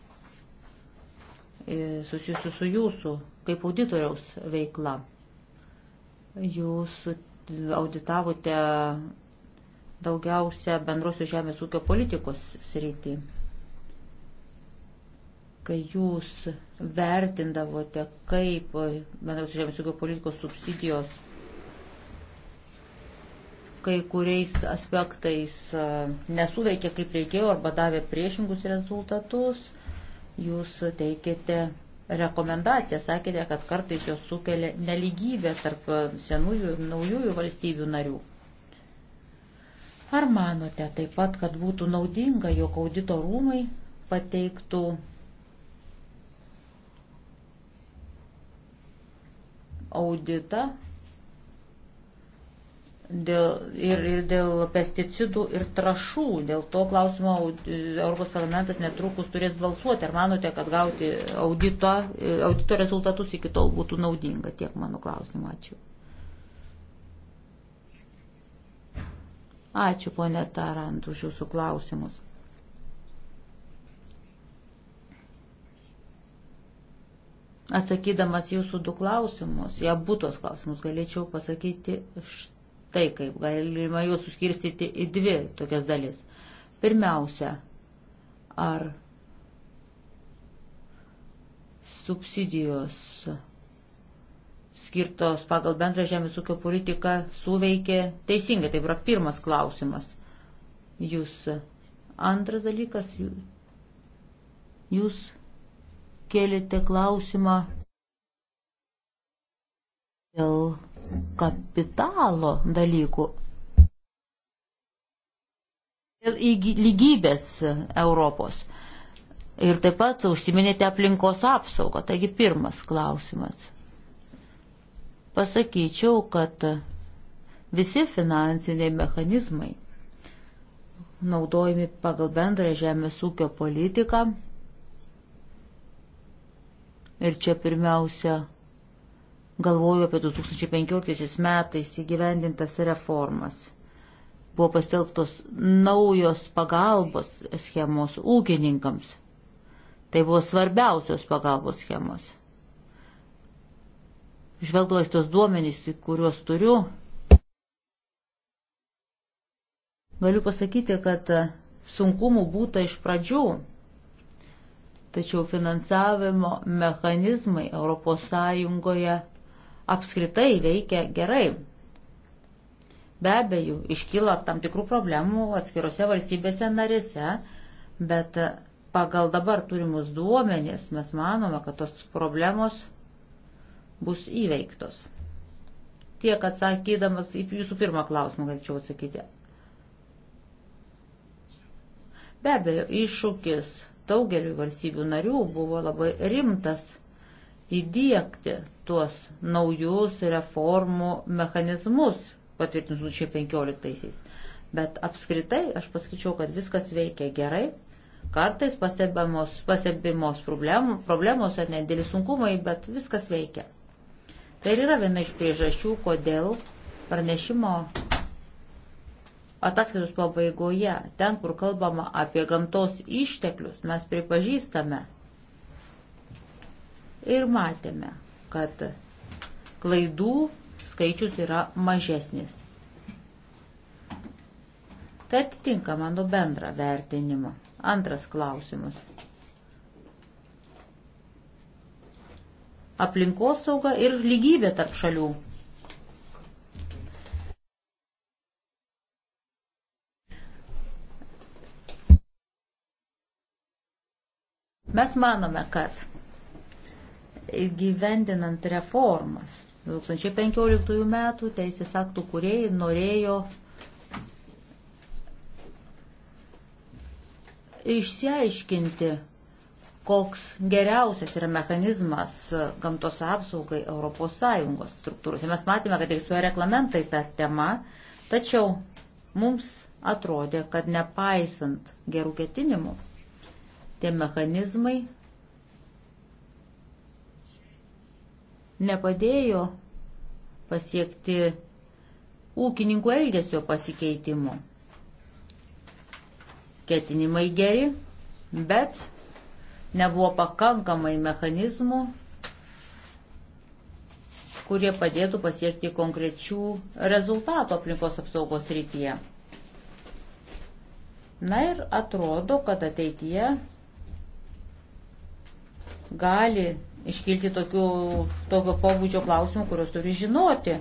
susijusiu su jūsų kaip auditoriaus veikla. Jūs auditavote daugiausia bendrosios žemės ūkio politikos srity. Kai jūs vertindavote, kaip bendrosios žemės ūkio politikos subsidijos kai kuriais aspektais e, nesuveikė kaip reikėjo arba davė priešingus rezultatus, jūs teikėte rekomendaciją, sakėte, kad kartais jos sukelia neligybę tarp senųjų ir naujųjų valstybių narių. Ar manote taip pat, kad būtų naudinga, jog audito rūmai pateiktų auditą dėl, ir, ir dėl pesticidų ir trašų. Dėl to klausimo Europos parlamentas netrukus turės balsuoti. Ar manote, kad gauti audito, audito rezultatus iki tol būtų naudinga? Tiek mano klausimų. Ačiū. Ačiū, ponė Tarant, už jūsų klausimus. Atsakydamas jūsų du klausimus, jie būtos klausimus, galėčiau pasakyti štai kaip, galima juos suskirstyti į dvi tokias dalis. Pirmiausia, ar subsidijos skirtos pagal bendrą žemės ūkio politiką suveikė teisingai. Tai yra pirmas klausimas. Jūs antras dalykas, jūs kėlėte klausimą dėl kapitalo dalykų. Dėl lygybės Europos. Ir taip pat užsiminėte aplinkos apsaugą. Taigi pirmas klausimas pasakyčiau, kad visi finansiniai mechanizmai naudojami pagal bendrą žemės ūkio politiką. Ir čia pirmiausia galvoju apie 2015 metais įgyvendintas reformas. Buvo pastelgtos naujos pagalbos schemos ūkininkams. Tai buvo svarbiausios pagalbos schemos žvelgdamas tos duomenys, kuriuos turiu, galiu pasakyti, kad e, sunkumų būta iš pradžių, tačiau finansavimo mechanizmai ES apskritai veikia gerai. Be abejo, iškyla tam tikrų problemų atskirose valstybėse narėse, bet e, pagal dabar turimus duomenis mes manome, kad tos problemos bus įveiktos. Tiek atsakydamas į jūsų pirmą klausimą galėčiau atsakyti. Be abejo, iššūkis daugeliu valstybių narių buvo labai rimtas įdėkti tuos naujus reformų mechanizmus patvirtintus 2015-aisiais. Bet apskritai aš pasakyčiau, kad viskas veikia gerai. Kartais pastebimos, pastebimos problem, problemos ar nedėlis sunkumai, bet viskas veikia. Tai yra viena iš priežasčių, kodėl pranešimo ataskaitos pabaigoje, ten, kur kalbama apie gamtos išteklius, mes pripažįstame ir matėme, kad klaidų skaičius yra mažesnis. Tai atitinka mano bendrą vertinimą. Antras klausimas. aplinkosauga ir lygybė tarp šalių. Mes manome, kad gyvendinant reformas 2015 metų teisės aktų kuriejai norėjo išsiaiškinti koks geriausias yra mechanizmas gamtos apsaugai ES struktūrose. Mes matėme, kad egzistuoja reglamentai tą temą, tačiau mums atrodė, kad nepaisant gerų ketinimų, tie mechanizmai nepadėjo pasiekti ūkininkų elgesio pasikeitimo. Ketinimai geri, bet nebuvo pakankamai mechanizmų, kurie padėtų pasiekti konkrečių rezultatų aplinkos apsaugos rytyje. Na ir atrodo, kad ateityje gali iškilti tokių, tokio pobūdžio klausimų, kuriuos turi žinoti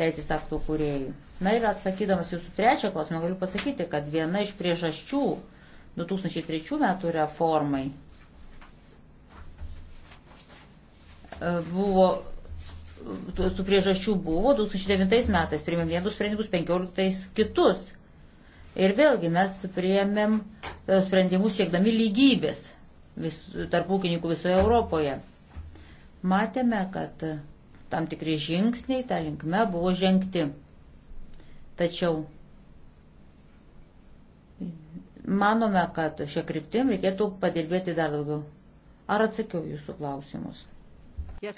teisės aktų kuriejai. Na ir atsakydamas jūsų trečią klausimą, galiu pasakyti, kad viena iš priežasčių 2003 metų reformai buvo tų priežasčių buvo 2009 metais, priėmėm vienus sprendimus, 15 kitus. Ir vėlgi mes priėmėm e, sprendimus siekdami lygybės vis, tarp ūkininkų visoje Europoje. Matėme, kad tam tikri žingsniai tą linkme buvo žengti. Tačiau manome, kad šią kryptim reikėtų padirbėti dar daugiau. Ar atsakiau jūsų klausimus? Yes,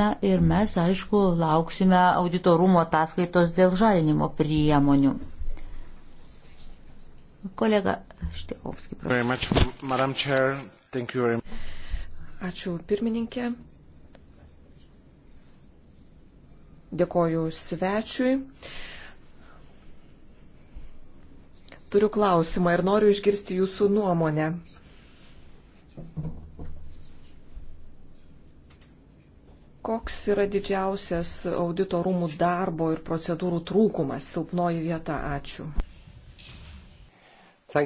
Na ir mes, aišku, lauksime auditorumo ataskaitos dėl žalinimo priemonių. Kolega Štiakovski, prašau. Ačiū pirmininkė. Dėkoju svečiui. Turiu klausimą ir noriu išgirsti jūsų nuomonę. Koks yra didžiausias audito rūmų darbo ir procedūrų trūkumas, silpnoji vieta? Ačiū.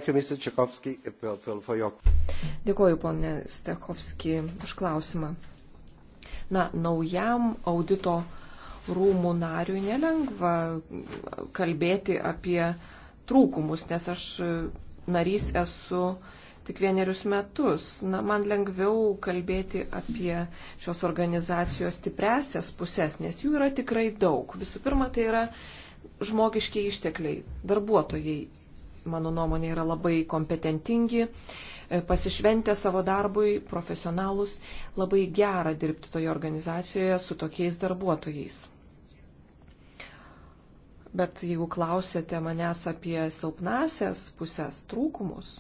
You, Dėkuoju, ponė Stechovski, už klausimą. Na, naujam audito rūmų nariui nelengva kalbėti apie trūkumus, nes aš narys esu tik vienerius metus. Na, man lengviau kalbėti apie šios organizacijos stipresias pusės, nes jų yra tikrai daug. Visų pirma, tai yra žmogiškiai ištekliai, darbuotojai, mano nuomonė, yra labai kompetentingi, e, pasišventę savo darbui, profesionalus, labai gera dirbti toje organizacijoje su tokiais darbuotojais. Bet jeigu klausėte manęs apie silpnasias pusės trūkumus,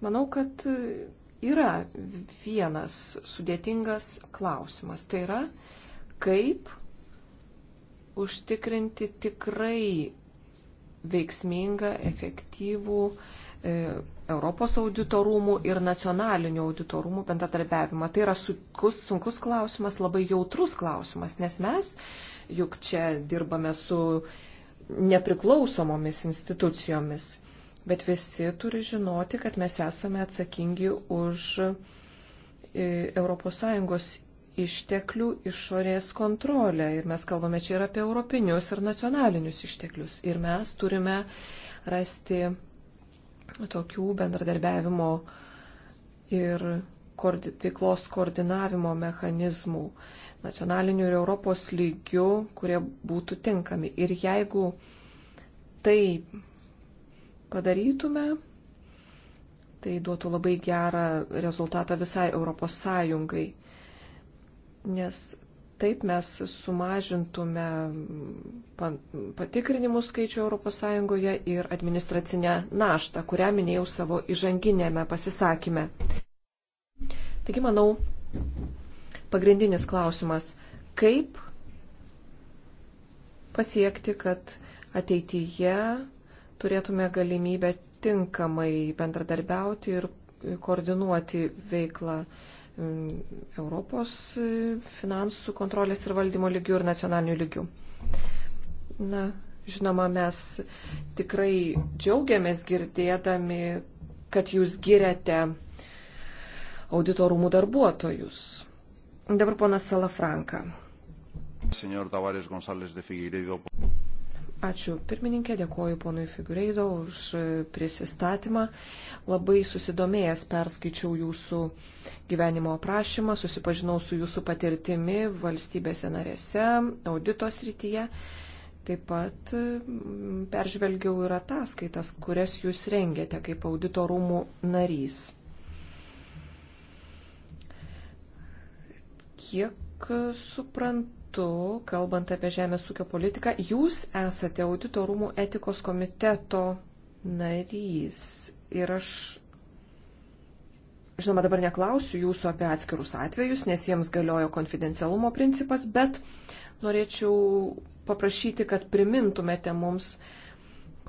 Manau, kad yra vienas sudėtingas klausimas. Tai yra, kaip užtikrinti tikrai veiksmingą, efektyvų e, Europos auditorumų ir nacionalinių auditorumų bendradarbiavimą. Tai yra sunkus, sunkus klausimas, labai jautrus klausimas, nes mes juk čia dirbame su nepriklausomomis institucijomis bet visi turi žinoti, kad mes esame atsakingi už ES išteklių išorės kontrolę. Ir mes kalbame čia ir apie europinius ir nacionalinius išteklius. Ir mes turime rasti tokių bendradarbiavimo ir koordi, veiklos koordinavimo mechanizmų nacionalinių ir Europos lygių, kurie būtų tinkami. Ir jeigu tai padarytume, tai duotų labai gerą rezultatą visai Europos Sąjungai. Nes taip mes sumažintume patikrinimų skaičių ES ir administracinę naštą, kurią minėjau savo įžanginėme pasisakyme. Taigi, manau, pagrindinis klausimas, kaip pasiekti, kad ateityje turėtume galimybę tinkamai bendradarbiauti ir koordinuoti veiklą mm, Europos mm, finansų kontrolės ir valdymo lygių ir nacionalinių lygių. Na, žinoma, mes tikrai džiaugiamės girdėdami, kad jūs giriate auditorumų darbuotojus. Dabar ponas Salafranka. Senor Tavares González de Figueiredo. Ačiū pirmininkė, dėkoju ponui Figureido už prisistatymą. Labai susidomėjęs perskaičiau jūsų gyvenimo aprašymą, susipažinau su jūsų patirtimi valstybėse narėse, auditos rytyje. Taip pat mm, peržvelgiau ir ataskaitas, kurias jūs rengėte kaip audito rūmų narys. Kiek suprantu, metu, kalbant apie žemės ūkio politiką, jūs esate auditorumų etikos komiteto narys. Ir aš, žinoma, dabar neklausiu jūsų apie atskirus atvejus, nes jiems galiojo konfidencialumo principas, bet norėčiau paprašyti, kad primintumėte mums,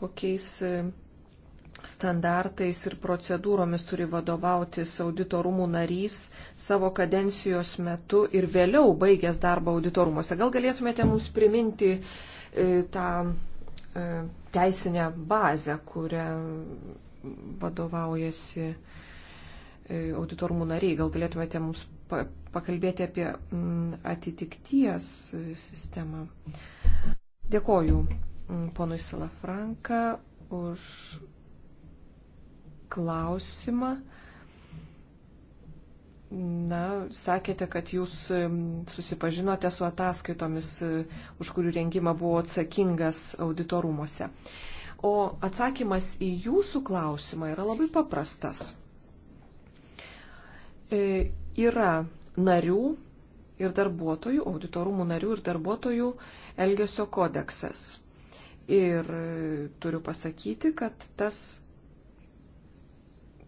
kokiais standartais ir procedūromis turi vadovautis audito rūmų narys savo kadencijos metu ir vėliau baigęs darbą audito rūmose. Gal galėtumėte mums priminti e, tą e, teisinę bazę, kurią vadovaujasi e, audito rūmų nariai. Gal galėtumėte mums pakalbėti apie atitikties sistemą. Dėkoju ponui Salafranka už klausimą. Na, sakėte, kad jūs susipažinote su ataskaitomis, e, už kurių rengimą buvo atsakingas auditorumuose. O atsakymas į jūsų klausimą yra labai paprastas. E, yra narių ir darbuotojų, auditorumų narių ir darbuotojų elgesio kodeksas. Ir e, turiu pasakyti, kad tas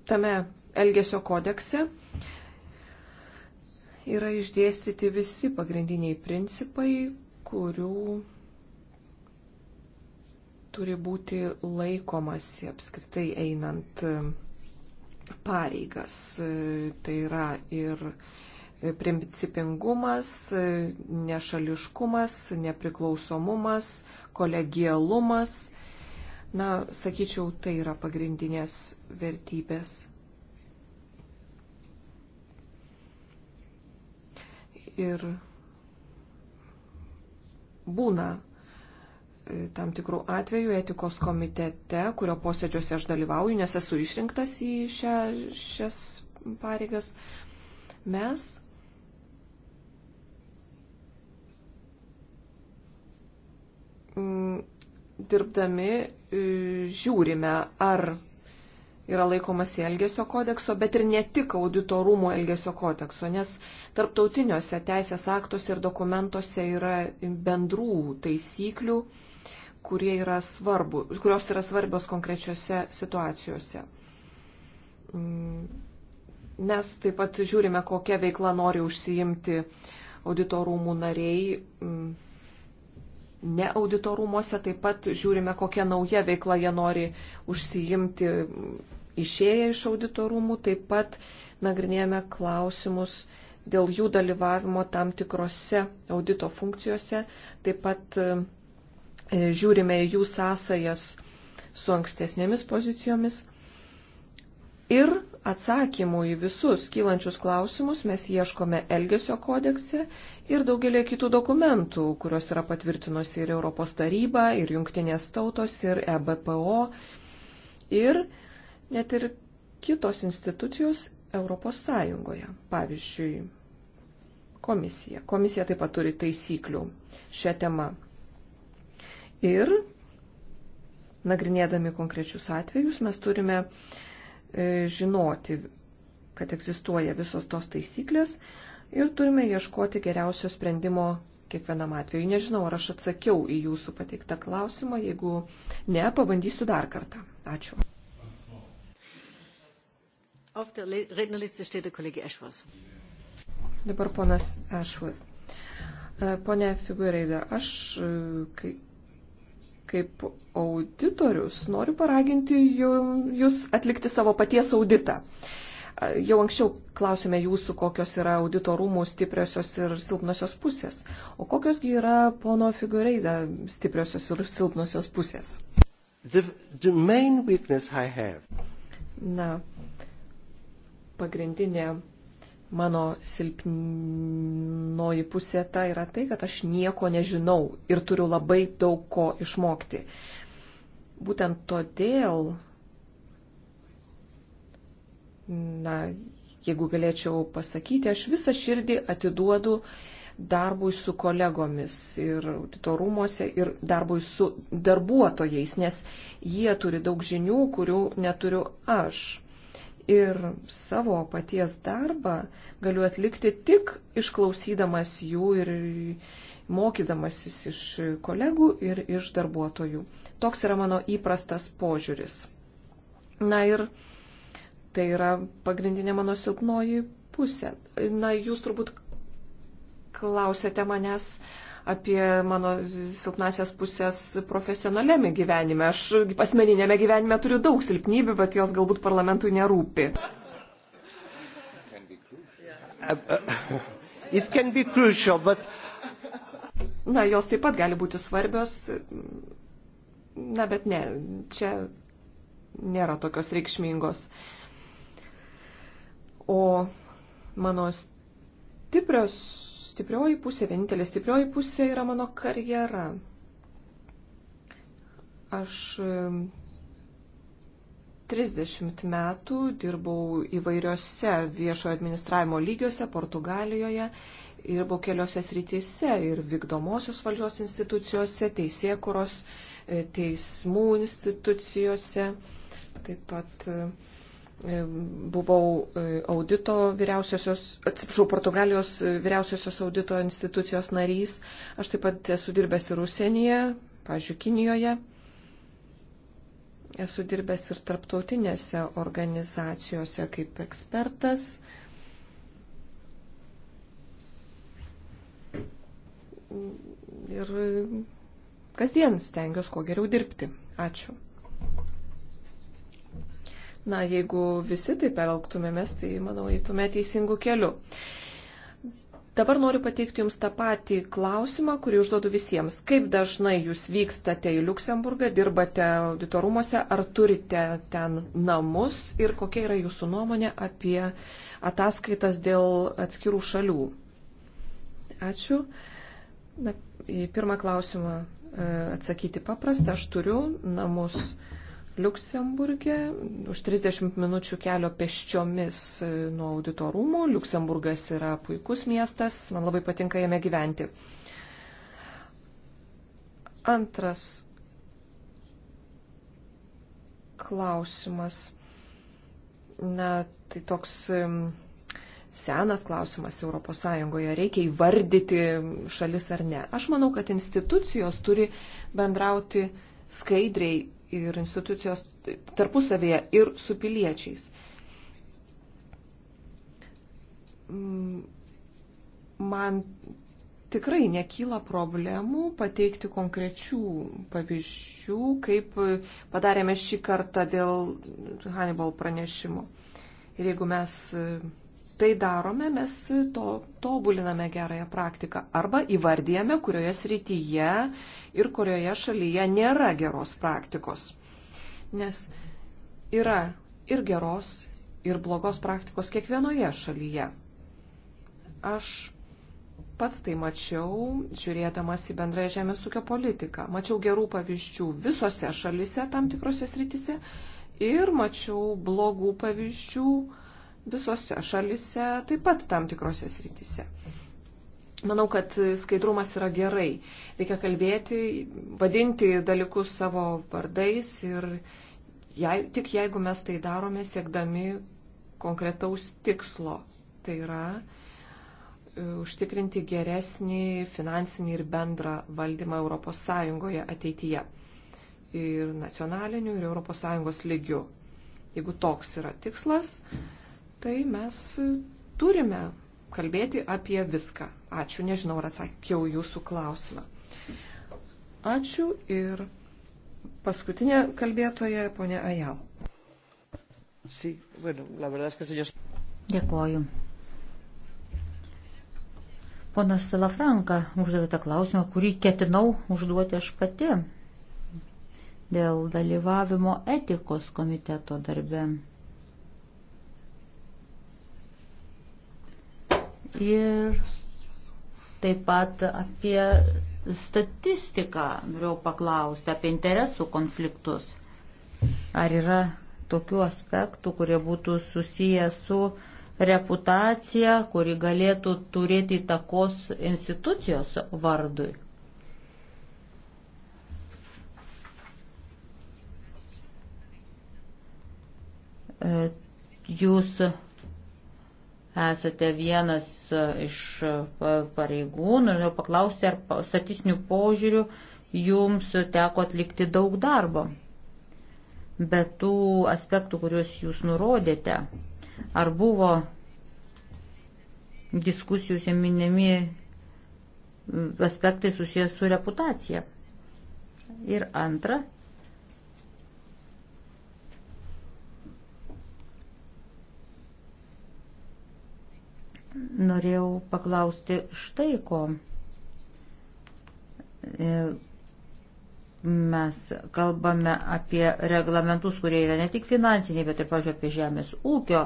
tame Elgesio kodekse yra išdėstyti visi pagrindiniai principai, kurių turi būti laikomasi apskritai einant pareigas. Tai yra ir principingumas, nešališkumas, nepriklausomumas, kolegialumas Na, sakyčiau, tai yra pagrindinės vertybės. Ir būna e, tam tikrų atvejų etikos komitete, kurio posėdžiuose aš dalyvauju, nes esu išrinktas į šią, šias pareigas, mes dirbdami E, žiūrime, ar yra laikomasi Elgesio kodekso, bet ir ne tik auditorumo Elgesio kodekso, nes tarptautiniuose teisės aktuose ir dokumentuose yra bendrų taisyklių, yra svarbu, kurios yra svarbios konkrečiose situacijose. Mm, mes taip pat žiūrime, kokią veiklą nori užsiimti auditorumų nariai mm, ne auditorumuose, taip pat žiūrime, kokią naują veiklą jie nori užsiimti išėję iš auditorumų, taip pat nagrinėjame klausimus dėl jų dalyvavimo tam tikrose audito funkcijose, taip pat e, žiūrime jų sąsajas su ankstesnėmis pozicijomis ir atsakymų į visus kylančius klausimus mes ieškome Elgesio kodekse ir daugelį kitų dokumentų, kurios yra patvirtinusi ir Europos taryba, ir Junktinės tautos, ir EBPO, ir net ir kitos institucijos Europos Sąjungoje. Pavyzdžiui, komisija. Komisija taip pat turi taisyklių šią temą. Ir nagrinėdami konkrečius atvejus mes turime uh, E, žinoti, kad egzistuoja visos tos taisyklės ir turime ieškoti geriausio sprendimo kiekvienam atveju. Nežinau, ar aš atsakiau į jūsų pateiktą klausimą, jeigu ne, pabandysiu dar kartą. Ačiū. Dabar ponas Ashworth. E, pone Figureida, aš e, kai kaip auditorius noriu paraginti jūs atlikti savo paties auditą. Jau anksčiau klausėme jūsų, kokios yra auditorumų stipriosios ir silpnosios pusės. O kokiosgi yra pono figureida stipriosios ir silpnosios pusės? The, the main weakness I have. Na, pagrindinė Mano silpnoji pusė ta yra tai, kad aš nieko nežinau ir turiu labai daug ko išmokti. Būtent todėl, na, jeigu galėčiau pasakyti, aš visą širdį atiduodu darbui su kolegomis ir auditorumuose ir darbui su darbuotojais, nes jie turi daug žinių, kurių neturiu aš ir savo paties darbą galiu atlikti tik išklausydamas jų ir mokydamasis iš kolegų ir iš darbuotojų. Toks yra mano įprastas požiūris. Na ir tai yra pagrindinė mano silpnoji pusė. Na, jūs turbūt klausėte manęs, apie mano silpnasias pusės profesionaliame gyvenime. Aš asmeninėme gyvenime turiu daug silpnybių, bet jos galbūt parlamentui nerūpi. Crucial, but... Na, jos taip pat gali būti svarbios. Na, bet ne, čia nėra tokios reikšmingos. O mano stiprios stiprioji pusė, vienintelė stiprioji pusė yra mano karjera. Aš 30 metų dirbau įvairiose viešojo administravimo lygiuose Portugalijoje, dirbau keliose srityse ir vykdomosios valdžios institucijose, teisėkuros, e, teismų institucijose, taip pat E, buvau e, audito vyriausiosios, atsiprašau, Portugalijos e, vyriausiosios audito institucijos narys. Aš taip pat esu dirbęs ir užsienyje, pažiūrėjau, Kinijoje. Esu dirbęs ir tarptautinėse organizacijose kaip ekspertas. Ir kasdien stengiuosi kuo geriau dirbti. Ačiū. Na, jeigu visi taip elgtumėmės, tai, manau, eitume teisingu keliu. Dabar noriu pateikti Jums tą patį klausimą, kurį užduodu visiems. Kaip dažnai Jūs vykstate į Luksemburgą, dirbate auditorumuose, ar turite ten namus ir kokia yra Jūsų nuomonė apie ataskaitas dėl atskirų šalių? Ačiū. Na, į pirmą klausimą e, atsakyti paprasta. Aš turiu namus Liuksemburgė, už 30 minučių kelio pėsčiomis e, nuo auditorumų. Liuksemburgas yra puikus miestas, man labai patinka jame gyventi. Antras klausimas. Na, tai toks senas klausimas ES. Reikia įvardyti šalis ar ne. Aš manau, kad institucijos turi bendrauti skaidriai ir institucijos tarpusavėje ir su piliečiais. Mm, man tikrai nekyla problemų pateikti konkrečių pavyzdžių, kaip padarėme šį kartą dėl Hannibal pranešimo. Ir jeigu mes tai darome, mes to, tobuliname gerąją praktiką arba įvardyjame, kurioje srityje ir kurioje šalyje nėra geros praktikos. Nes yra ir geros, ir blogos praktikos kiekvienoje šalyje. Aš pats tai mačiau, žiūrėdamas į bendrąją žemės ūkio politiką. Mačiau gerų pavyzdžių visose šalise, tam tikrose sritise, ir mačiau blogų pavyzdžių visose šalise, taip pat tam tikrose sritise. Manau, kad skaidrumas yra gerai. Reikia kalbėti, vadinti dalykus savo vardais ir jei, tik jeigu mes tai darome siekdami konkretaus tikslo. Tai yra e, užtikrinti geresnį finansinį ir bendrą valdymą ES ateityje. Ir nacionaliniu, ir ES lygiu. Jeigu toks yra tikslas, tai mes turime kalbėti apie viską. Ačiū, nežinau, ar atsakiau jūsų klausimą. Ačiū ir paskutinė kalbėtoja, ponė Ajal. Sí, bueno, la verdad es que señor... Dėkoju. Ponas Salafranka uždavė tą klausimą, kurį ketinau užduoti aš pati dėl dalyvavimo etikos komiteto darbe. Ir Taip pat apie statistiką norėjau paklausti, apie interesų konfliktus. Ar yra tokių aspektų, kurie būtų susiję su reputacija, kuri galėtų turėti įtakos institucijos vardui? E, jūs esate vienas e, iš e, pareigūnų ir paklausti, ar statistinių požiūrių jums teko atlikti daug darbo. Bet tų aspektų, kuriuos jūs nurodėte, ar buvo diskusijų minimi aspektai susijęs su reputacija. Ir antra, norėjau paklausti štai ko. E, mes kalbame apie reglamentus, kurie yra ne tik finansiniai, bet ir, pažiūrėjau, apie žemės ūkio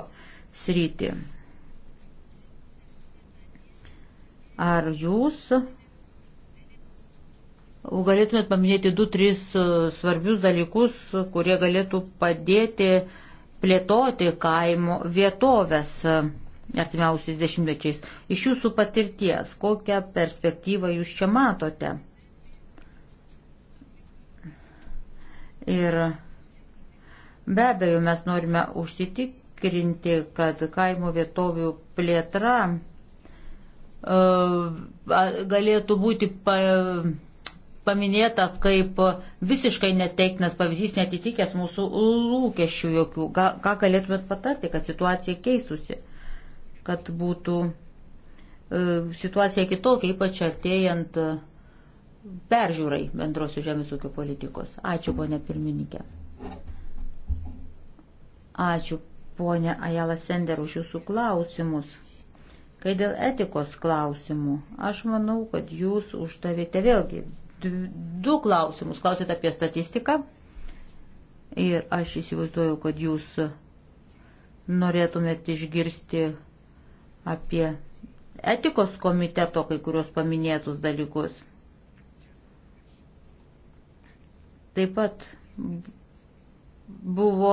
sritį. Ar jūs galėtumėt paminėti 2-3 svarbius dalykus, kurie galėtų padėti plėtoti kaimo vietovės? artimiausiais dešimtmečiais. Iš jūsų patirties, kokią perspektyvą jūs čia matote? Ir be abejo, mes norime užsitikrinti, kad kaimo vietovių plėtra uh, galėtų būti pa, paminėta kaip visiškai neteiknas pavyzdys, netitikęs mūsų lūkesčių jokių. Ga, ką galėtumėt patarti, kad situacija keistusi? Uh, kad būtų e, situacija kitokia, ypač artėjant e, peržiūrai bendrosios žemės ūkio politikos. Ačiū, ponė pirmininkė. Ačiū, ponė Ajala Sender, už jūsų klausimus. Kai dėl etikos klausimų, aš manau, kad jūs uždavėte vėlgi du klausimus. Klausėte apie statistiką ir aš įsivaizduoju, kad jūs norėtumėte išgirsti apie etikos komiteto kai kurios paminėtus dalykus. Taip pat buvo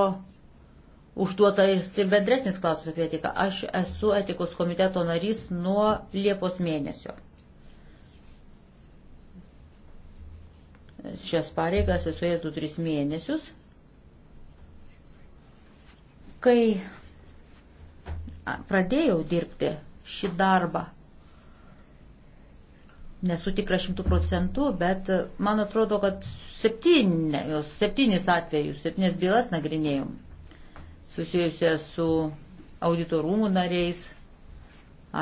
užduotas ir bendresnis klausimas apie etiką. Aš esu etikos komiteto narys nuo Liepos mėnesio. Šias pareigas esu ėjęs 2-3 mėnesius. Kai pradėjau dirbti šį darbą. Nesu tikra šimtų procentų, bet e, man atrodo, kad septynios, septynis atvejus, septynias bylas nagrinėjom susijusią su auditorumų nariais,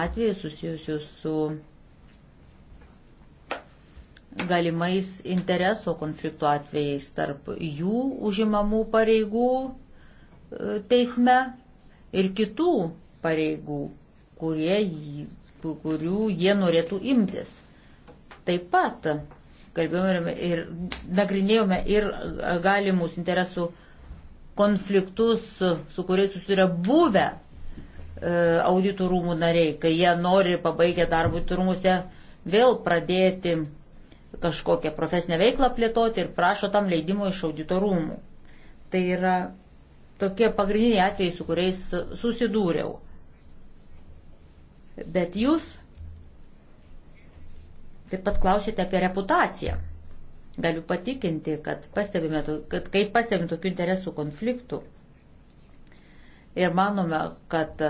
atvejus susijusius su galimais intereso konflikto atvejais tarp jų užimamų pareigų e, teisme ir kitų pareigų, kurie, kurių jie norėtų imtis. Taip pat kalbėjome ir nagrinėjome ir e, galimus interesų konfliktus, su kuriais susiduria buvę e, auditų rūmų nariai, kai jie nori pabaigę darbų turmuose vėl pradėti kažkokią profesinę veiklą plėtoti ir prašo tam leidimo iš audito rūmų. Tai yra tokie pagrindiniai atvejai, su kuriais susidūriau. Bet jūs taip pat klausėte apie reputaciją. Galiu patikinti, kad, pastebime, kad kai pastebim tokių interesų konfliktų ir manome, kad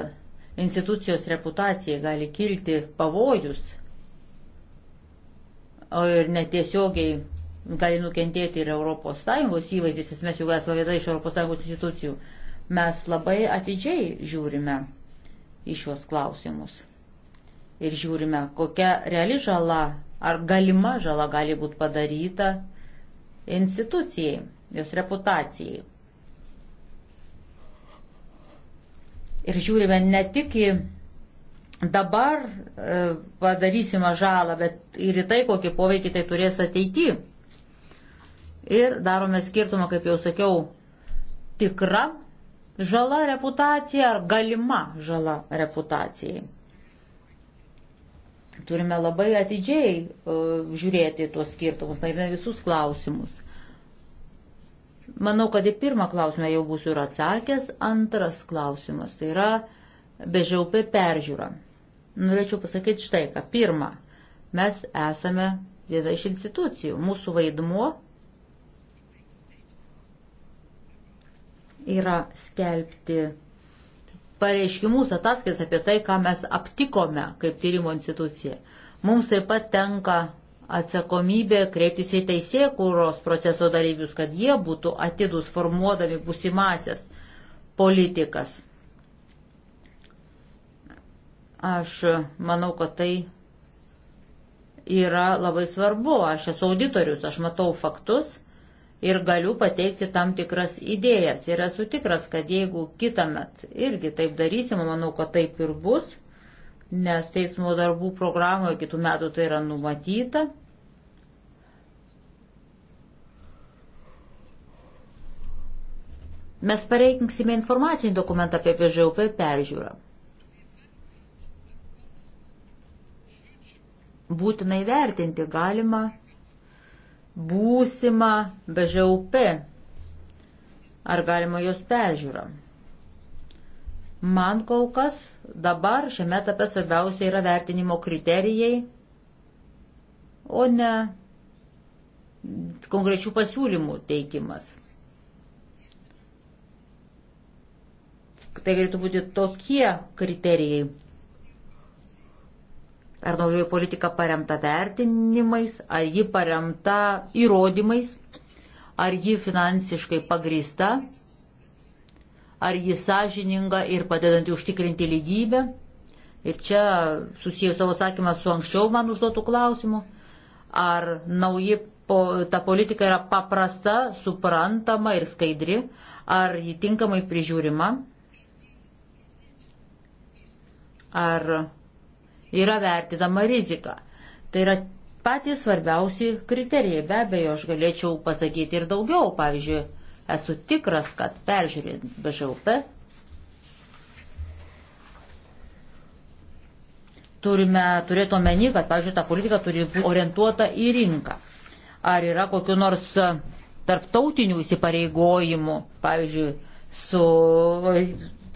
institucijos reputacijai gali kilti pavojus ir netiesiogiai gali nukentėti ir ES įvaizdis, nes mes jau esame viena iš ES institucijų, mes labai atidžiai žiūrime į šios klausimus ir žiūrime, kokia reali žala ar galima žala gali būti padaryta institucijai, jos reputacijai. Ir žiūrime ne tik į dabar e, padarysimą žalą, bet ir į tai, kokį poveikį tai turės ateityje. Ir darome skirtumą, kaip jau sakiau, tikra žala reputacija ar galima žala reputacijai. Turime labai atidžiai uh, žiūrėti tuos skirtumus, nagrinėti visus klausimus. Manau, kad į pirmą klausimą jau būsiu ir atsakęs. Antras klausimas tai yra bežiaupė peržiūra. Norėčiau pasakyti štai ką. Pirma, mes esame viena iš institucijų. Mūsų vaidmuo yra skelbti pareiškimus ataskaitas apie tai, ką mes aptikome kaip tyrimo institucija. Mums taip pat tenka atsakomybė kreiptis į teisėkūros proceso dalyvius, kad jie būtų atidus formuodami būsimasias politikas. Aš manau, kad tai yra labai svarbu. Aš esu auditorius, aš matau faktus ir galiu pateikti tam tikras idėjas. Ir esu tikras, kad jeigu kitą met irgi taip darysim, manau, kad taip ir bus, nes teismo darbų programoje kitų metų tai yra numatyta. Mes pareikinksime informacinį dokumentą apie PŽUP peržiūrą. Būtinai vertinti galima būsimą BŽUP, ar galima jos peržiūrą. Man kol kas dabar šiame etape svarbiausia yra vertinimo kriterijai, o ne konkrečių pasiūlymų teikimas. Tai galėtų būti tokie kriterijai, Ar naujoji politika paremta vertinimais, ar ji paremta įrodymais, ar ji finansiškai pagrįsta, ar ji sąžininga ir padedanti užtikrinti lygybę. Ir čia susijęs savo atsakymą su anksčiau man užduotų klausimu. Ar nauji po, ta politika yra paprasta, suprantama ir skaidri, ar ji tinkamai prižiūrima, ar yra vertinama rizika. Tai yra patys svarbiausi kriterijai. Be abejo, aš galėčiau pasakyti ir daugiau. Pavyzdžiui, esu tikras, kad peržiūrint BŽUP turime turėti omeny, kad, pavyzdžiui, ta politika turi būti orientuota į rinką. Ar yra kokiu nors tarptautinių įsipareigojimų, pavyzdžiui, su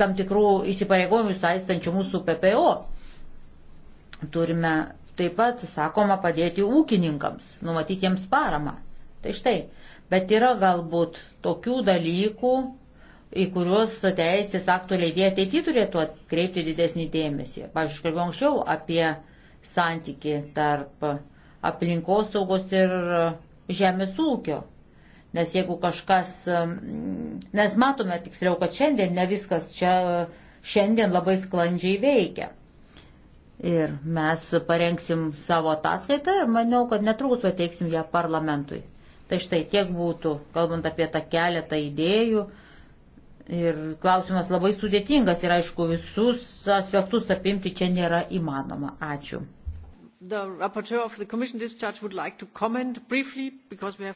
tam tikrų įsipareigojimų saistančių mūsų PPO Turime taip pat, sakoma, padėti ūkininkams, numatytiems paramą. Tai štai. Bet yra galbūt tokių dalykų, į kuriuos teisės aktų leidėjai ateityje turėtų atkreipti didesnį dėmesį. Pavyzdžiui, kalbėjau anksčiau apie santyki tarp aplinkosaugos ir žemės ūkio. Nes jeigu kažkas, nes matome tiksliau, kad šiandien ne viskas čia šiandien labai sklandžiai veikia. Ir mes parengsim savo ataskaitą ir maniau, kad netrukus pateiksim ją parlamentui. Tai štai tiek būtų, kalbant apie tą keletą idėjų. Ir klausimas labai sudėtingas ir aišku, visus aspektus apimti čia nėra įmanoma. Ačiū. Like have...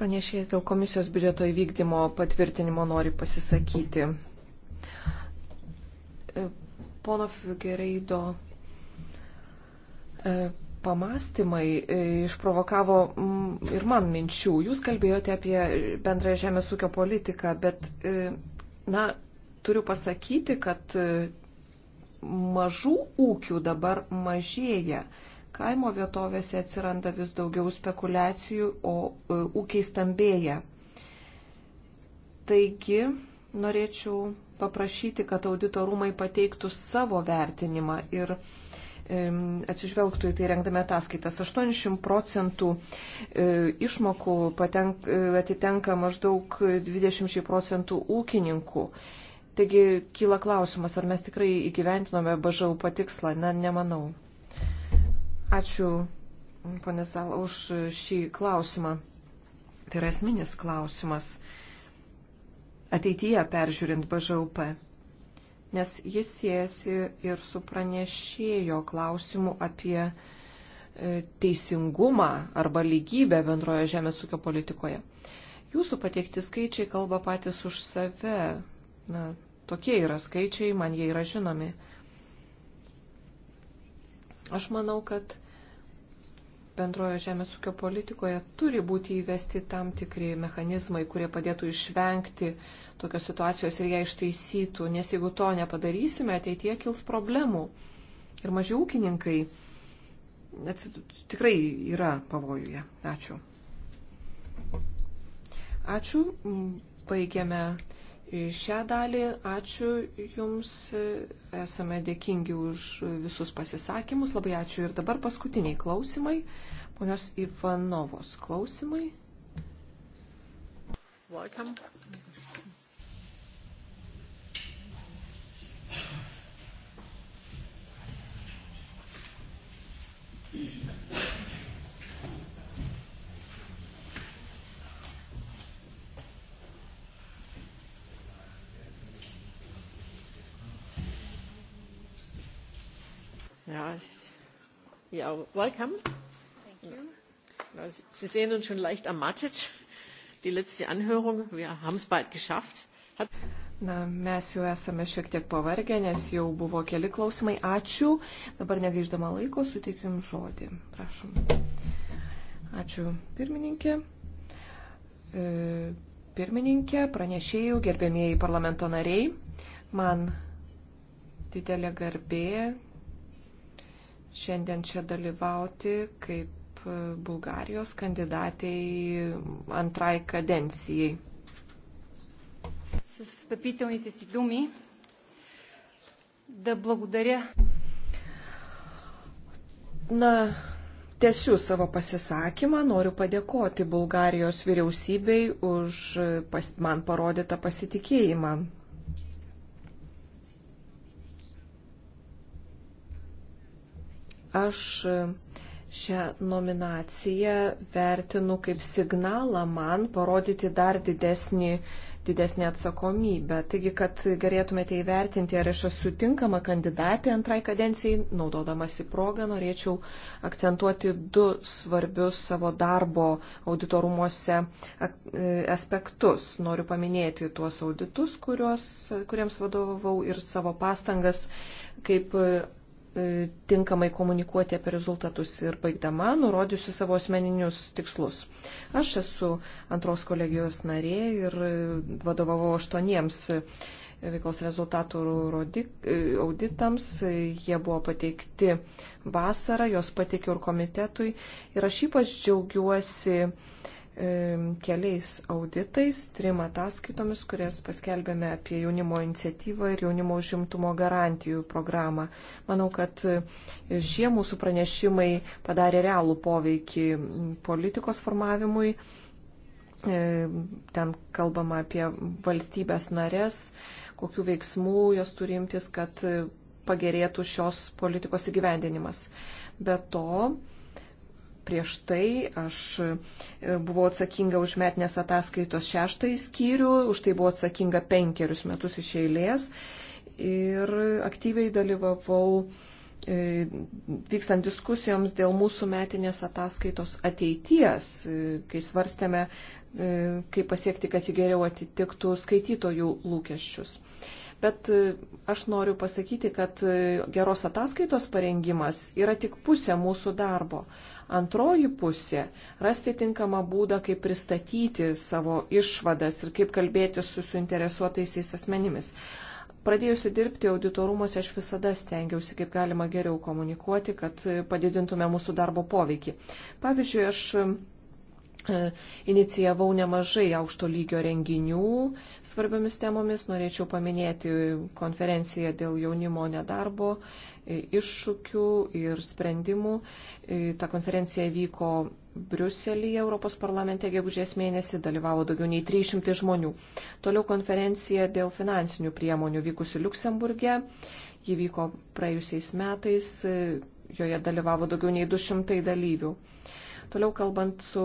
Pranešėjas dėl komisijos biudžeto įvykdymo patvirtinimo nori pasisakyti. E, pono Figueiredo E, pamastymai e, išprovokavo ir man minčių. Jūs kalbėjote apie bendrąją žemės ūkio politiką, bet, e, na, turiu pasakyti, kad mažų ūkių dabar mažėja. Kaimo vietovėse atsiranda vis daugiau spekulacijų, o ūkiai stambėja. Taigi, norėčiau paprašyti, kad auditorumai pateiktų savo vertinimą ir uh, atsižvelgtų į tai rengdami ataskaitas. 80 procentų e, išmokų patenk, e, atitenka maždaug 20 procentų ūkininkų. Taigi kyla klausimas, ar mes tikrai įgyventinome bažau patikslą. Na, nemanau. Ačiū, ponė Zala, už šį klausimą. Tai yra esminis klausimas ateityje peržiūrint BŽUP nes jis siejasi ir su pranešėjo klausimu apie e, teisingumą arba lygybę bendrojo žemės ūkio politikoje. Jūsų pateikti skaičiai kalba patys už save. Na, tokie yra skaičiai, man jie yra žinomi. Aš manau, kad bendrojo žemės ūkio politikoje turi būti įvesti tam tikri mechanizmai, kurie padėtų išvengti uh, tokios situacijos ir ją ištaisytų, nes jeigu to nepadarysime, ateitie kils problemų. Ir maži ūkininkai atsid... tikrai yra pavojuje. Ačiū. Ačiū. Baigiame šią dalį. Ačiū Jums. Esame dėkingi už visus pasisakymus. Labai ačiū. Ir dabar paskutiniai klausimai. Ponios Ivanovos klausimai. Welcome. Ja, ja, welcome. Thank you. Ja, Sie sehen uns schon leicht ermattet. Die letzte Anhörung, wir haben es bald geschafft. Hat Na, mes jau esame šiek tiek pavargę, nes jau buvo keli klausimai. Ačiū. Dabar negaiždama laiko suteikiu Jums žodį. Prašom. Ačiū pirmininkė. E, pirmininkė, pranešėjų, gerbėmieji parlamento nariai. Man didelė garbė šiandien čia dalyvauti kaip Bulgarijos kandidatai antrai kadencijai с встъпителните си думи да благодаря. На, tęsiu savo pasisakymą, noriu padėkoti Bulgarijos vyriausybei už pas, man parodytą pasitikėjimą. Aš Šią nominaciją vertinu kaip signalą man parodyti dar didesnį, didesnį atsakomybę. Taigi, kad galėtumėte įvertinti, ar aš esu tinkama kandidatė antrai kadencijai, naudodamasi progą, norėčiau akcentuoti du svarbius savo darbo auditorumuose e, aspektus. Noriu paminėti tuos auditus, kuriuos, kuriems vadovavau ir savo pastangas kaip E, tinkamai komunikuoti apie rezultatus ir baigdama nurodysiu savo asmeninius tikslus. Aš esu antros kolegijos narė ir e, vadovavau aštuoniems e, veiklos rezultatų auditams. Jie buvo pateikti vasarą, jos pateikiau ir komitetui. Ir aš ypač džiaugiuosi E, keliais auditais, trim ataskaitomis, kurias paskelbėme apie jaunimo iniciatyvą ir jaunimo užimtumo garantijų programą. Manau, kad e, šie mūsų pranešimai padarė realų poveikį politikos formavimui. E, ten kalbama apie valstybės narės, kokiu veiksmu jos turi imtis, kad pagerėtų šios politikos įgyvendinimas. Be to, Prieš tai aš e, buvau atsakinga už metinės ataskaitos šeštąjį skyrių, už tai buvau atsakinga penkerius metus iš eilės ir aktyviai dalyvavau e, vykstant diskusijoms dėl mūsų metinės ataskaitos ateities, e, kai svarstėme, kaip pasiekti, kad ji geriau atitiktų skaitytojų lūkesčius. Bet aš noriu pasakyti, kad geros ataskaitos parengimas yra tik pusė mūsų darbo. Antroji pusė - rasti tinkamą būdą, kaip pristatyti savo išvadas ir kaip kalbėti su suinteresuotaisiais asmenimis. Pradėjusi dirbti auditorumuose, aš visada stengiausi kaip galima geriau komunikuoti, kad padidintume mūsų darbo poveikį. Pavyzdžiui, aš e, inicijavau nemažai aukšto lygio renginių svarbiomis temomis. Norėčiau paminėti konferenciją dėl jaunimo nedarbo e, iššūkių ir sprendimų. Ta konferencija vyko Briuselėje, Europos parlamente gegužės mėnesį dalyvavo daugiau nei 300 žmonių. Toliau konferencija dėl finansinių priemonių vykusi Luksemburgė. Ji vyko praėjusiais metais, joje dalyvavo daugiau nei 200 dalyvių. Toliau kalbant su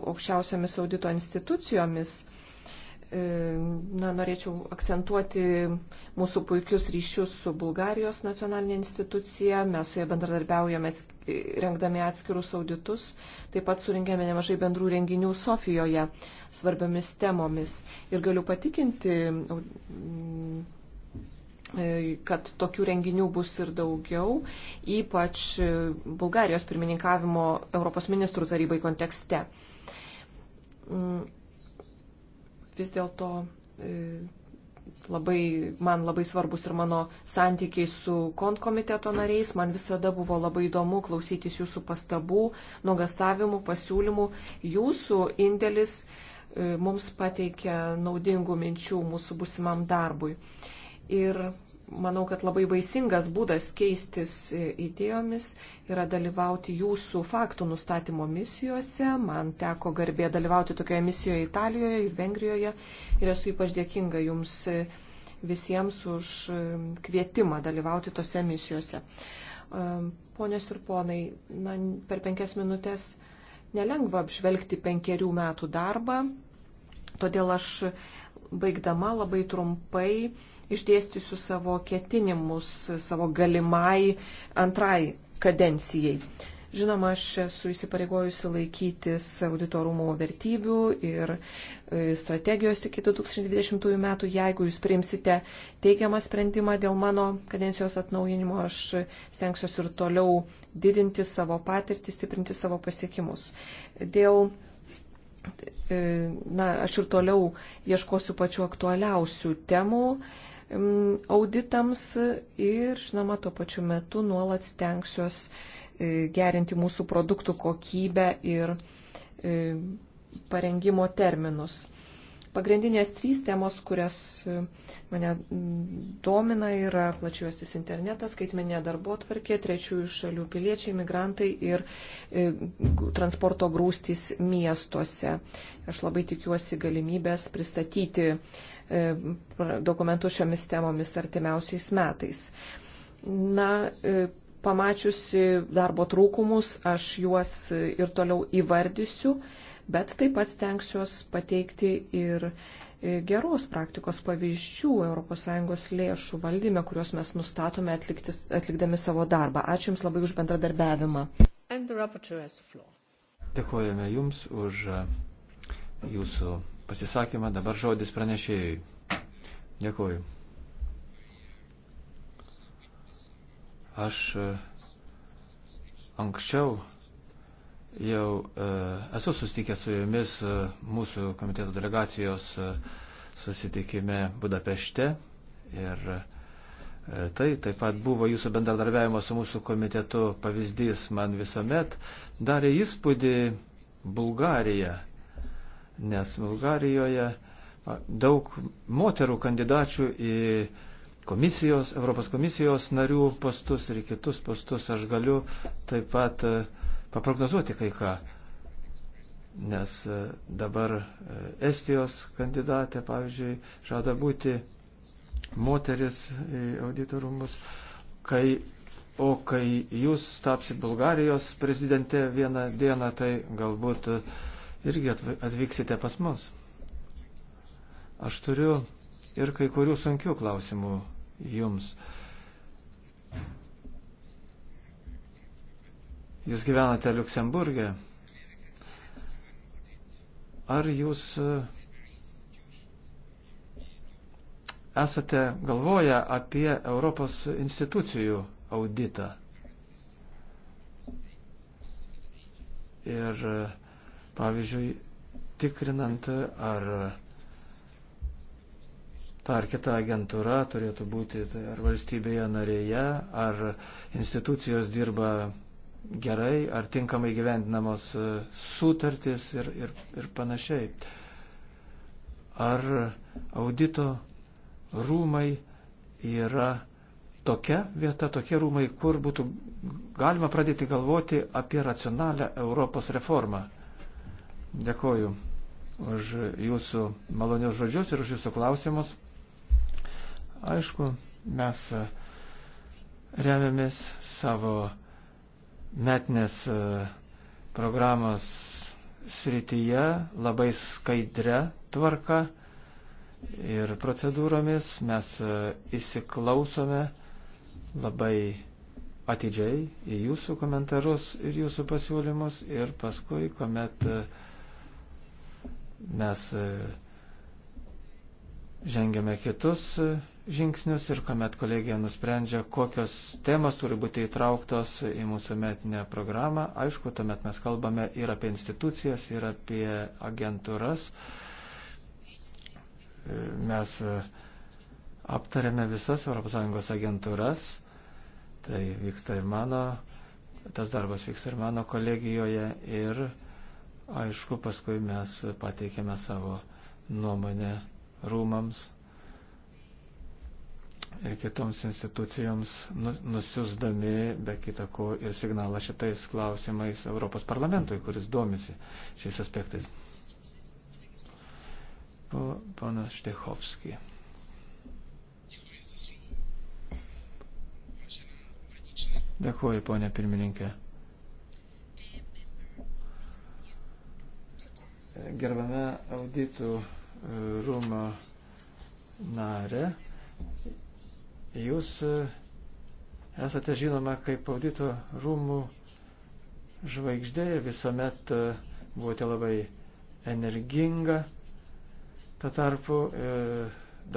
aukščiausiamis audito institucijomis, E, na, norėčiau akcentuoti mūsų puikius ryšius su Bulgarijos nacionalinė institucija. Mes su jie bendradarbiaujame rengdami atskirus auditus. Taip pat surinkėme nemažai bendrų renginių Sofijoje svarbiamis temomis. Ir galiu patikinti, e, kad tokių renginių bus ir daugiau, ypač Bulgarijos pirmininkavimo Europos ministrų tarybai kontekste mm, vis dėlto e, labai, man labai svarbus ir mano santykiai su konkomiteto nariais. Man visada buvo labai įdomu klausytis jūsų pastabų, nuogastavimų, pasiūlymų. Jūsų indėlis e, mums pateikia naudingų minčių mūsų busimam darbui. Ir manau, kad labai vaisingas būdas keistis idėjomis yra dalyvauti jūsų faktų nustatymo misijose. Man teko garbė dalyvauti tokioje misijoje Italijoje ir Vengrijoje ir esu ypač dėkinga jums e, visiems už e, kvietimą dalyvauti tose misijose. E, ponios ir ponai, na, per penkias minutės nelengva apžvelgti penkerių metų darbą, todėl aš baigdama labai trumpai išdėstysiu savo ketinimus savo galimai antrai kadencijai. Žinoma, aš esu įsipareigojusi laikytis auditorumo vertybių ir e, strategijos iki 2020 metų. Jeigu jūs priimsite teigiamą sprendimą dėl mano kadencijos atnaujinimo, aš stengsiuosi ir toliau didinti savo patirtį, stiprinti savo pasiekimus. Dėl e, Na, aš ir toliau ieškosiu pačių aktualiausių temų auditams ir, žinoma, tuo pačiu metu nuolat stengsiuos e, gerinti mūsų produktų kokybę ir e, parengimo terminus. Pagrindinės trys temos, kurias e, mane domina, yra plačiuosis internetas, skaitmenė darbo tvarkė, trečiųjų šalių piliečiai, migrantai ir e, transporto grūstys miestuose. Aš labai tikiuosi galimybės pristatyti E, dokumentus šiomis temomis artimiausiais metais. Na, e, pamačiusi darbo trūkumus, aš juos ir toliau įvardysiu, bet taip pat stengsiuos pateikti ir e, geros praktikos pavyzdžių ES lėšų valdyme, kuriuos mes nustatome atliktis, atlikdami savo darbą. Ačiū Jums labai už bendradarbiavimą. Dėkojame Jums už Jūsų pasisakymą. Dabar žodis pranešėjai. Dėkuoju. Aš e, anksčiau jau e, esu sustikęs su jumis e, mūsų komiteto delegacijos susitikime Budapešte ir Tai taip pat buvo jūsų bendradarbiavimo su mūsų komitetu pavyzdys. Man visuomet darė įspūdį Bulgarija, nes Bulgarijoje daug moterų kandidačių į komisijos, Europos komisijos narių postus ir kitus postus. Aš galiu taip pat paprognozuoti kai ką, nes dabar Estijos kandidatė, pavyzdžiui, žada būti moteris į auditorumus, kai, o kai jūs tapsit Bulgarijos prezidente vieną dieną, tai galbūt uh, irgi atvyksite pas mus. Aš turiu ir kai kurių sunkių klausimų jums. Jūs gyvenate Luksemburgė. Ar jūs e, esate galvoję apie Europos institucijų auditą? Ir uh, Pavyzdžiui, tikrinant, ar ta ar kita agentūra turėtų būti tai ar valstybėje narėje, ar institucijos dirba gerai, ar tinkamai gyvendinamos e, sutartys ir, ir, ir panašiai. Ar audito rūmai yra tokia vieta, tokie rūmai, kur būtų galima pradėti galvoti apie racionalią Europos reformą. Dėkoju už jūsų malonius žodžius ir už jūsų klausimus. Aišku, mes e, remiamės savo metinės e, programos srityje labai skaidrę tvarką ir procedūromis. Mes e, įsiklausome labai atidžiai į jūsų komentarus ir jūsų pasiūlymus ir paskui, kuomet uh, mes e, žengėme kitus e, žingsnius ir kuomet kolegija nusprendžia, kokios temas turi būti įtrauktos į mūsų metinę programą. Aišku, tuomet mes kalbame ir apie institucijas, ir apie agentūras. E, mes aptarėme visas ES agentūras. Tai vyksta ir mano, tas darbas vyksta ir mano kolegijoje. Ir Aišku, paskui mes pateikėme savo nuomonę rūmams ir kitoms institucijoms, nu, nusiusdami be kitako ir signalą šitais klausimais Europos parlamentui, kuris domisi šiais aspektais. Pana Štechovski. Dėkuoju, ponė pirmininkė. gerbame auditų e, rūmo narę. Jūs e, esate žinoma kaip audito rūmų žvaigždė, visuomet e, buvote labai energinga. Tuo tarpu e,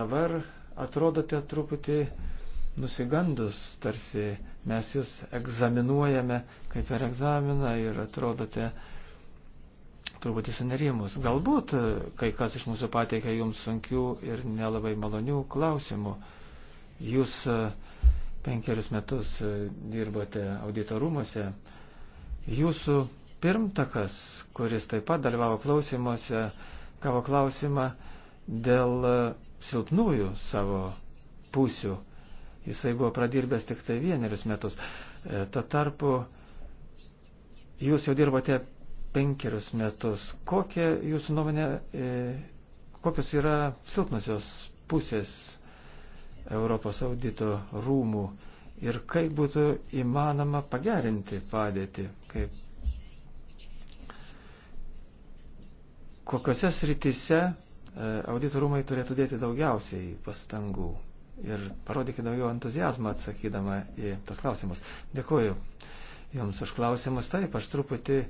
dabar atrodote truputį nusigandus, tarsi mes jūs egzaminuojame kaip per egzaminą ir atrodote e, truputį sunerimus. Galbūt e, kai kas iš mūsų pateikia jums sunkių ir nelabai malonių klausimų. Jūs e, penkerius metus e, dirbote auditorumuose. Jūsų pirmtakas, kuris taip pat dalyvavo klausimuose, gavo klausimą dėl silpnųjų savo pusių. Jisai buvo pradirbęs tik tai vienerius metus. Tuo tarpu jūs jau dirbote penkerius metus. Kokia jūsų nuomonė, e, kokios yra silpnosios pusės Europos audito rūmų ir kaip būtų įmanoma pagerinti padėtį, kaip kokiuose srityse e, auditorumai turėtų dėti daugiausiai pastangų ir parodykite daugiau entuzijazmą atsakydama į tas klausimus. Dėkuoju Jums už klausimus. Taip, aš truputį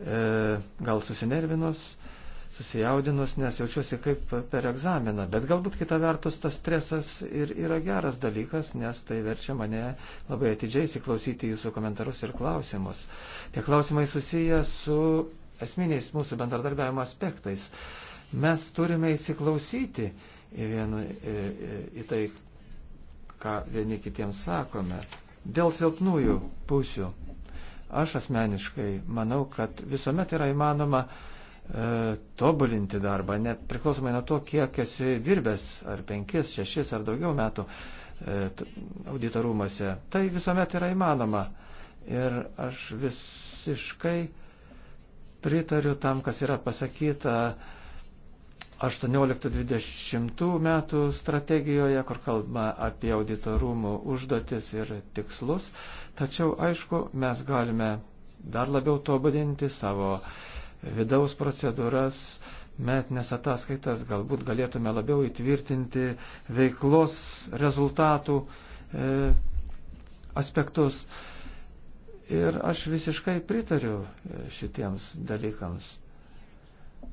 E, gal susinervinus, susijaudinus, nes jaučiuosi kaip per egzaminą. Bet galbūt kita vertus tas stresas ir yra geras dalykas, nes tai verčia mane labai atidžiai įsiklausyti jūsų komentarus ir klausimus. Tie klausimai susiję su esminiais mūsų bendradarbiavimo aspektais. Mes turime įsiklausyti į, vieną, į, į tai, ką vieni kitiems sakome. Dėl silpnųjų pusių Aš asmeniškai manau, kad visuomet yra įmanoma e, tobulinti darbą, nepriklausomai nuo to, kiek esi dirbęs, ar penkis, šešis, ar daugiau metų e, auditorumuose. Tai visuomet yra įmanoma. Ir aš visiškai pritariu tam, kas yra pasakyta 18-20 metų strategijoje, kur kalba apie auditorumų užduotis ir tikslus. Tačiau, aišku, mes galime dar labiau tobulinti savo vidaus procedūras, metinės ataskaitas, galbūt galėtume labiau įtvirtinti veiklos rezultatų e, aspektus. Ir aš visiškai pritariu e, šitiems dalykams.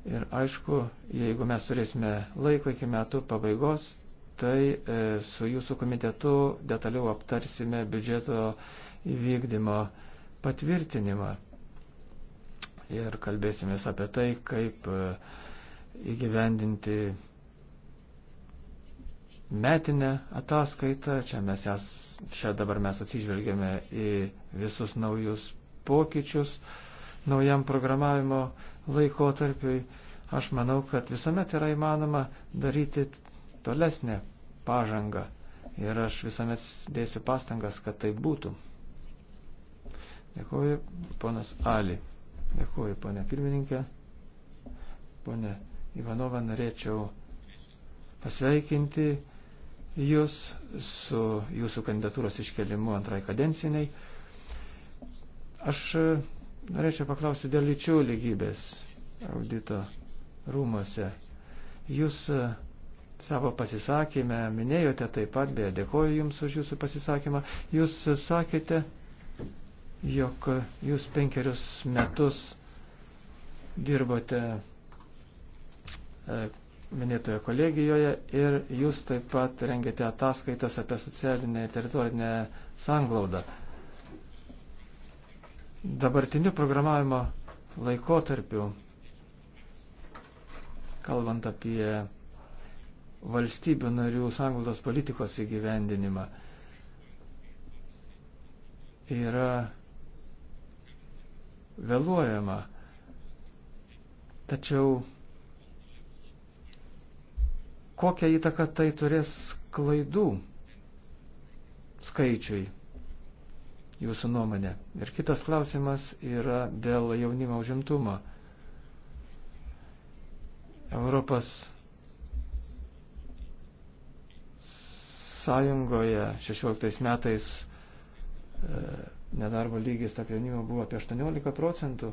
Ir aišku, jeigu mes turėsime laiko iki metų pabaigos, tai e, su jūsų komitetu detaliau aptarsime biudžeto įvykdymo patvirtinimą. Ir kalbėsime apie tai, kaip e, įgyvendinti metinę ataskaitą, čia mes jas, čia dabar mes atsižvelgėme į visus naujus pokyčius naujam programavimo laikotarpiui, aš manau, kad visuomet yra įmanoma daryti tolesnę pažangą. Ir aš visuomet dėsiu pastangas, kad tai būtų. Dėkuoju, ponas Ali. Dėkuoju, ponė pirmininkė. Pone Ivanova, norėčiau pasveikinti Jūs su jūsų kandidatūros iškelimu antrai kadenciniai. Aš Norėčiau paklausti dėl lyčių lygybės audito rūmose. Jūs e, savo pasisakymę minėjote taip pat, beje, dėkoju Jums už Jūsų pasisakymą. Jūs e, sakėte, jog Jūs penkerius metus dirbote e, minėtoje kolegijoje ir Jūs taip pat rengėte ataskaitas apie socialinę ir teritorinę sanglaudą. Dabartiniu programavimo laikotarpiu, kalbant apie valstybių narių sanglaudos politikos įgyvendinimą, yra vėluojama. Tačiau kokią įtaką tai turės klaidų skaičiui? jūsų nuomonė? Ir kitas klausimas yra dėl jaunimo užimtumo. Europos Sąjungoje 16 metais e, nedarbo lygis tarp jaunimo buvo apie 18 procentų.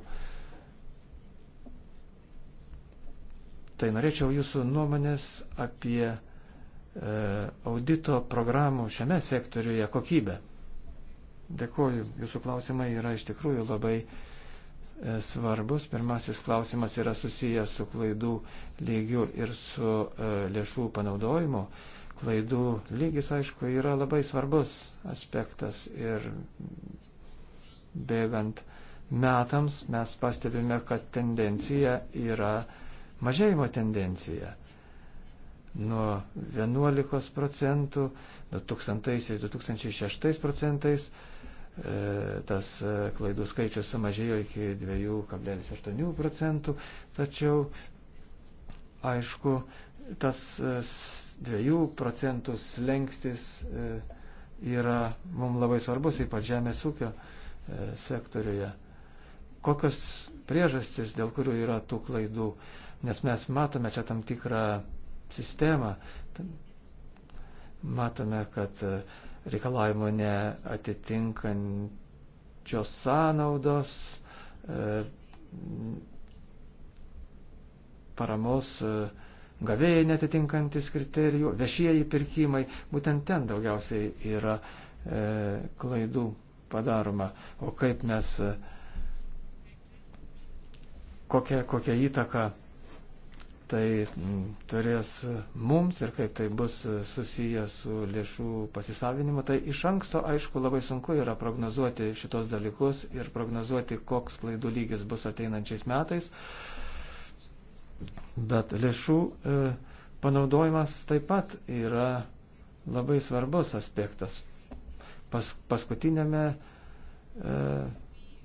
Tai norėčiau jūsų nuomonės apie e, audito programų šiame sektoriuje kokybę. Dėkuoju. Jūsų klausimai yra iš tikrųjų labai e, svarbus. Pirmasis klausimas yra susijęs su klaidų lygiu ir su e, lėšų panaudojimu. Klaidų lygis, aišku, yra labai svarbus aspektas ir bėgant metams mes pastebime, kad tendencija yra mažėjimo tendencija nuo 11 procentų, 2000-2006 procentais E, tas e, klaidų skaičius sumažėjo iki 2,8 procentų, tačiau aišku, tas 2 e, procentų slengstis yra mums labai svarbus, ypač žemės ūkio sektoriuje. Kokios priežastis, dėl kurių yra tų klaidų, nes mes matome čia tam tikrą sistemą, matome, kad reikalavimo neatitinkančios sąnaudos, e, paramos e, gavėjai netitinkantis kriterijų, viešieji pirkimai, būtent ten daugiausiai yra e, klaidų padaroma. O kaip mes, e, kokią, kokią įtaką tai mm, turės mums ir kaip tai bus susiję su lėšų pasisavinimu, tai iš anksto, aišku, labai sunku yra prognozuoti šitos dalykus ir prognozuoti, koks klaidų lygis bus ateinančiais metais. Bet lėšų e, panaudojimas taip pat yra labai svarbus aspektas. Pas, paskutinėme e,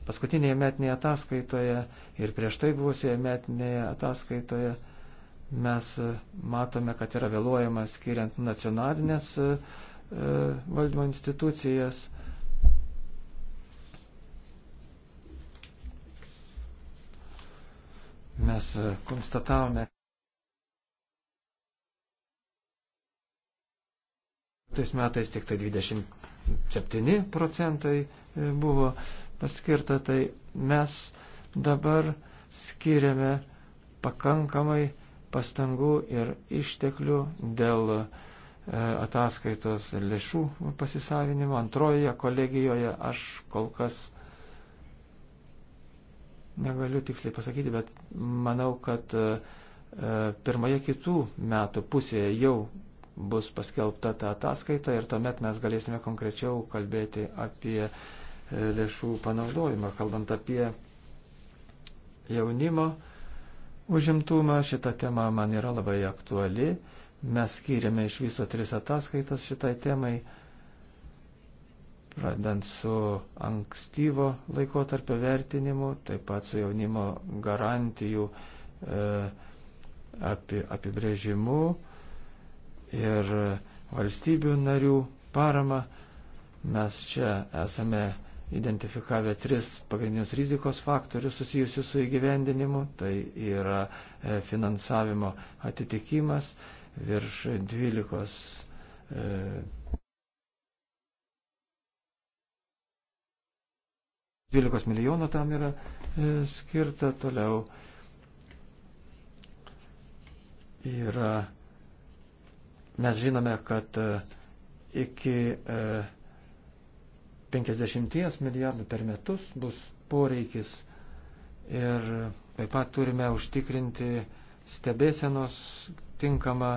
paskutinėje metinėje ataskaitoje ir prieš tai buvusioje metinėje ataskaitoje Mes e, matome, kad yra vėluojama skiriant nacionalinės e, e, valdymo institucijas. Mes konstatavome, tais metais tik tai 27 procentai buvo paskirta, tai mes dabar skiriame pakankamai pastangų ir išteklių dėl e, ataskaitos lėšų pasisavinimo. Antrojoje kolegijoje aš kol kas negaliu tiksliai pasakyti, bet manau, kad e, e, pirmoje kitų metų pusėje jau bus paskelbta ta ataskaita ir tuomet mes galėsime konkrečiau kalbėti apie lėšų panaudojimą, kalbant apie jaunimo užimtumą. Šita tema man yra labai aktuali. Mes skiriame iš viso tris ataskaitas šitai temai, pradant su ankstyvo laiko tarp vertinimu, taip pat su jaunimo garantijų e, api, apibrėžimu ir valstybių narių parama. Mes čia esame identifikavę tris pagrindinius rizikos faktorius susijusius su įgyvendinimu. Tai yra e, finansavimo atitikimas virš 12. 12 e, milijonų tam yra e, skirta, toliau yra, mes žinome, kad iki 50 milijardų per metus bus poreikis ir taip pat turime užtikrinti stebėsenos tinkamą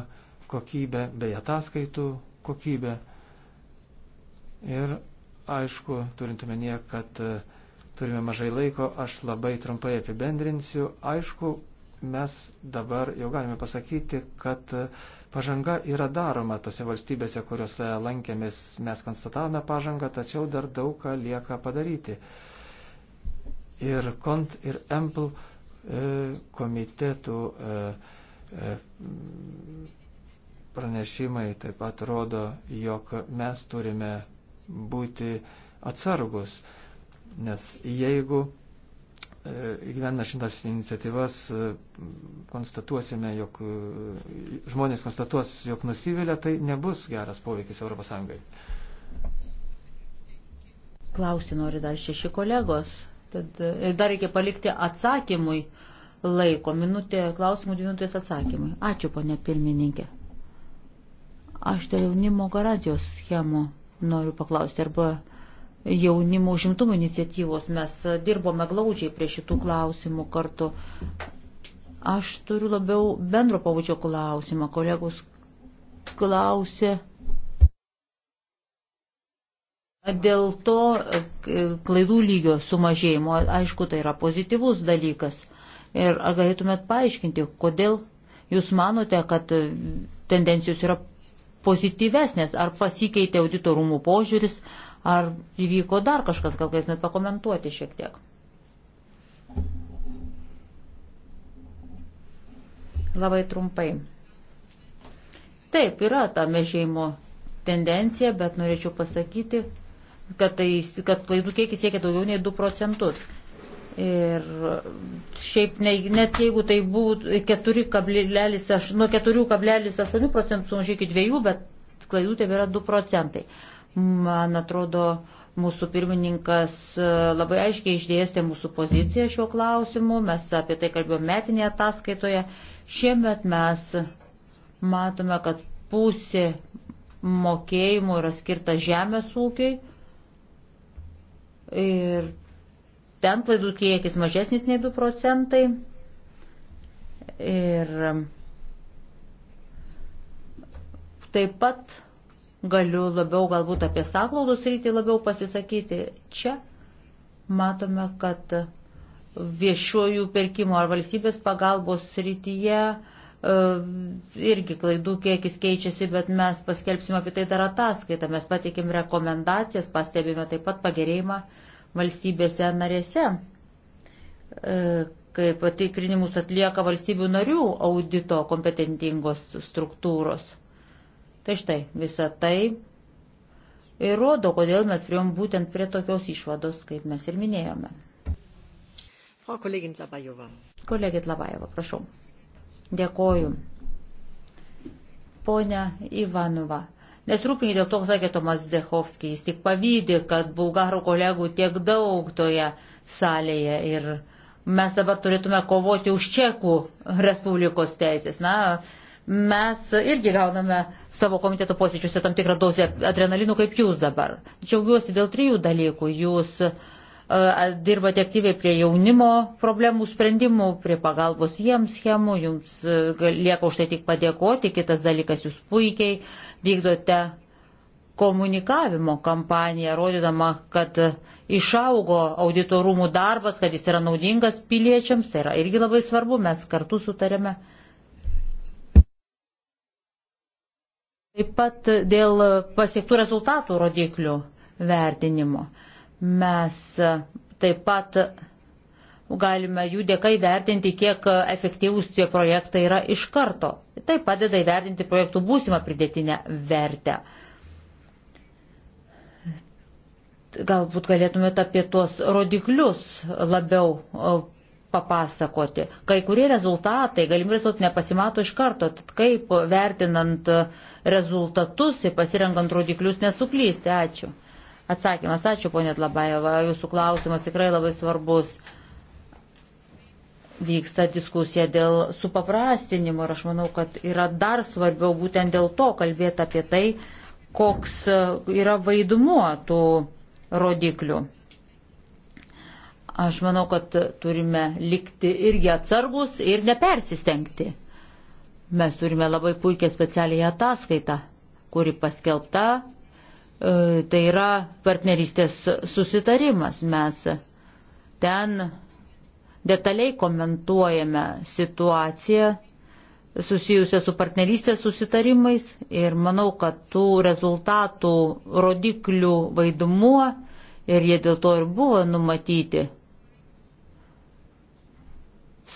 kokybę bei ataskaitų kokybę. Ir aišku, turint omenyje, kad turime mažai laiko, aš labai trumpai apibendrinsiu. Aišku, mes dabar jau galime pasakyti, kad pažanga yra daroma tose valstybėse, kuriuose lankėmės, mes konstatavome pažangą, tačiau dar daug ką lieka padaryti. Ir KONT ir EMPL e, komitetų e, e, pranešimai taip pat rodo, jog mes turime būti atsargus, nes jeigu įgyvendinant šitas iniciatyvas e, konstatuosime, jog e, žmonės konstatuos, jog nusivylę, tai nebus geras poveikis ES. Klausti nori dar šeši kolegos. Tad e, dar reikia palikti atsakymui laiko. Minutė klausimų, dvi minutės atsakymui. Ačiū, ponė pirmininkė. Aš dėl jaunimo garantijos schemų noriu paklausti, arba jaunimo užimtumo iniciatyvos. Mes dirbome glaudžiai prie šitų klausimų kartu. Aš turiu labiau bendro pavučio klausimą. Kolegos klausė. Dėl to e, klaidų lygio sumažėjimo, aišku, tai yra pozityvus dalykas. Ir ar galėtumėt paaiškinti, kodėl jūs manote, kad tendencijos yra pozityvesnės, ar pasikeitė auditorumų požiūris, Ar įvyko dar kažkas, gal galėtumėt pakomentuoti šiek tiek? Labai trumpai. Taip, yra ta mežėjimo tendencija, bet norėčiau pasakyti, kad, tai, kad klaidų kiekis siekia daugiau nei 2 procentus. Ir šiaip ne, net jeigu tai būtų 4 kablelis, nuo 4,8 procentų sumažėjo iki 2, bet klaidų tai yra 2 procentai. Man atrodo, mūsų pirmininkas e, labai aiškiai išdėstė mūsų poziciją šiuo klausimu, mes apie tai kalbėjome metinėje ataskaitoje. Šiemet mes matome, kad pusė mokėjimų yra skirta žemės ūkiai ir ten klaidų kiekis mažesnis nei 2 procentai. Ir taip pat galiu labiau galbūt apie saklaudos rytį labiau pasisakyti. Čia matome, kad viešojų pirkimo ar valstybės pagalbos srityje e, irgi klaidų kiekis keičiasi, bet mes paskelbsim apie tai dar ataskaitą, mes pateikim rekomendacijas, pastebime taip pat pagerėjimą valstybėse narėse, e, kai patikrinimus atlieka valstybių narių audito kompetentingos struktūros. Tai štai, visa tai įrodo, kodėl mes priėm būtent prie tokios išvados, kaip mes ir minėjome. Frau Kollegin Labajova. Kolegit Labajova, prašau. Dėkoju. Pone Ivanova. Nesirūpinkite dėl to, ką sakė Tomas Dehovskis, jis tik pavydė, kad bulgarų kolegų tiek daug toje salėje ir mes dabar turėtume kovoti už Čekų Respublikos teisės. Na, Mes irgi gauname savo komiteto posėdžiuose tam tikrą dozę adrenalinų kaip jūs dabar. Džiaugiuosi dėl trijų dalykų. Jūs e, dirbate aktyviai prie jaunimo problemų sprendimų, prie pagalbos jiems schemų, jums e, lieka už tai tik padėkoti, kitas dalykas jūs puikiai vykdote komunikavimo kampaniją, rodydama, kad išaugo auditorumų darbas, kad jis yra naudingas piliečiams, tai yra irgi labai svarbu, mes kartu sutarėme Taip pat dėl pasiektų rezultatų rodiklių vertinimo. Mes taip pat galime jų dėka įvertinti, kiek efektyvūs tie projektai yra iš karto. Tai padeda įvertinti projektų būsimą pridėtinę vertę. Galbūt galėtumėte apie tuos rodiklius labiau papasakoti. Kai kurie rezultatai, galimi rezultatai nepasimato iš karto, tad kaip vertinant rezultatus ir pasirengant rodiklius nesuklysti. Ačiū. Atsakymas, ačiū ponė Labajeva, jūsų klausimas tikrai labai svarbus. Vyksta diskusija dėl supaprastinimo ir aš manau, kad yra dar svarbiau būtent dėl to kalbėti apie tai, koks yra vaidumuo tų rodiklių. Aš manau, kad turime likti irgi atsargus ir nepersistengti. Mes turime labai puikią specialiją ataskaitą, kuri paskelbta. E, tai yra partnerystės susitarimas. Mes ten detaliai komentuojame situaciją susijusią su partnerystės susitarimais ir manau, kad tų rezultatų rodiklių vaidmuo ir jie dėl to ir buvo numatyti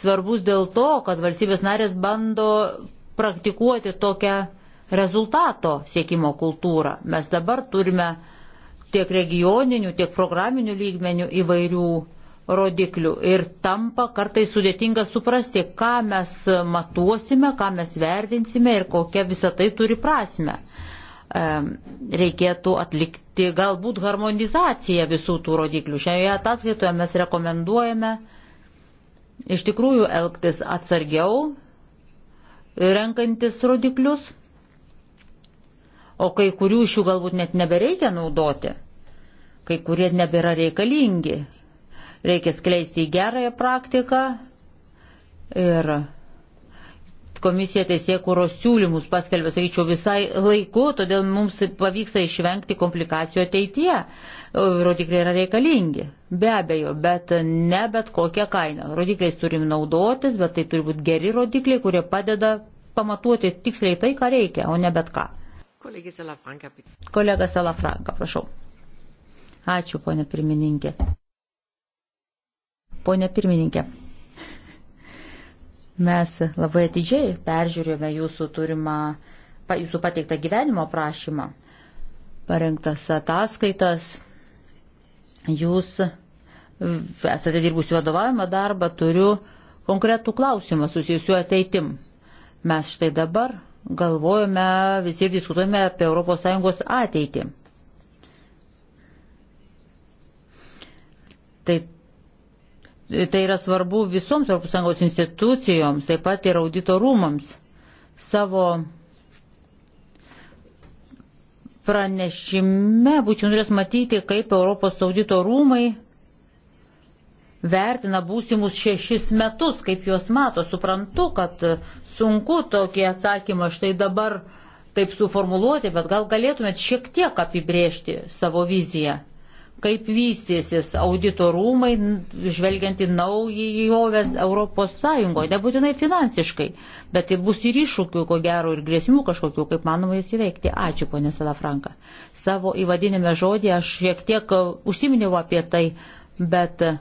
svarbus dėl to, kad valstybės narės bando praktikuoti tokią rezultato siekimo kultūrą. Mes dabar turime tiek regioninių, tiek programinių lygmenių įvairių rodiklių ir tampa kartais sudėtinga suprasti, ką mes matuosime, ką mes vertinsime ir kokia visa tai turi prasme. Reikėtų atlikti galbūt harmonizaciją visų tų rodiklių. Šioje ataskaitoje mes rekomenduojame uh, iš tikrųjų elgtis atsargiau, renkantis rodiklius, o kai kurių iš jų galbūt net nebereikia naudoti, kai kurie nebėra reikalingi. Reikia skleisti į gerąją praktiką ir komisija teisėkūros siūlymus paskelbė, sakyčiau, visai laiku, todėl mums pavyksta išvengti komplikacijų ateityje rodikliai yra reikalingi. Be abejo, bet ne bet kokią kainą. Rodikliais turim naudotis, bet tai turi būti geri rodikliai, kurie padeda pamatuoti tiksliai tai, ką reikia, o ne bet ką. Salafranka. Kolega Salafranka, prašau. Ačiū, ponė pirmininkė. Pone pirmininkė, mes labai atidžiai peržiūrėjome jūsų turimą, jūsų pateiktą gyvenimo prašymą, parengtas ataskaitas Jūs esate dirbusi vadovavimą darbą, turiu konkretų klausimą susijusiu ateitim. Mes štai dabar galvojame visi ir diskutuojame apie ES ateitį. Tai, tai yra svarbu visoms ES institucijoms, taip pat ir auditorumams savo pranešime būčiau norės matyti, kaip Europos audito rūmai vertina būsimus šešis metus, kaip juos mato. Suprantu, kad sunku tokį atsakymą štai dabar taip suformuluoti, bet gal galėtumėt šiek tiek apibrėžti savo viziją kaip vystėsis auditorumai, žvelgiant į naujoves Europos Sąjungoje, nebūtinai finansiškai, bet tai bus ir iššūkių, ko gero, ir grėsmių kažkokių, kaip manoma, jas įveikti. Ačiū, ponė Salafranka. Savo įvadinėme žodį aš šiek tiek e, užsiminiau apie tai, bet e,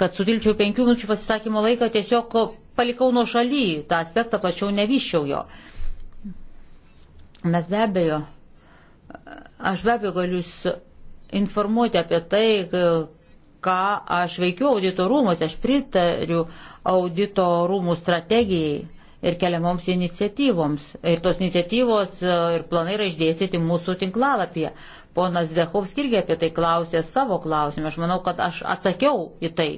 kad sutilčiau penkių minučių pasisakymo laiką, tiesiog e, palikau nuo šaly tą aspektą, plačiau nevyščiau jo. Mes be abejo, aš be abejo galiu jūs informuoti apie tai, ką aš veikiu auditorumuose. Aš pritariu auditorumų strategijai ir keliamoms iniciatyvoms. Ir tos iniciatyvos e, ir planai yra išdėstyti mūsų tinklalapyje. Ponas Zehovs irgi apie tai klausė savo klausimą. Aš manau, kad aš atsakiau į tai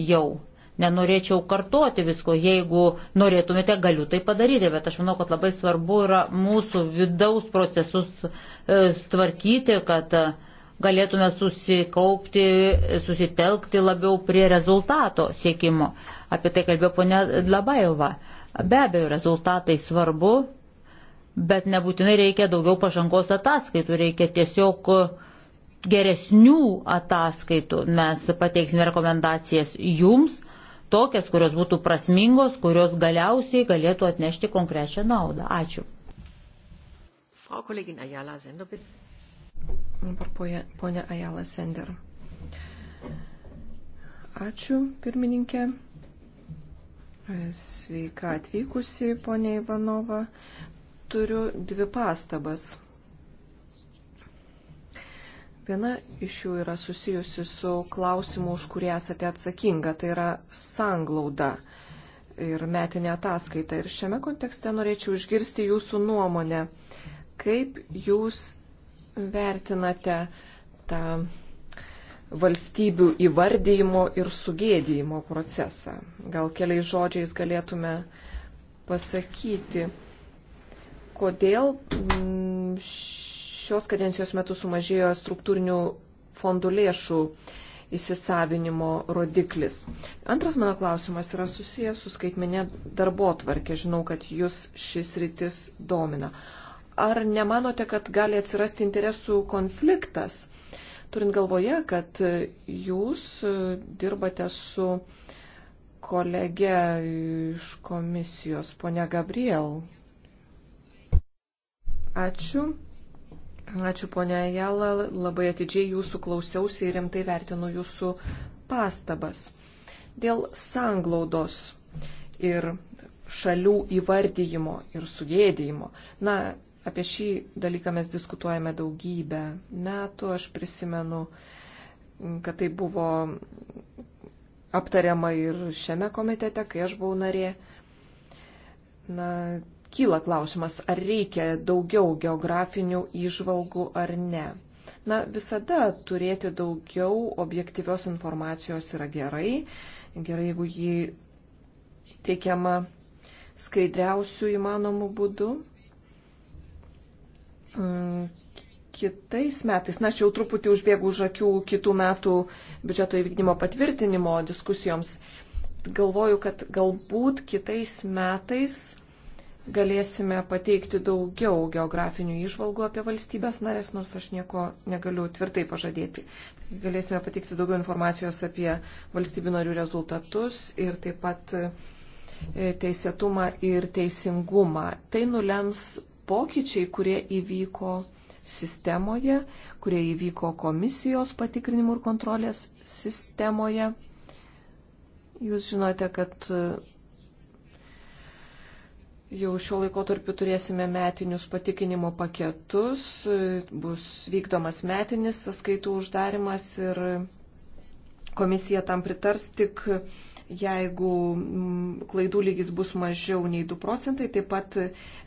jau. Nenorėčiau kartoti visko, jeigu norėtumėte, galiu tai padaryti, bet aš manau, kad labai svarbu yra mūsų vidaus procesus e, tvarkyti, kad uh, galėtume susikaupti, susitelkti labiau prie rezultato siekimo. Apie tai kalbėjo ponė Labajova. Be abejo, rezultatai svarbu, bet nebūtinai reikia daugiau pažangos ataskaitų, reikia tiesiog geresnių ataskaitų. Mes pateiksime rekomendacijas jums, tokias, kurios būtų prasmingos, kurios galiausiai galėtų atnešti konkrečią naudą. Ačiū. Frau Kollegin Ayala Sender, bitte. Dabar ponia Ajala Sender. Ačiū, pirmininkė. Sveika atvykusi, ponia Ivanova. Turiu dvi pastabas. Viena iš jų yra susijusi su klausimu, už kurį esate atsakinga, tai yra sanglauda ir metinė ataskaita. Ir šiame kontekste norėčiau išgirsti jūsų nuomonę, kaip jūs vertinate tą valstybių įvardyjimo ir sugėdyjimo procesą? Gal keliais žodžiais galėtume pasakyti, kodėl mm, šios kadencijos metu sumažėjo struktūrinių fondų lėšų įsisavinimo rodiklis. Antras mano klausimas yra susijęs su skaitmenė darbo tvarkė. Žinau, kad jūs šis rytis domina ar nemanote, kad gali atsirasti interesų konfliktas, turint galvoje, kad jūs e, dirbate su kolege iš komisijos, ponia Gabriel? Ačiū. Ačiū, ponia Jala, labai atidžiai jūsų klausiausi ir rimtai vertinu jūsų pastabas. Dėl sanglaudos ir šalių įvardyjimo ir sugėdėjimo. Na, apie šį dalyką mes diskutuojame daugybę metų. Aš prisimenu, kad tai buvo aptariama ir šiame komitete, kai aš buvau narė. Na, kyla klausimas, ar reikia daugiau geografinių įžvalgų ar ne. Na, visada turėti daugiau objektyvios informacijos yra gerai. Gerai, jeigu ji teikiama skaidriausių įmanomų būdų. Mm, kitais metais, na, aš jau truputį užbėgu už akių kitų metų biudžeto įvykdymo patvirtinimo diskusijoms, galvoju, kad galbūt kitais metais galėsime pateikti daugiau geografinių išvalgų apie valstybės narės, nors aš nieko negaliu tvirtai pažadėti. Galėsime pateikti daugiau informacijos apie valstybių narių rezultatus ir taip pat e, teisėtumą ir teisingumą. Tai nulems pokyčiai, kurie įvyko sistemoje, kurie įvyko komisijos patikrinimų ir kontrolės sistemoje. Jūs žinote, kad e, Jau šiuo laikotarpiu turėsime metinius patikinimo paketus, e, bus vykdomas metinis sąskaitų uždarimas ir komisija tam pritars tik jeigu mm, klaidų lygis bus mažiau nei 2 procentai, taip pat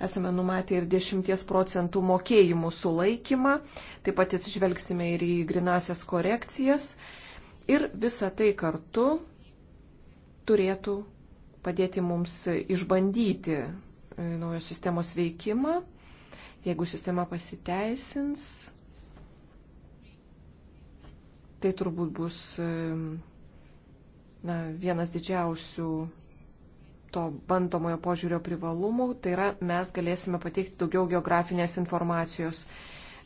esame numatę ir 10 procentų mokėjimų sulaikymą, taip pat atsižvelgsime ir į grinasias korekcijas. Ir visa tai kartu turėtų padėti mums išbandyti e, naujos sistemos veikimą, jeigu sistema pasiteisins. Tai turbūt bus e, na, vienas didžiausių to bandomojo požiūrio privalumų, tai yra mes galėsime pateikti daugiau geografinės informacijos.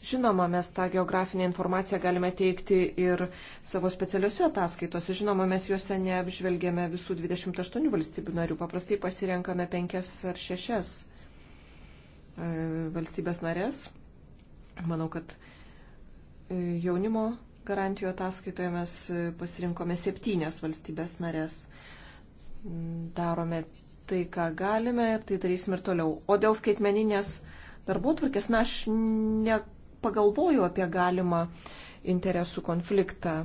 Žinoma, mes tą geografinę informaciją galime teikti ir savo specialiuose ataskaitose. Žinoma, mes juose neapžvelgėme visų 28 valstybių narių, paprastai pasirenkame penkias ar šešias e, valstybės narės. Manau, kad e, jaunimo garantijų ataskaitoje mes e, pasirinkome septynias valstybės narės. Darome tai, ką galime ir tai darysim ir toliau. O dėl skaitmeninės darbų tvarkės, na, aš nepagalvoju apie galimą interesų konfliktą.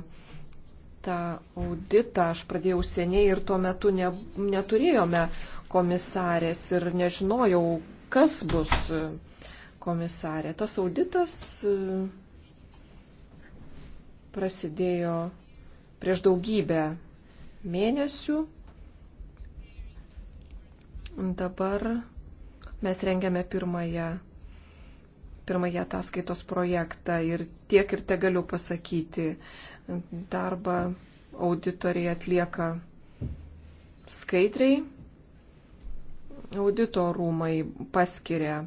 Ta audita aš pradėjau seniai ir tuo metu ne, neturėjome komisarės ir nežinojau, kas bus e, komisarė. Tas auditas. E, prasidėjo prieš daugybę mėnesių. Dabar mes rengiame pirmąją, pirmąją ataskaitos projektą ir tiek ir te galiu pasakyti, darbą auditoriai atlieka skaidriai, audito rūmai paskiria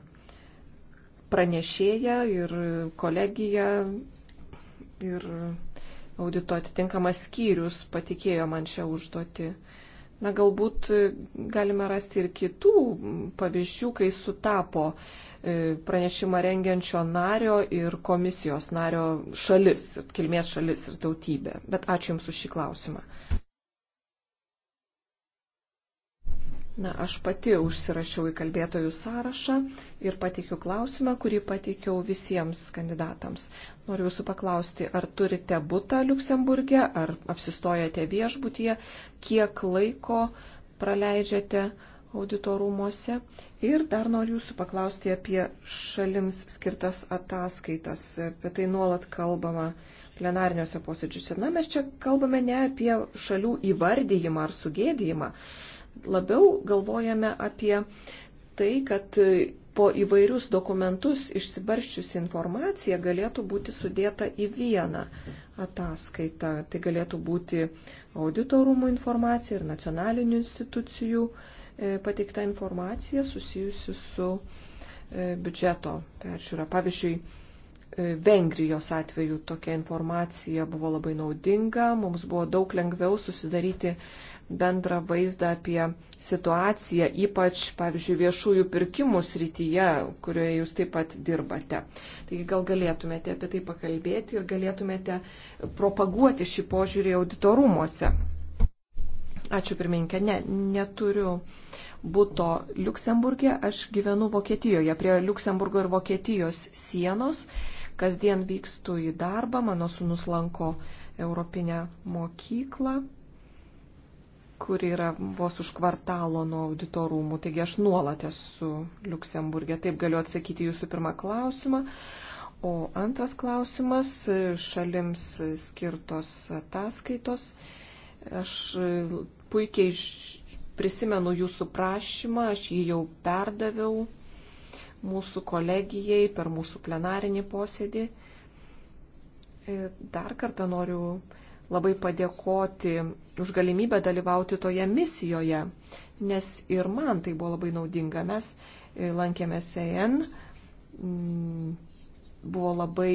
pranešėją ir kolegiją ir audito atitinkamas skyrius patikėjo man šią užduotį. Na, galbūt e, galime rasti ir kitų pavyzdžių, kai sutapo e, pranešimą rengiančio nario ir komisijos nario šalis, kilmės šalis ir tautybė. Bet ačiū Jums už šį klausimą. Na, aš pati užsirašiau į kalbėtojų sąrašą ir pateikiu klausimą, kurį pateikiau visiems kandidatams. Noriu jūsų paklausti, ar turite būtą Luksemburgė, ar apsistojate viešbutyje, kiek laiko praleidžiate auditorumuose. Ir dar noriu jūsų paklausti apie šalims skirtas ataskaitas. Apie tai nuolat kalbama plenariniuose posėdžiuose. Na, mes čia kalbame ne apie šalių įvardyjimą ar sugėdyjimą. Labiau galvojame apie tai, kad po įvairius dokumentus išsibarščiusi informacija galėtų būti sudėta į vieną ataskaitą. Tai galėtų būti auditorumų informacija ir nacionalinių institucijų e, pateikta informacija susijusi su e, biudžeto peržiūra. Pavyzdžiui, e, Vengrijos atveju tokia informacija buvo labai naudinga, mums buvo daug lengviau susidaryti bendrą vaizdą apie situaciją, ypač, pavyzdžiui, viešųjų pirkimų srityje, kurioje jūs taip pat dirbate. Taigi gal galėtumėte apie tai pakalbėti ir galėtumėte propaguoti šį požiūrį auditorumuose. Ačiū pirmininkė, ne, neturiu būto Luksemburgė, aš gyvenu Vokietijoje, prie Luksemburgo ir Vokietijos sienos. Kasdien vykstu į darbą, mano sunus lanko Europinę mokyklą kuri yra vos už kvartalo nuo auditorumų. Taigi aš nuolat esu Luksemburgė. Taip galiu atsakyti jūsų pirmą klausimą. O antras klausimas - šalims skirtos ataskaitos. Aš puikiai prisimenu jūsų prašymą, aš jį jau perdaviau mūsų kolegijai per mūsų plenarinį posėdį. Dar kartą noriu labai padėkoti už galimybę dalyvauti toje misijoje, nes ir man tai buvo labai naudinga. Mes e, lankėmės EN, buvo labai,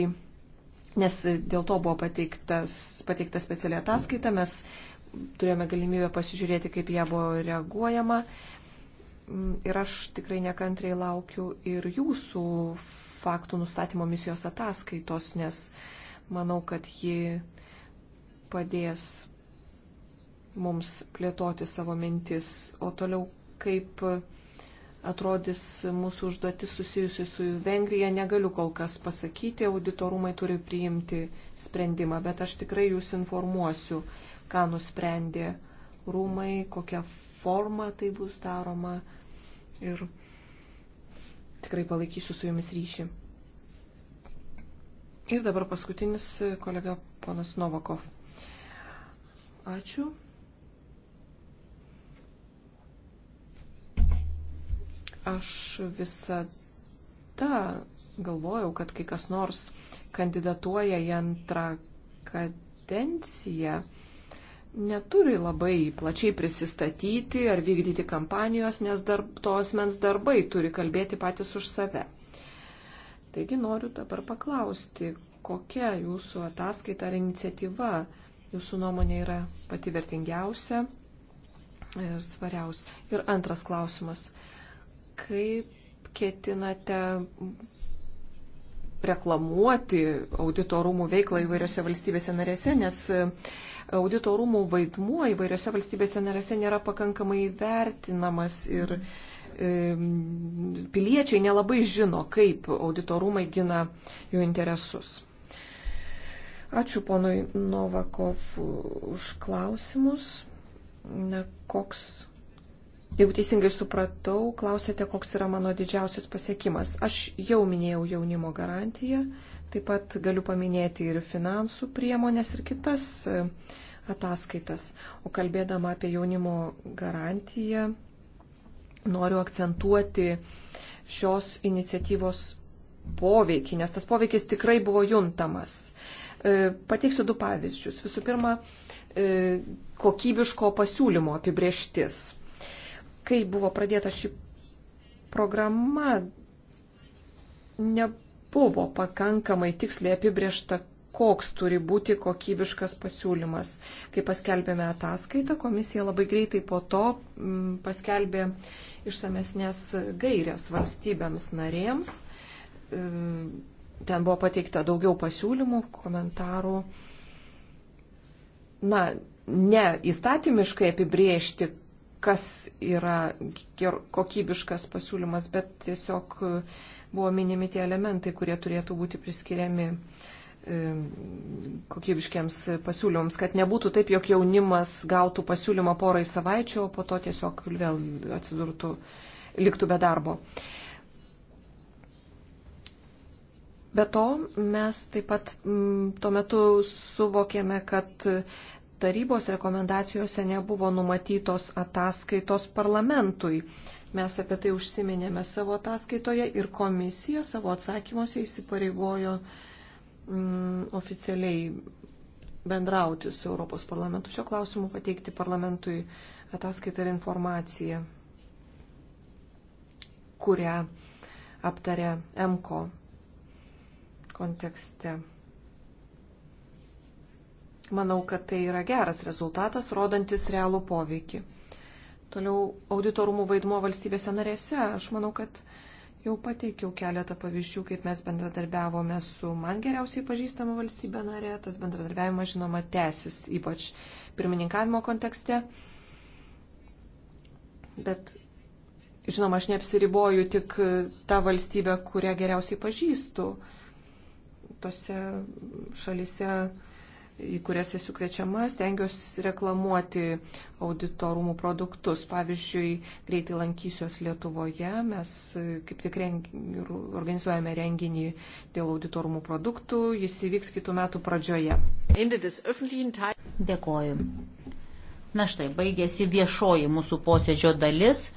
nes dėl to buvo pateiktas, pateikta speciali ataskaita, mes turėjome galimybę pasižiūrėti, kaip ją buvo reaguojama. Ir aš tikrai nekantriai laukiu ir jūsų faktų nustatymo misijos ataskaitos, nes manau, kad ji padės mums plėtoti savo mintis, o toliau kaip atrodys mūsų užduotis susijusi su Vengrija, negaliu kol kas pasakyti, auditorumai turi priimti sprendimą, bet aš tikrai jūs informuosiu, ką nusprendė rūmai, kokią formą tai bus daroma ir tikrai palaikysiu su jumis ryšį. Ir dabar paskutinis kolega ponas Novakov. Ačiū. Aš visada galvojau, kad kai kas nors kandidatuoja į antrą kadenciją, neturi labai plačiai prisistatyti ar vykdyti kampanijos, nes darb, to asmens darbai turi kalbėti patys už save. Taigi noriu dabar paklausti, kokia jūsų ataskaita ar iniciatyva Jūsų nuomonė yra pati vertingiausia ir svariausia. Ir antras klausimas. Kaip ketinate reklamuoti auditorumų veiklą įvairiose valstybėse narėse, nes e, auditorumų vaidmuo įvairiose valstybėse narėse nėra pakankamai vertinamas ir e, piliečiai nelabai žino, kaip auditorumai gina jų interesus. Ačiū ponui Novakov už klausimus. Na, koks, jeigu teisingai supratau, klausėte, koks yra mano didžiausias pasiekimas. Aš jau minėjau jaunimo garantiją, taip pat galiu paminėti ir finansų priemonės ir kitas e, ataskaitas. O kalbėdama apie jaunimo garantiją, noriu akcentuoti šios iniciatyvos poveikį, nes tas poveikis tikrai buvo juntamas. E, pateiksiu du pavyzdžius. Visų pirma, e, kokybiško pasiūlymo apibrieštis. Kai buvo pradėta ši programa, nebuvo pakankamai tiksliai apibriešta, koks turi būti kokybiškas pasiūlymas. Kai paskelbėme ataskaitą, komisija labai greitai po to mm, paskelbė išsamesnės gairias valstybėms narėms e, Ten buvo pateikta daugiau pasiūlymų, komentarų. Na, ne įstatymiškai apibriežti, kas yra kokybiškas pasiūlymas, bet tiesiog e, buvo minimi tie elementai, kurie turėtų būti priskiriami e, kokybiškiams pasiūlymams, kad nebūtų taip, jog jaunimas gautų pasiūlymą porai savaičių, o po to tiesiog vėl atsidurtų, liktų be darbo. Uh, Be to, mes taip pat mm, tuo metu suvokėme, kad tarybos rekomendacijose nebuvo numatytos ataskaitos parlamentui. Mes apie tai užsiminėme savo ataskaitoje ir komisija savo atsakymuose įsipareigojo mm, oficialiai bendrauti su Europos parlamentu šio klausimu, pateikti parlamentui ataskaitą ir informaciją, kurią aptarė MKO kontekste. Manau, kad tai yra geras rezultatas, rodantis realų poveikį. Toliau auditorumų vaidmuo valstybėse narėse. Aš manau, kad jau pateikiau keletą pavyzdžių, kaip mes bendradarbiavome su man geriausiai pažįstama valstybė narė. Tas bendradarbiavimas, žinoma, tęsis, ypač pirmininkavimo kontekste. Bet, žinoma, aš neapsiriboju tik tą valstybę, kurią geriausiai pažįstu. Uh, tose šalise, į kurias esu kviečiama, stengiuosi reklamuoti auditorumų produktus. Pavyzdžiui, greitai lankysiuos Lietuvoje, mes e, kaip tik reng... organizuojame renginį dėl auditorumų produktų, jis įvyks kitų metų pradžioje. Dėkoju. Na štai, baigėsi viešoji mūsų posėdžio dalis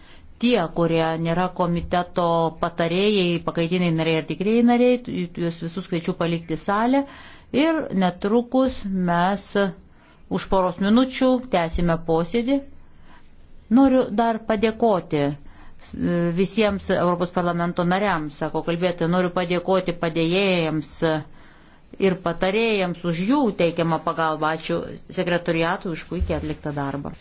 tie, kurie nėra komiteto patarėjai, pakaitiniai nariai ar tikrieji nariai, juos visus kviečiu palikti salę ir netrukus mes už poros minučių tęsime posėdį. Noriu dar padėkoti e, visiems Europos parlamento nariams, sako kalbėti, noriu padėkoti padėjėjams ir patarėjams už jų teikiamą pagalbą. Ačiū sekretoriatui už puikiai atliktą darbą.